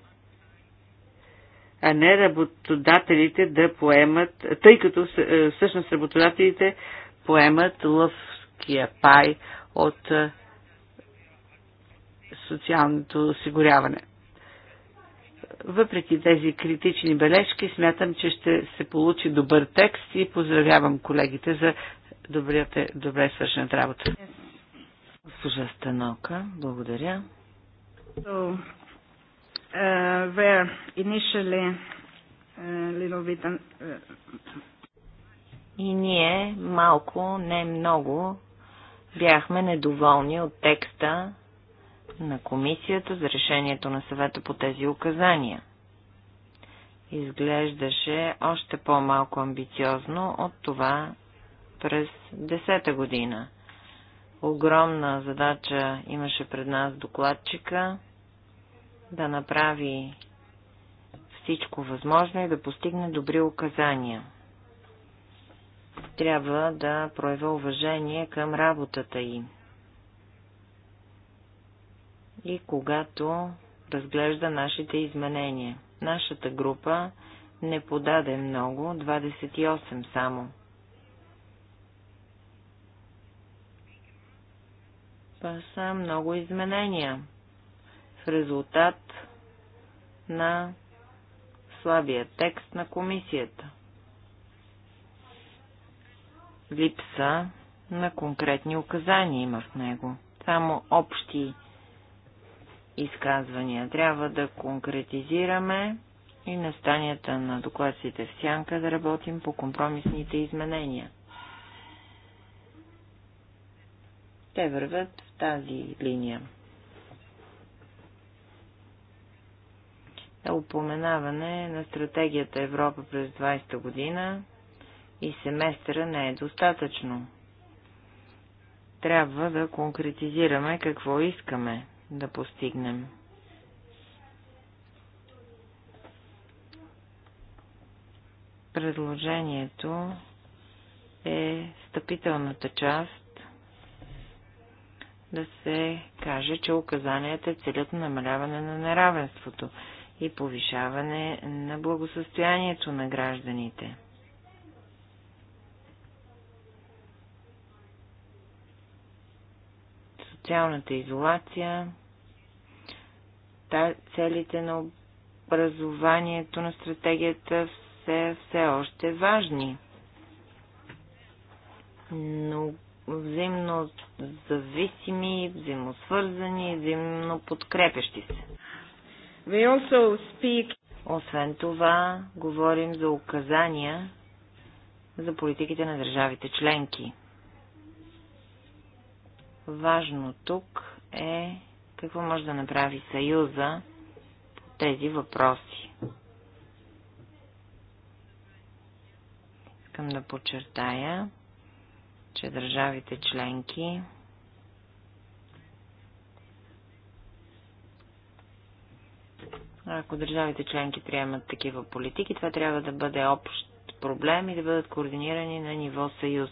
а не работодателите да поемат, тъй като е, всъщност работодателите поемат лъв Маркия Пай от е, социалното осигуряване. Въпреки тези критични бележки, смятам, че ще се получи добър текст и поздравявам колегите за добре, добре свършената работа. Госпожа Станока, благодаря. So, uh, where initially uh, uh И ние малко, не много, бяхме недоволни от текста на комисията за решението на съвета по тези указания. Изглеждаше още по-малко амбициозно от това през 10-та година. Огромна задача имаше пред нас докладчика да направи всичко възможно и да постигне добри указания трябва да проявя уважение към работата им. И когато разглежда нашите изменения. Нашата група не подаде много, 28 само. Па са много изменения в резултат на слабия текст на комисията липса на конкретни указания има в него. Само общи изказвания. Трябва да конкретизираме и на станията на докладците в сянка да работим по компромисните изменения. Те върват в тази линия. Е упоменаване на стратегията Европа през 20-та година, и семестъра не е достатъчно. Трябва да конкретизираме какво искаме да постигнем. Предложението е стъпителната част да се каже, че указанията целят намаляване на неравенството и повишаване на благосъстоянието на гражданите. социалната изолация, целите на образованието на стратегията все, все още важни. Но взаимно зависими, взаимосвързани, взаимно подкрепящи се. We also speak... Освен това, говорим за указания за политиките на държавите членки. Важно тук е какво може да направи Съюза по тези въпроси. Искам да подчертая, че държавите членки Ако държавите членки приемат такива политики, това трябва да бъде общ проблем и да бъдат координирани на ниво съюз.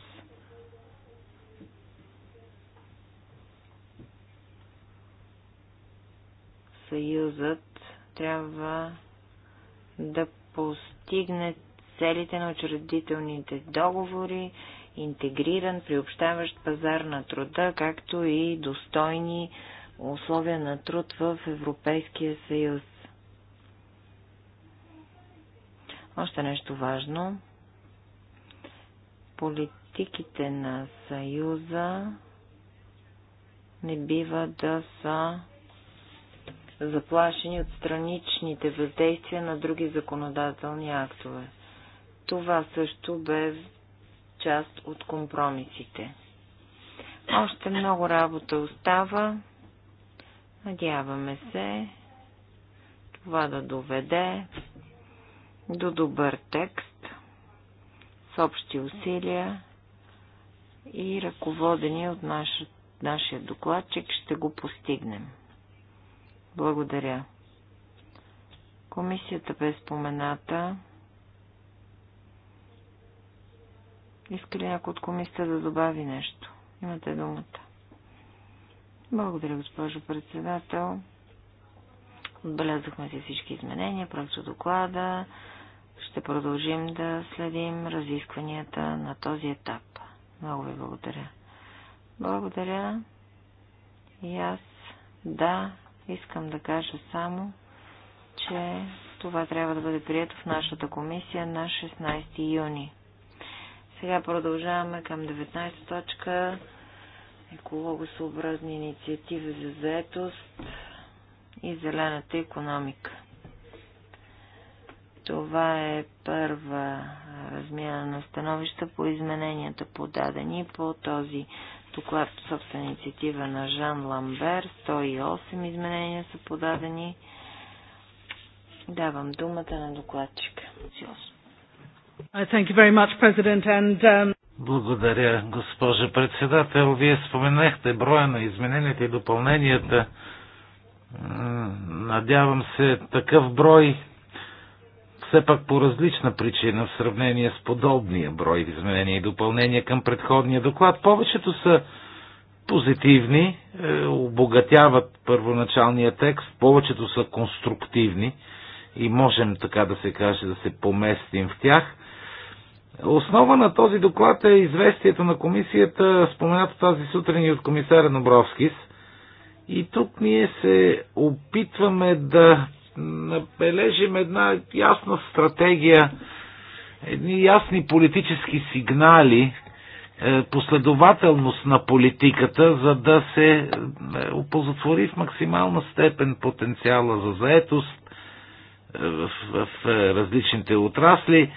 Съюзът трябва да постигне целите на учредителните договори, интегриран, приобщаващ пазар на труда, както и достойни условия на труд в Европейския съюз. Още нещо важно. Политиките на Съюза не бива да са заплашени от страничните въздействия на други законодателни актове. Това също бе част от компромисите. Още много работа остава. Надяваме се това да доведе до добър текст с общи усилия и ръководени от нашия докладчик ще го постигнем. Благодаря. Комисията бе спомената. Иска ли някой от комисията да добави нещо? Имате думата. Благодаря, госпожо председател. Отбелязахме си всички изменения, проекто доклада. Ще продължим да следим разискванията на този етап. Много ви благодаря. Благодаря. И аз, да, Искам да кажа само, че това трябва да бъде прието в нашата комисия на 16 юни. Сега продължаваме към 19 точка. Екологосъобразни инициативи за заетост и зелената економика. Това е първа размяна на становища по измененията подадени по този Доклад по собствена инициатива на Жан Ламбер. 108 изменения са подадени. Давам думата на докладчика. Um, Благодаря, госпожа председател. Вие споменахте броя на измененията и допълненията. Надявам се такъв брой все пак по различна причина в сравнение с подобния брой изменения и допълнения към предходния доклад. Повечето са позитивни, е, обогатяват първоначалния текст, повечето са конструктивни и можем така да се каже да се поместим в тях. Основа на този доклад е известието на комисията, споменато тази сутрин и от комисаря Нобровскис. И тук ние се опитваме да набележим една ясна стратегия, едни ясни политически сигнали, е, последователност на политиката, за да се е, опозотвори в максимална степен потенциала за заетост е, в, в различните отрасли,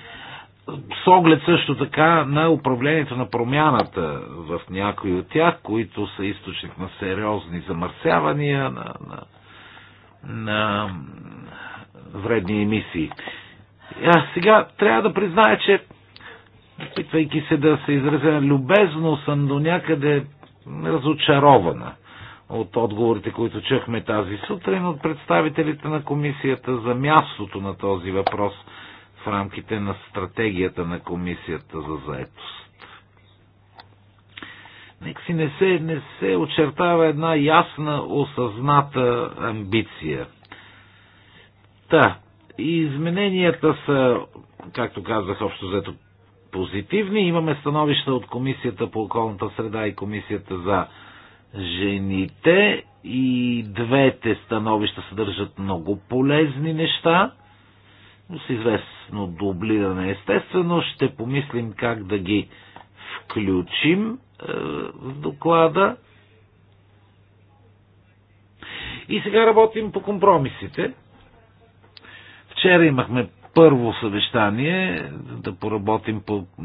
с оглед също така на управлението на промяната в някои от тях, които са източник на сериозни замърсявания, на, на на вредни емисии. А сега трябва да призная, че опитвайки се да се изразя любезно, съм до някъде разочарована от отговорите, които чухме тази сутрин от представителите на комисията за мястото на този въпрос в рамките на стратегията на комисията за заетост нека си не се, не се очертава една ясна, осъзната амбиция. Та, измененията са, както казах, общо взето позитивни. Имаме становища от Комисията по околната среда и Комисията за жените и двете становища съдържат много полезни неща. Но с известно дублиране, естествено, ще помислим как да ги включим е, в доклада. И сега работим по компромисите. Вчера имахме първо съвещание, да поработим по е,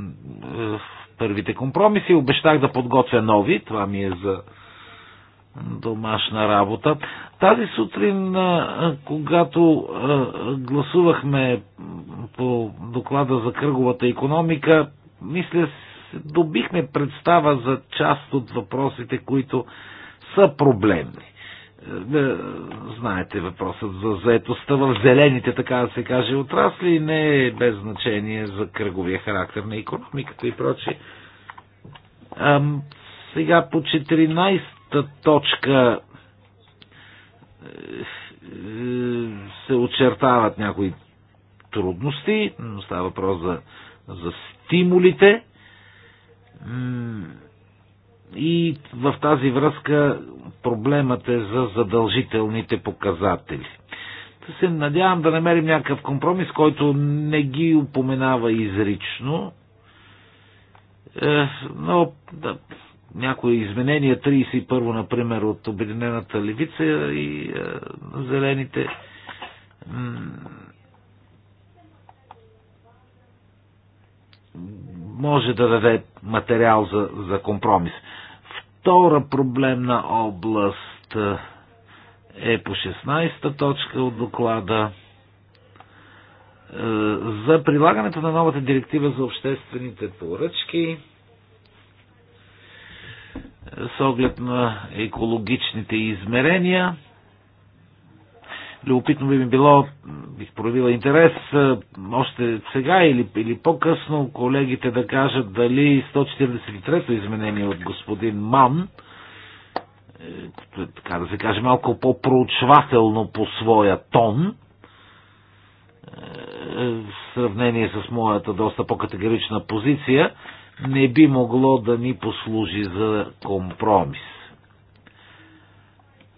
първите компромиси. Обещах да подготвя нови, това ми е за домашна работа. Тази сутрин, е, когато гласувахме по доклада за кръговата економика, мисля добихме представа за част от въпросите, които са проблемни. Е, е, знаете въпросът за заетостта в зелените, така да се каже, отрасли не е без значение за кръговия характер на економиката и прочие. Сега по 14-та точка е, се очертават някои трудности, но става въпрос за, за стимулите и в тази връзка проблемът е за задължителните показатели. Та се надявам да намерим някакъв компромис, който не ги упоменава изрично, е, но да, някои изменения, 31 например от Обединената левица и е, зелените, може да даде материал за, за компромис. Втора проблемна област е, е по 16-та точка от доклада е, за прилагането на новата директива за обществените поръчки е, с оглед на екологичните измерения – Любопитно би ми било, бих проявила интерес, още сега или, или по-късно колегите да кажат дали 143-то изменение от господин Ман, е, е, така да се каже, малко по-проучвателно по своя тон, е, в сравнение с моята доста по-категорична позиция, не би могло да ни послужи за компромис.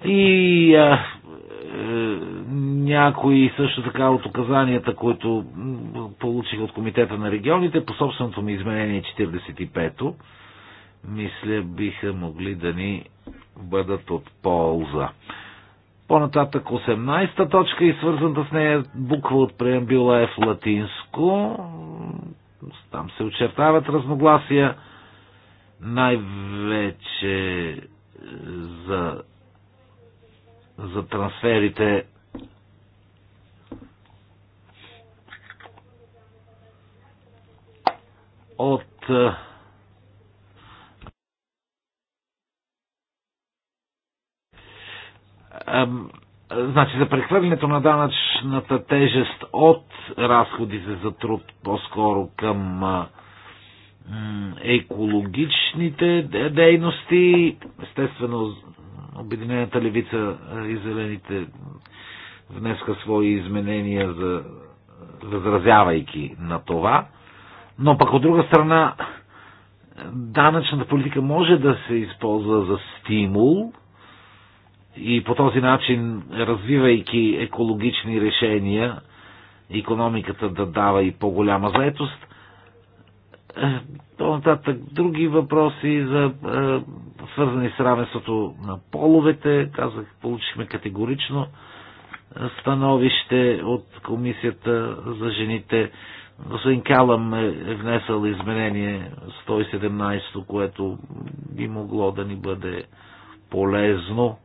И а, някои също така от указанията, които получих от Комитета на регионите по собственото ми изменение 45-то, мисля, биха могли да ни бъдат от полза. По-нататък 18-та точка и свързаната с нея буква от преамбюла е в латинско. Там се очертават разногласия най-вече за за трансферите от е, значи за прехвърлянето на данъчната тежест от разходите за труд по-скоро към е, екологичните дейности, естествено Обединената левица и зелените внеска свои изменения за възразявайки на това. Но пък от друга страна, данъчната политика може да се използва за стимул и по този начин, развивайки екологични решения, економиката да дава и по-голяма заетост по-нататък други въпроси, за, е, свързани с равенството на половете. Казах, получихме категорично е, становище от Комисията за жените. Господин Калам е внесъл изменение 117, което би могло да ни бъде полезно.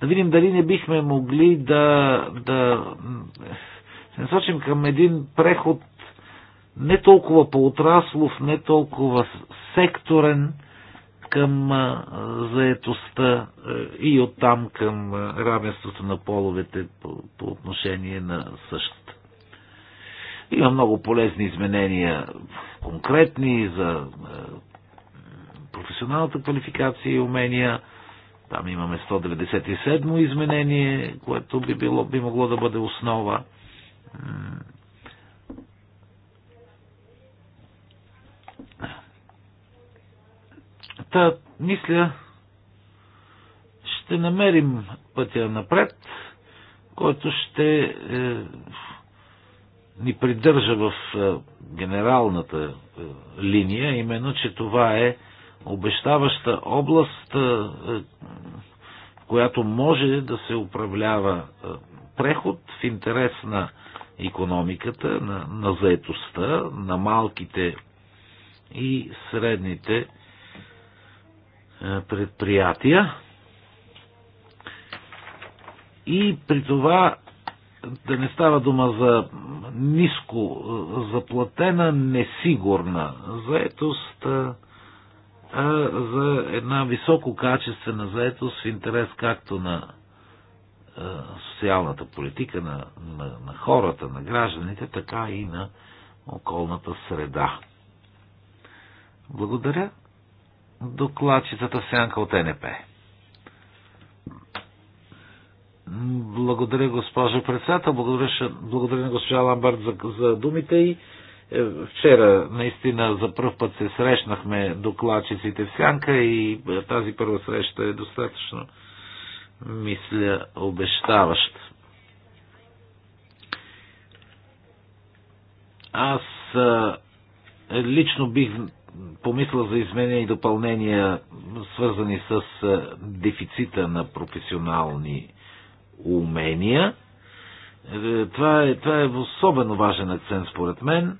Да видим дали не бихме могли да, да се насочим към един преход не толкова по отраслов, не толкова секторен към заетостта и оттам към равенството на половете по, по отношение на същата. Има много полезни изменения, конкретни за професионалната квалификация и умения. Там имаме 197 изменение, което би, било, би могло да бъде основа Та, мисля, ще намерим пътя напред, който ще е, ни придържа в е, генералната е, линия, именно, че това е обещаваща област, е, е, която може да се управлява е, преход в интерес на економиката, на, на заетостта, на малките и средните е, предприятия. И при това да не става дума за ниско е, заплатена, несигурна заетост, е, а за една високо качествена заетост в интерес както на социалната политика на, на, на хората, на гражданите, така и на околната среда. Благодаря докладчицата Сянка от НП. Благодаря, госпожо председател. Благодаря, благодаря на госпожа Ламбард за, за думите и е, вчера наистина за първ път се срещнахме докладчиците в Сянка и е, тази първа среща е достатъчно, мисля, обещаваща. Аз е, лично бих помисла за изменения и допълнения, свързани с е, дефицита на професионални умения. Е, това е, това е особено важен акцент според мен.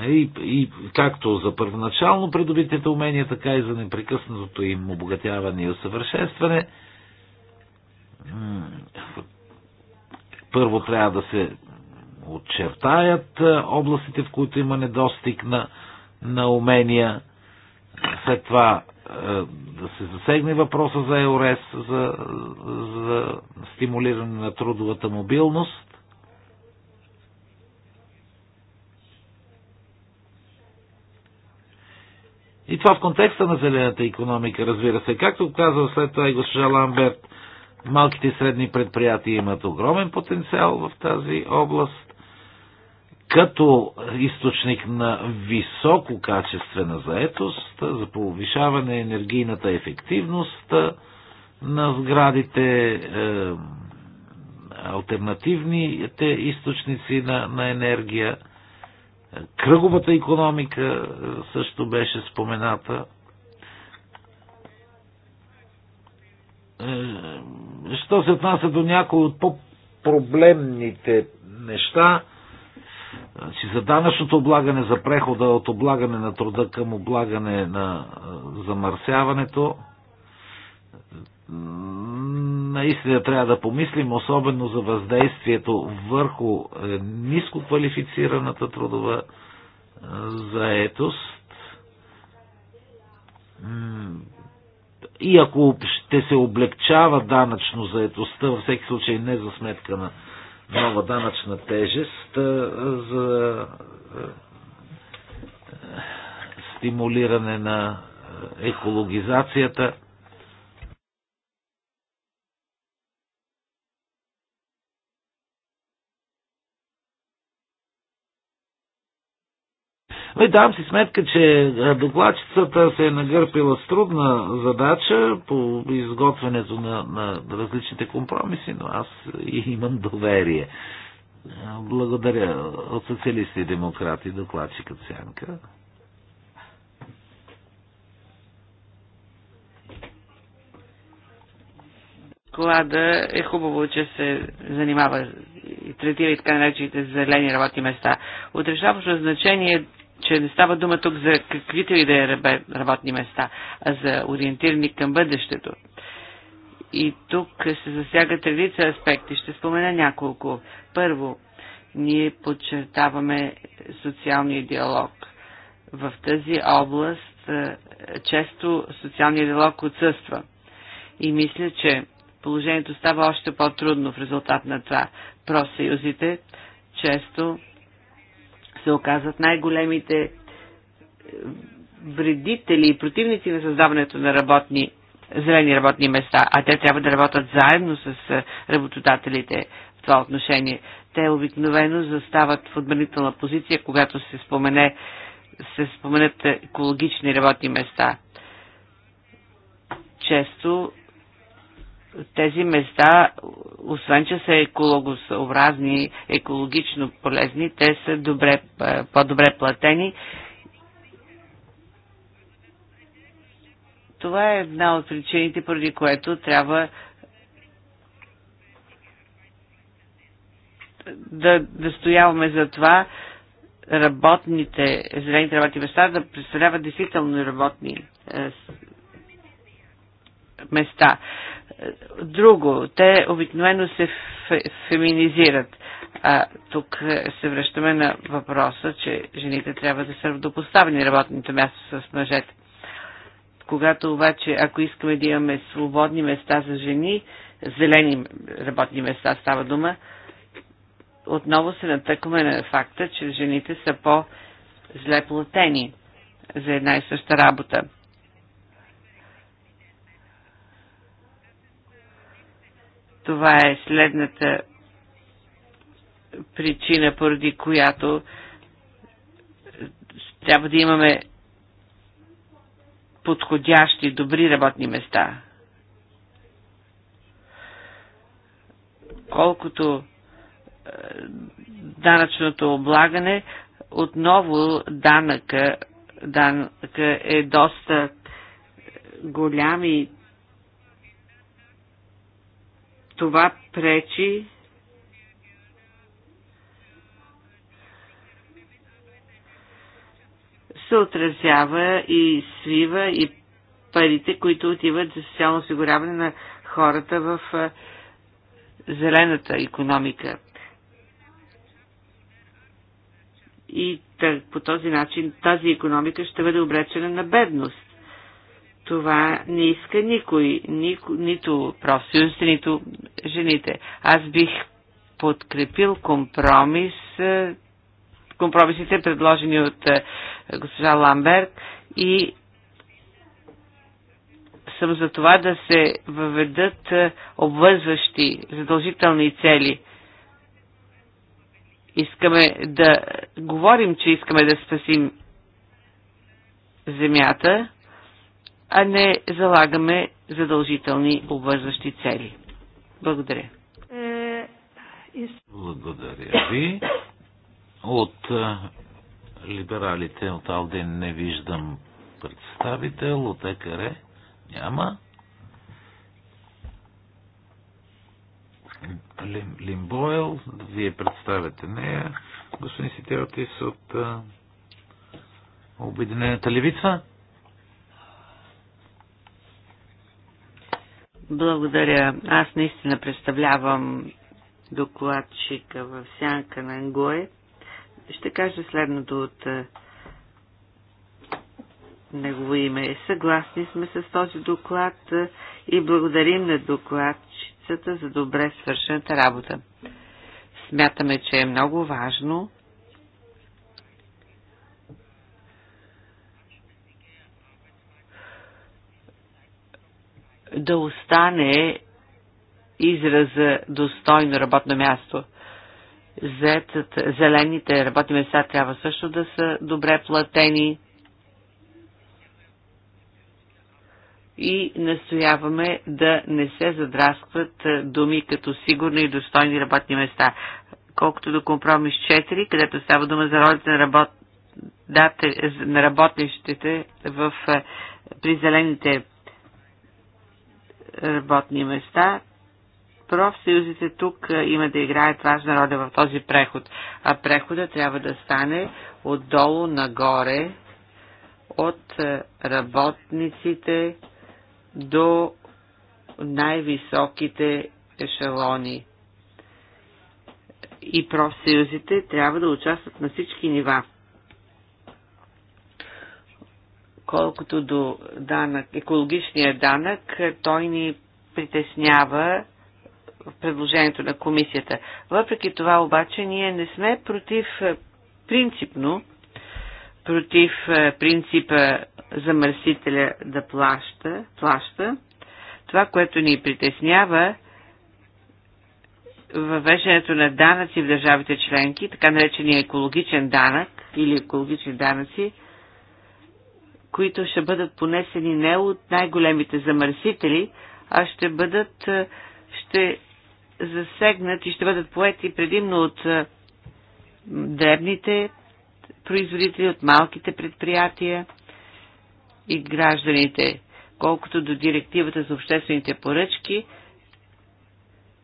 Е, и, и както за първоначално придобитите умения, така и за непрекъснатото им обогатяване и усъвършенстване. Първо трябва да се отчертаят областите, в които има недостиг на на умения. След това е, да се засегне въпроса за ЕОРЕС, за, за стимулиране на трудовата мобилност. И това в контекста на зелената економика, разбира се. Както казва след това и госпожа Ламберт, малките и средни предприятия имат огромен потенциал в тази област като източник на високо качествена заетост, за повишаване енергийната ефективност на сградите, е, альтернативните източници на, на енергия, кръговата економика е, също беше спомената. Е, що се отнася до някои от по-проблемните неща, си за данъчното облагане, за прехода от облагане на труда към облагане на замърсяването, наистина трябва да помислим, особено за въздействието върху е, ниско квалифицираната трудова заетост. И ако ще се облегчава данъчно заетостта, във всеки случай не за сметка на нова данъчна тежест за стимулиране на екологизацията. Бе, ами, дам си сметка, че докладчицата се е нагърпила с трудна задача по изготвянето на, на различните компромиси, но аз имам доверие. Благодаря от социалисти и демократи, докладчика Цянка. Доклада е хубаво, че се занимава и третира и така наречените зелени работни места. Отрешаващо значение че не става дума тук за каквито и да е работни места, а за ориентирани към бъдещето. И тук се засягат редица аспекти. Ще спомена няколко. Първо, ние подчертаваме социалния диалог. В тази област често социалния диалог отсъства. И мисля, че положението става още по-трудно в резултат на това. Просъюзите често се оказват най-големите е, вредители и противници на създаването на работни, зелени работни места, а те трябва да работят заедно с е, работодателите в това отношение. Те обикновено застават в отбранителна позиция, когато се, спомене, се споменат екологични работни места. Често тези места, освен че са екологосъобразни, екологично полезни, те са добре, е, по-добре платени. Това е една от причините, поради което трябва да, да стояваме за това работните, зелените работни места да представляват действително работни е, места друго. Те обикновено се феминизират. А, тук се връщаме на въпроса, че жените трябва да са равнопоставени работното място с мъжете. Когато обаче, ако искаме да имаме свободни места за жени, зелени работни места става дума, отново се натъкваме на факта, че жените са по-зле платени за една и съща работа. Това е следната причина, поради която трябва да имаме подходящи, добри работни места. Колкото е, данъчното облагане, отново данъка, данъка е доста голям и това пречи се отразява и свива и парите, които отиват за социално осигуряване на хората в зелената економика. И по този начин тази економика ще бъде обречена на бедност. Това не иска никой, нико, нито профсъюзите, нито жените. Аз бих подкрепил компромис, е, компромисите, предложени от е, госпожа Ламберг и съм за това да се въведат е, обвързващи задължителни цели. Искаме да говорим, че искаме да спасим земята, а не залагаме задължителни обвързващи цели. Благодаря. Благодаря ви. От либералите от Алден не виждам представител, от ЕКР няма. Лим, Лимбойл, вие представяте нея. Господин Ситеотис от Обединената левица. Благодаря. Аз наистина представлявам докладчика в сянка на Ангое. Ще кажа следното от е, негово име. Съгласни сме с този доклад е, и благодарим на докладчицата за добре свършената работа. Смятаме, че е много важно да остане израза достойно работно място. Зетът, зелените работни места трябва също да са добре платени. И настояваме да не се задраскват думи като сигурни и достойни работни места. Колкото до компромис 4, където става дума за ролята на, работ... на работнищите в... Е, при зелените работни места. Профсъюзите тук е, има да играят важна роля в този преход, а прехода трябва да стане отдолу нагоре от е, работниците до най-високите ешелони. И профсъюзите трябва да участват на всички нива Колкото до данък, екологичния данък, той ни притеснява в предложението на комисията. Въпреки това обаче ние не сме против е, принципно, против е, принципа замърсителя да плаща, плаща. Това, което ни притеснява въвеждането на данъци в държавите членки, така наречения екологичен данък или екологични данъци, които ще бъдат понесени не от най-големите замърсители, а ще бъдат, е, ще засегнат и ще бъдат поети предимно от е, дребните производители, от малките предприятия и гражданите. Колкото до директивата за обществените поръчки,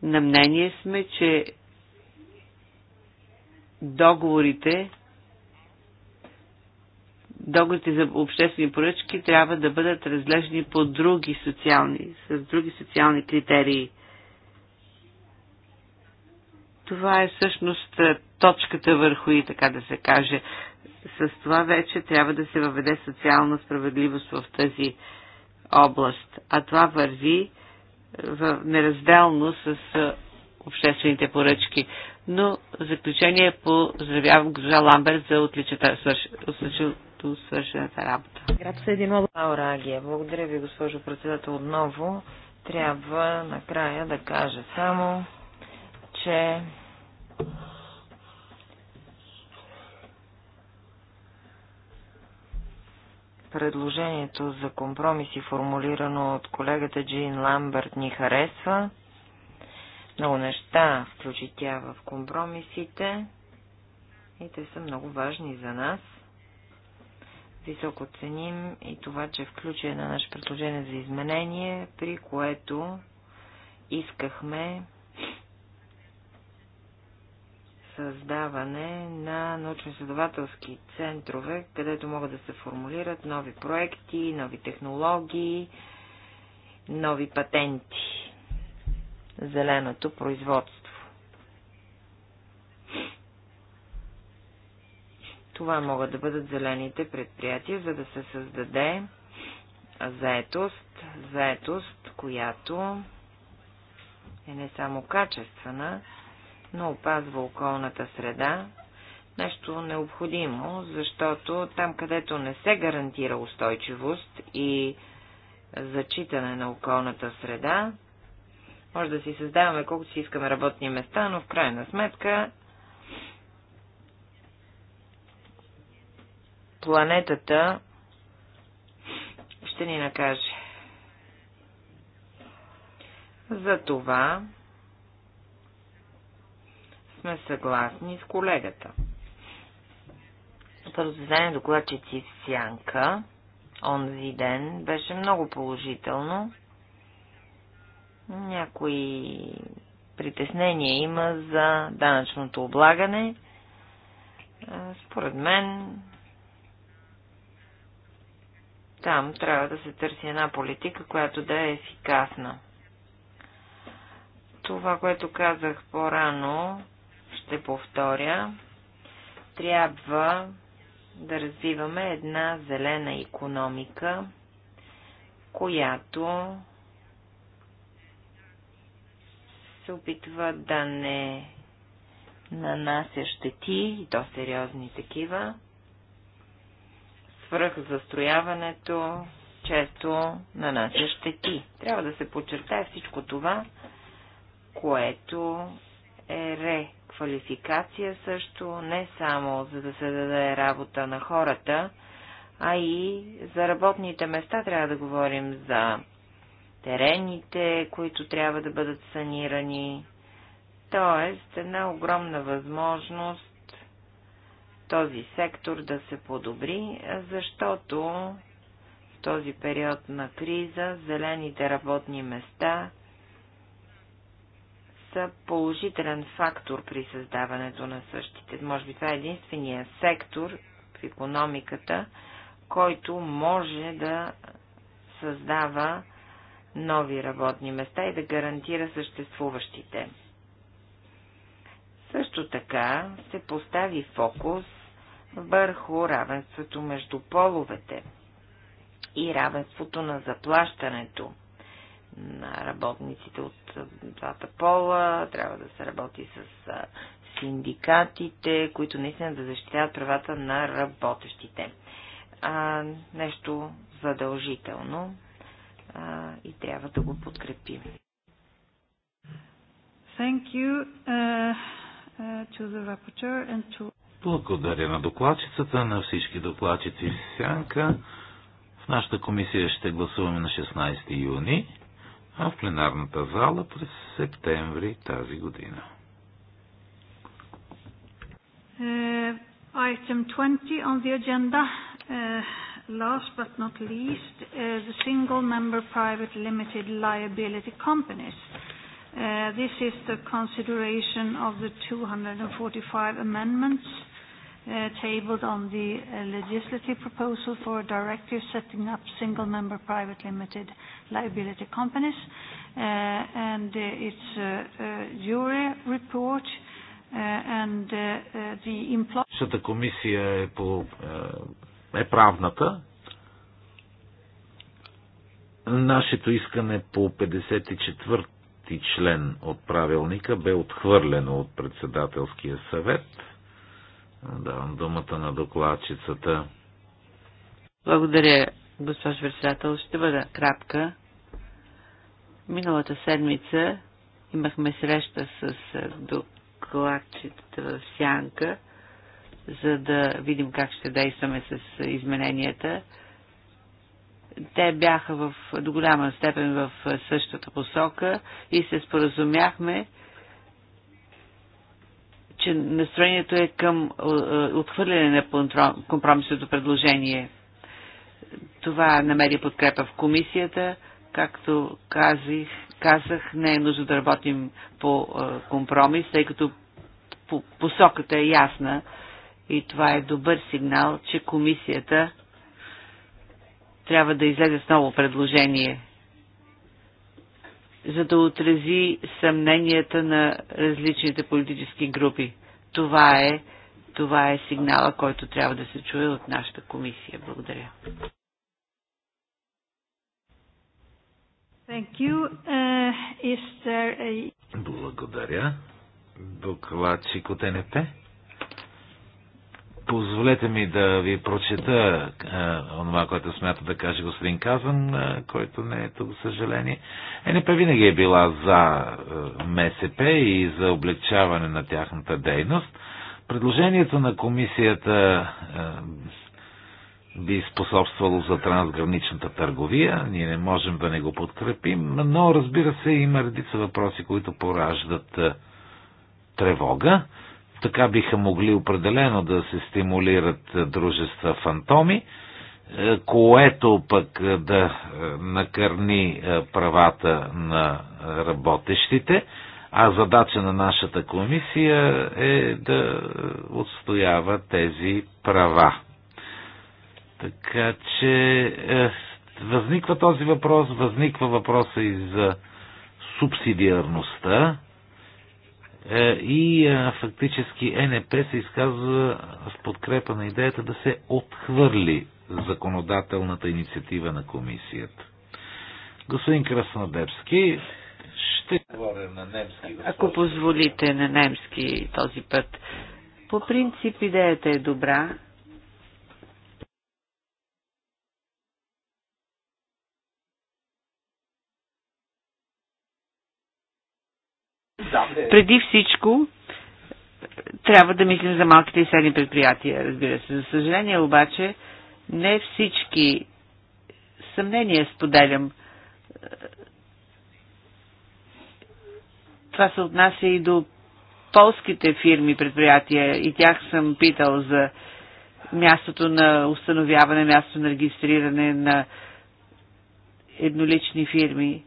на мнение сме, че договорите договорите за обществени поръчки трябва да бъдат разглеждани по други социални, с други социални критерии. Това е всъщност точката върху и така да се каже. С това вече трябва да се въведе социална справедливост в тази област. А това върви в неразделно с обществените поръчки. Но в заключение поздравявам госпожа Ламберт за отличата, свърш, като свършената работа. Лаура Агия, благодаря ви, госпожо председател, отново. Трябва накрая да кажа само, че предложението за компромиси, формулирано от колегата Джин Ламберт, ни харесва. Много неща включи тя в компромисите и те са много важни за нас. Високо ценим и това, че е на наше предложение за изменение, при което искахме създаване на научно-изследователски центрове, където могат да се формулират нови проекти, нови технологии, нови патенти. Зеленото производство. Това могат да бъдат зелените предприятия, за да се създаде заетост, заетост, която е не само качествена, но опазва околната среда, нещо необходимо, защото там, където не се гарантира устойчивост и зачитане на околната среда, може да си създаваме колкото си искаме работни места, но в крайна сметка планетата ще ни накаже. Затова сме съгласни с колегата. Първо заседание докладчици в Сянка, онзи ден, беше много положително. Някои притеснения има за данъчното облагане. Според мен там трябва да се търси една политика, която да е ефикасна. Това, което казах по-рано, ще повторя. Трябва да развиваме една зелена економика, която се опитва да не нанася щети, и то сериозни такива, свръхзастрояването често нанася щети. Трябва да се подчертае всичко това, което е реквалификация също, не само за да се даде работа на хората, а и за работните места трябва да говорим за терените, които трябва да бъдат санирани. Тоест, една огромна възможност този сектор да се подобри, защото в този период на криза зелените работни места са положителен фактор при създаването на същите. Може би това е единствения сектор в економиката, който може да създава нови работни места и да гарантира съществуващите. Също така се постави фокус върху равенството между половете и равенството на заплащането на работниците от двата пола. Трябва да се работи с синдикатите, които наистина да защитават правата на работещите. А, нещо задължително а, и трябва да го подкрепим. Thank you uh, uh, to the rapporteur and to благодаря на докладчицата, на всички докладчици в Сянка. В нашата комисия ще гласуваме на 16 юни, а в пленарната зала през септември тази година. Uh, item 20 on the agenda. Uh, last but not least, uh, the single member private limited liability companies. Uh, this is the consideration of the 245 amendments tabled on the legislative proposal for a directive setting up single-member private limited liability companies. and It's a jury report, and the employee. комисия е по е правната. Нашето искане по 54 член от правилника бе отхвърлено от председателския съвет – Давам думата на докладчицата. Благодаря, госпожо председател. Ще бъда кратка. Миналата седмица имахме среща с докладчицата в Сянка, за да видим как ще действаме с измененията. Те бяха в, до голяма степен в същата посока и се споразумяхме, че настроението е към е, е, отхвърляне на компромисното предложение. Това намери подкрепа в комисията. Както казах, казах не е нужно да работим по е, компромис, тъй като посоката е ясна и това е добър сигнал, че комисията трябва да излезе с ново предложение за да отрази съмненията на различните политически групи. Това е, това е сигнала, който трябва да се чуе от нашата комисия. Благодаря. Thank you. Uh, is there a... Благодаря. си от НП. Позволете ми да ви прочета това, което смята да каже господин Казан, а, който не е тук, съжаление. ЕНП винаги е била за а, МСП и за облегчаване на тяхната дейност. Предложението на комисията а, би способствало за трансграничната търговия. Ние не можем да не го подкрепим, но разбира се, има редица въпроси, които пораждат а, тревога. Така биха могли определено да се стимулират е, дружества фантоми, е, което пък е, да накърни правата на работещите, а задача на нашата комисия е да отстоява тези права. Така че е, възниква този въпрос, възниква въпроса и за субсидиарността, е, и е, фактически е НП се изказва с подкрепа на идеята да се отхвърли законодателната инициатива на комисията. Господин Краснодебски, ще говоря на немски. Господин. Ако позволите на немски този път. По принцип идеята е добра, Преди всичко, трябва да мислим за малките и средни предприятия, разбира се. За съжаление обаче, не всички съмнения споделям. Това се отнася и до полските фирми, предприятия, и тях съм питал за мястото на установяване, мястото на регистриране на еднолични фирми.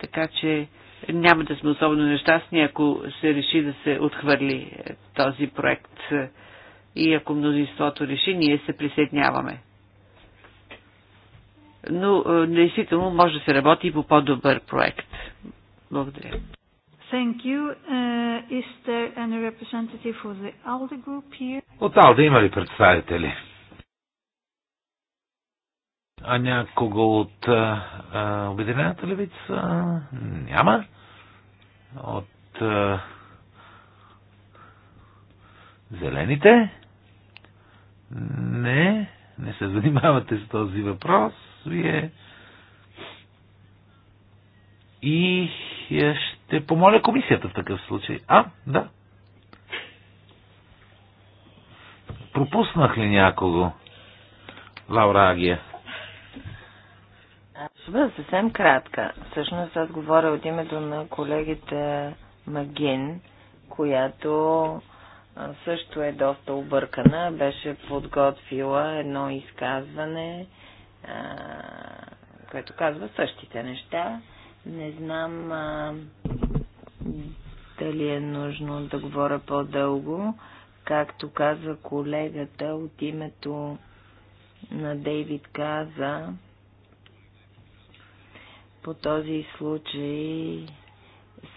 Така че няма да сме особено нещастни, ако се реши да се отхвърли този проект и ако мнозинството реши, ние се присъединяваме. Но е, действително може да се работи и по по-добър проект. Благодаря. Thank you. Uh, is there any representative for the ALDE group here? От ALDE има ли представители? А някого от а, Обединената левица няма. От а, Зелените? Не, не се занимавате с този въпрос. Вие и е, ще помоля комисията в такъв случай. А, да. Пропуснах ли някого? Лаура Агия. Ще бъда съвсем кратка. Всъщност аз говоря от името на колегите Магин, която също е доста объркана. Беше подготвила едно изказване, което казва същите неща. Не знам а, дали е нужно да говоря по-дълго. Както каза колегата от името на Дейвид Каза, по този случай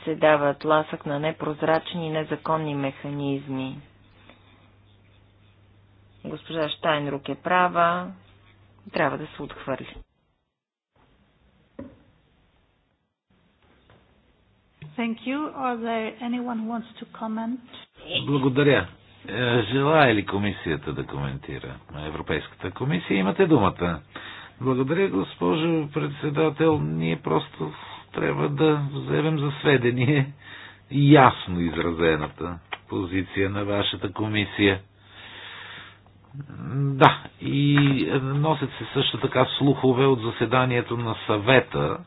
се дава тласък на непрозрачни и незаконни механизми. Госпожа Штайнрук е права, трябва да се отхвърли. Благодаря. Е, желая ли комисията да коментира? Европейската комисия имате думата. Благодаря, госпожо председател. Ние просто трябва да вземем за сведение ясно изразената позиция на вашата комисия. Да, и носят се също така слухове от заседанието на съвета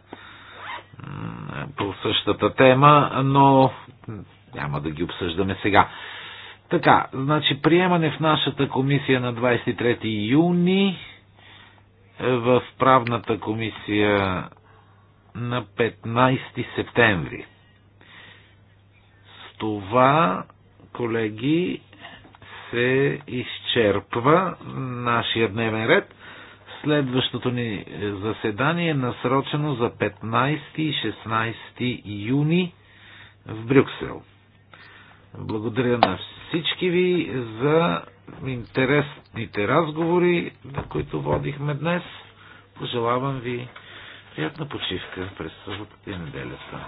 по същата тема, но няма да ги обсъждаме сега. Така, значи приемане в нашата комисия на 23 юни в правната комисия на 15 септември. С това, колеги, се изчерпва нашия дневен ред. Следващото ни заседание е насрочено за 15 и 16 юни в Брюксел. Благодаря на всички ви за интересните разговори, на които водихме днес. Пожелавам ви приятна почивка през съботата и неделята.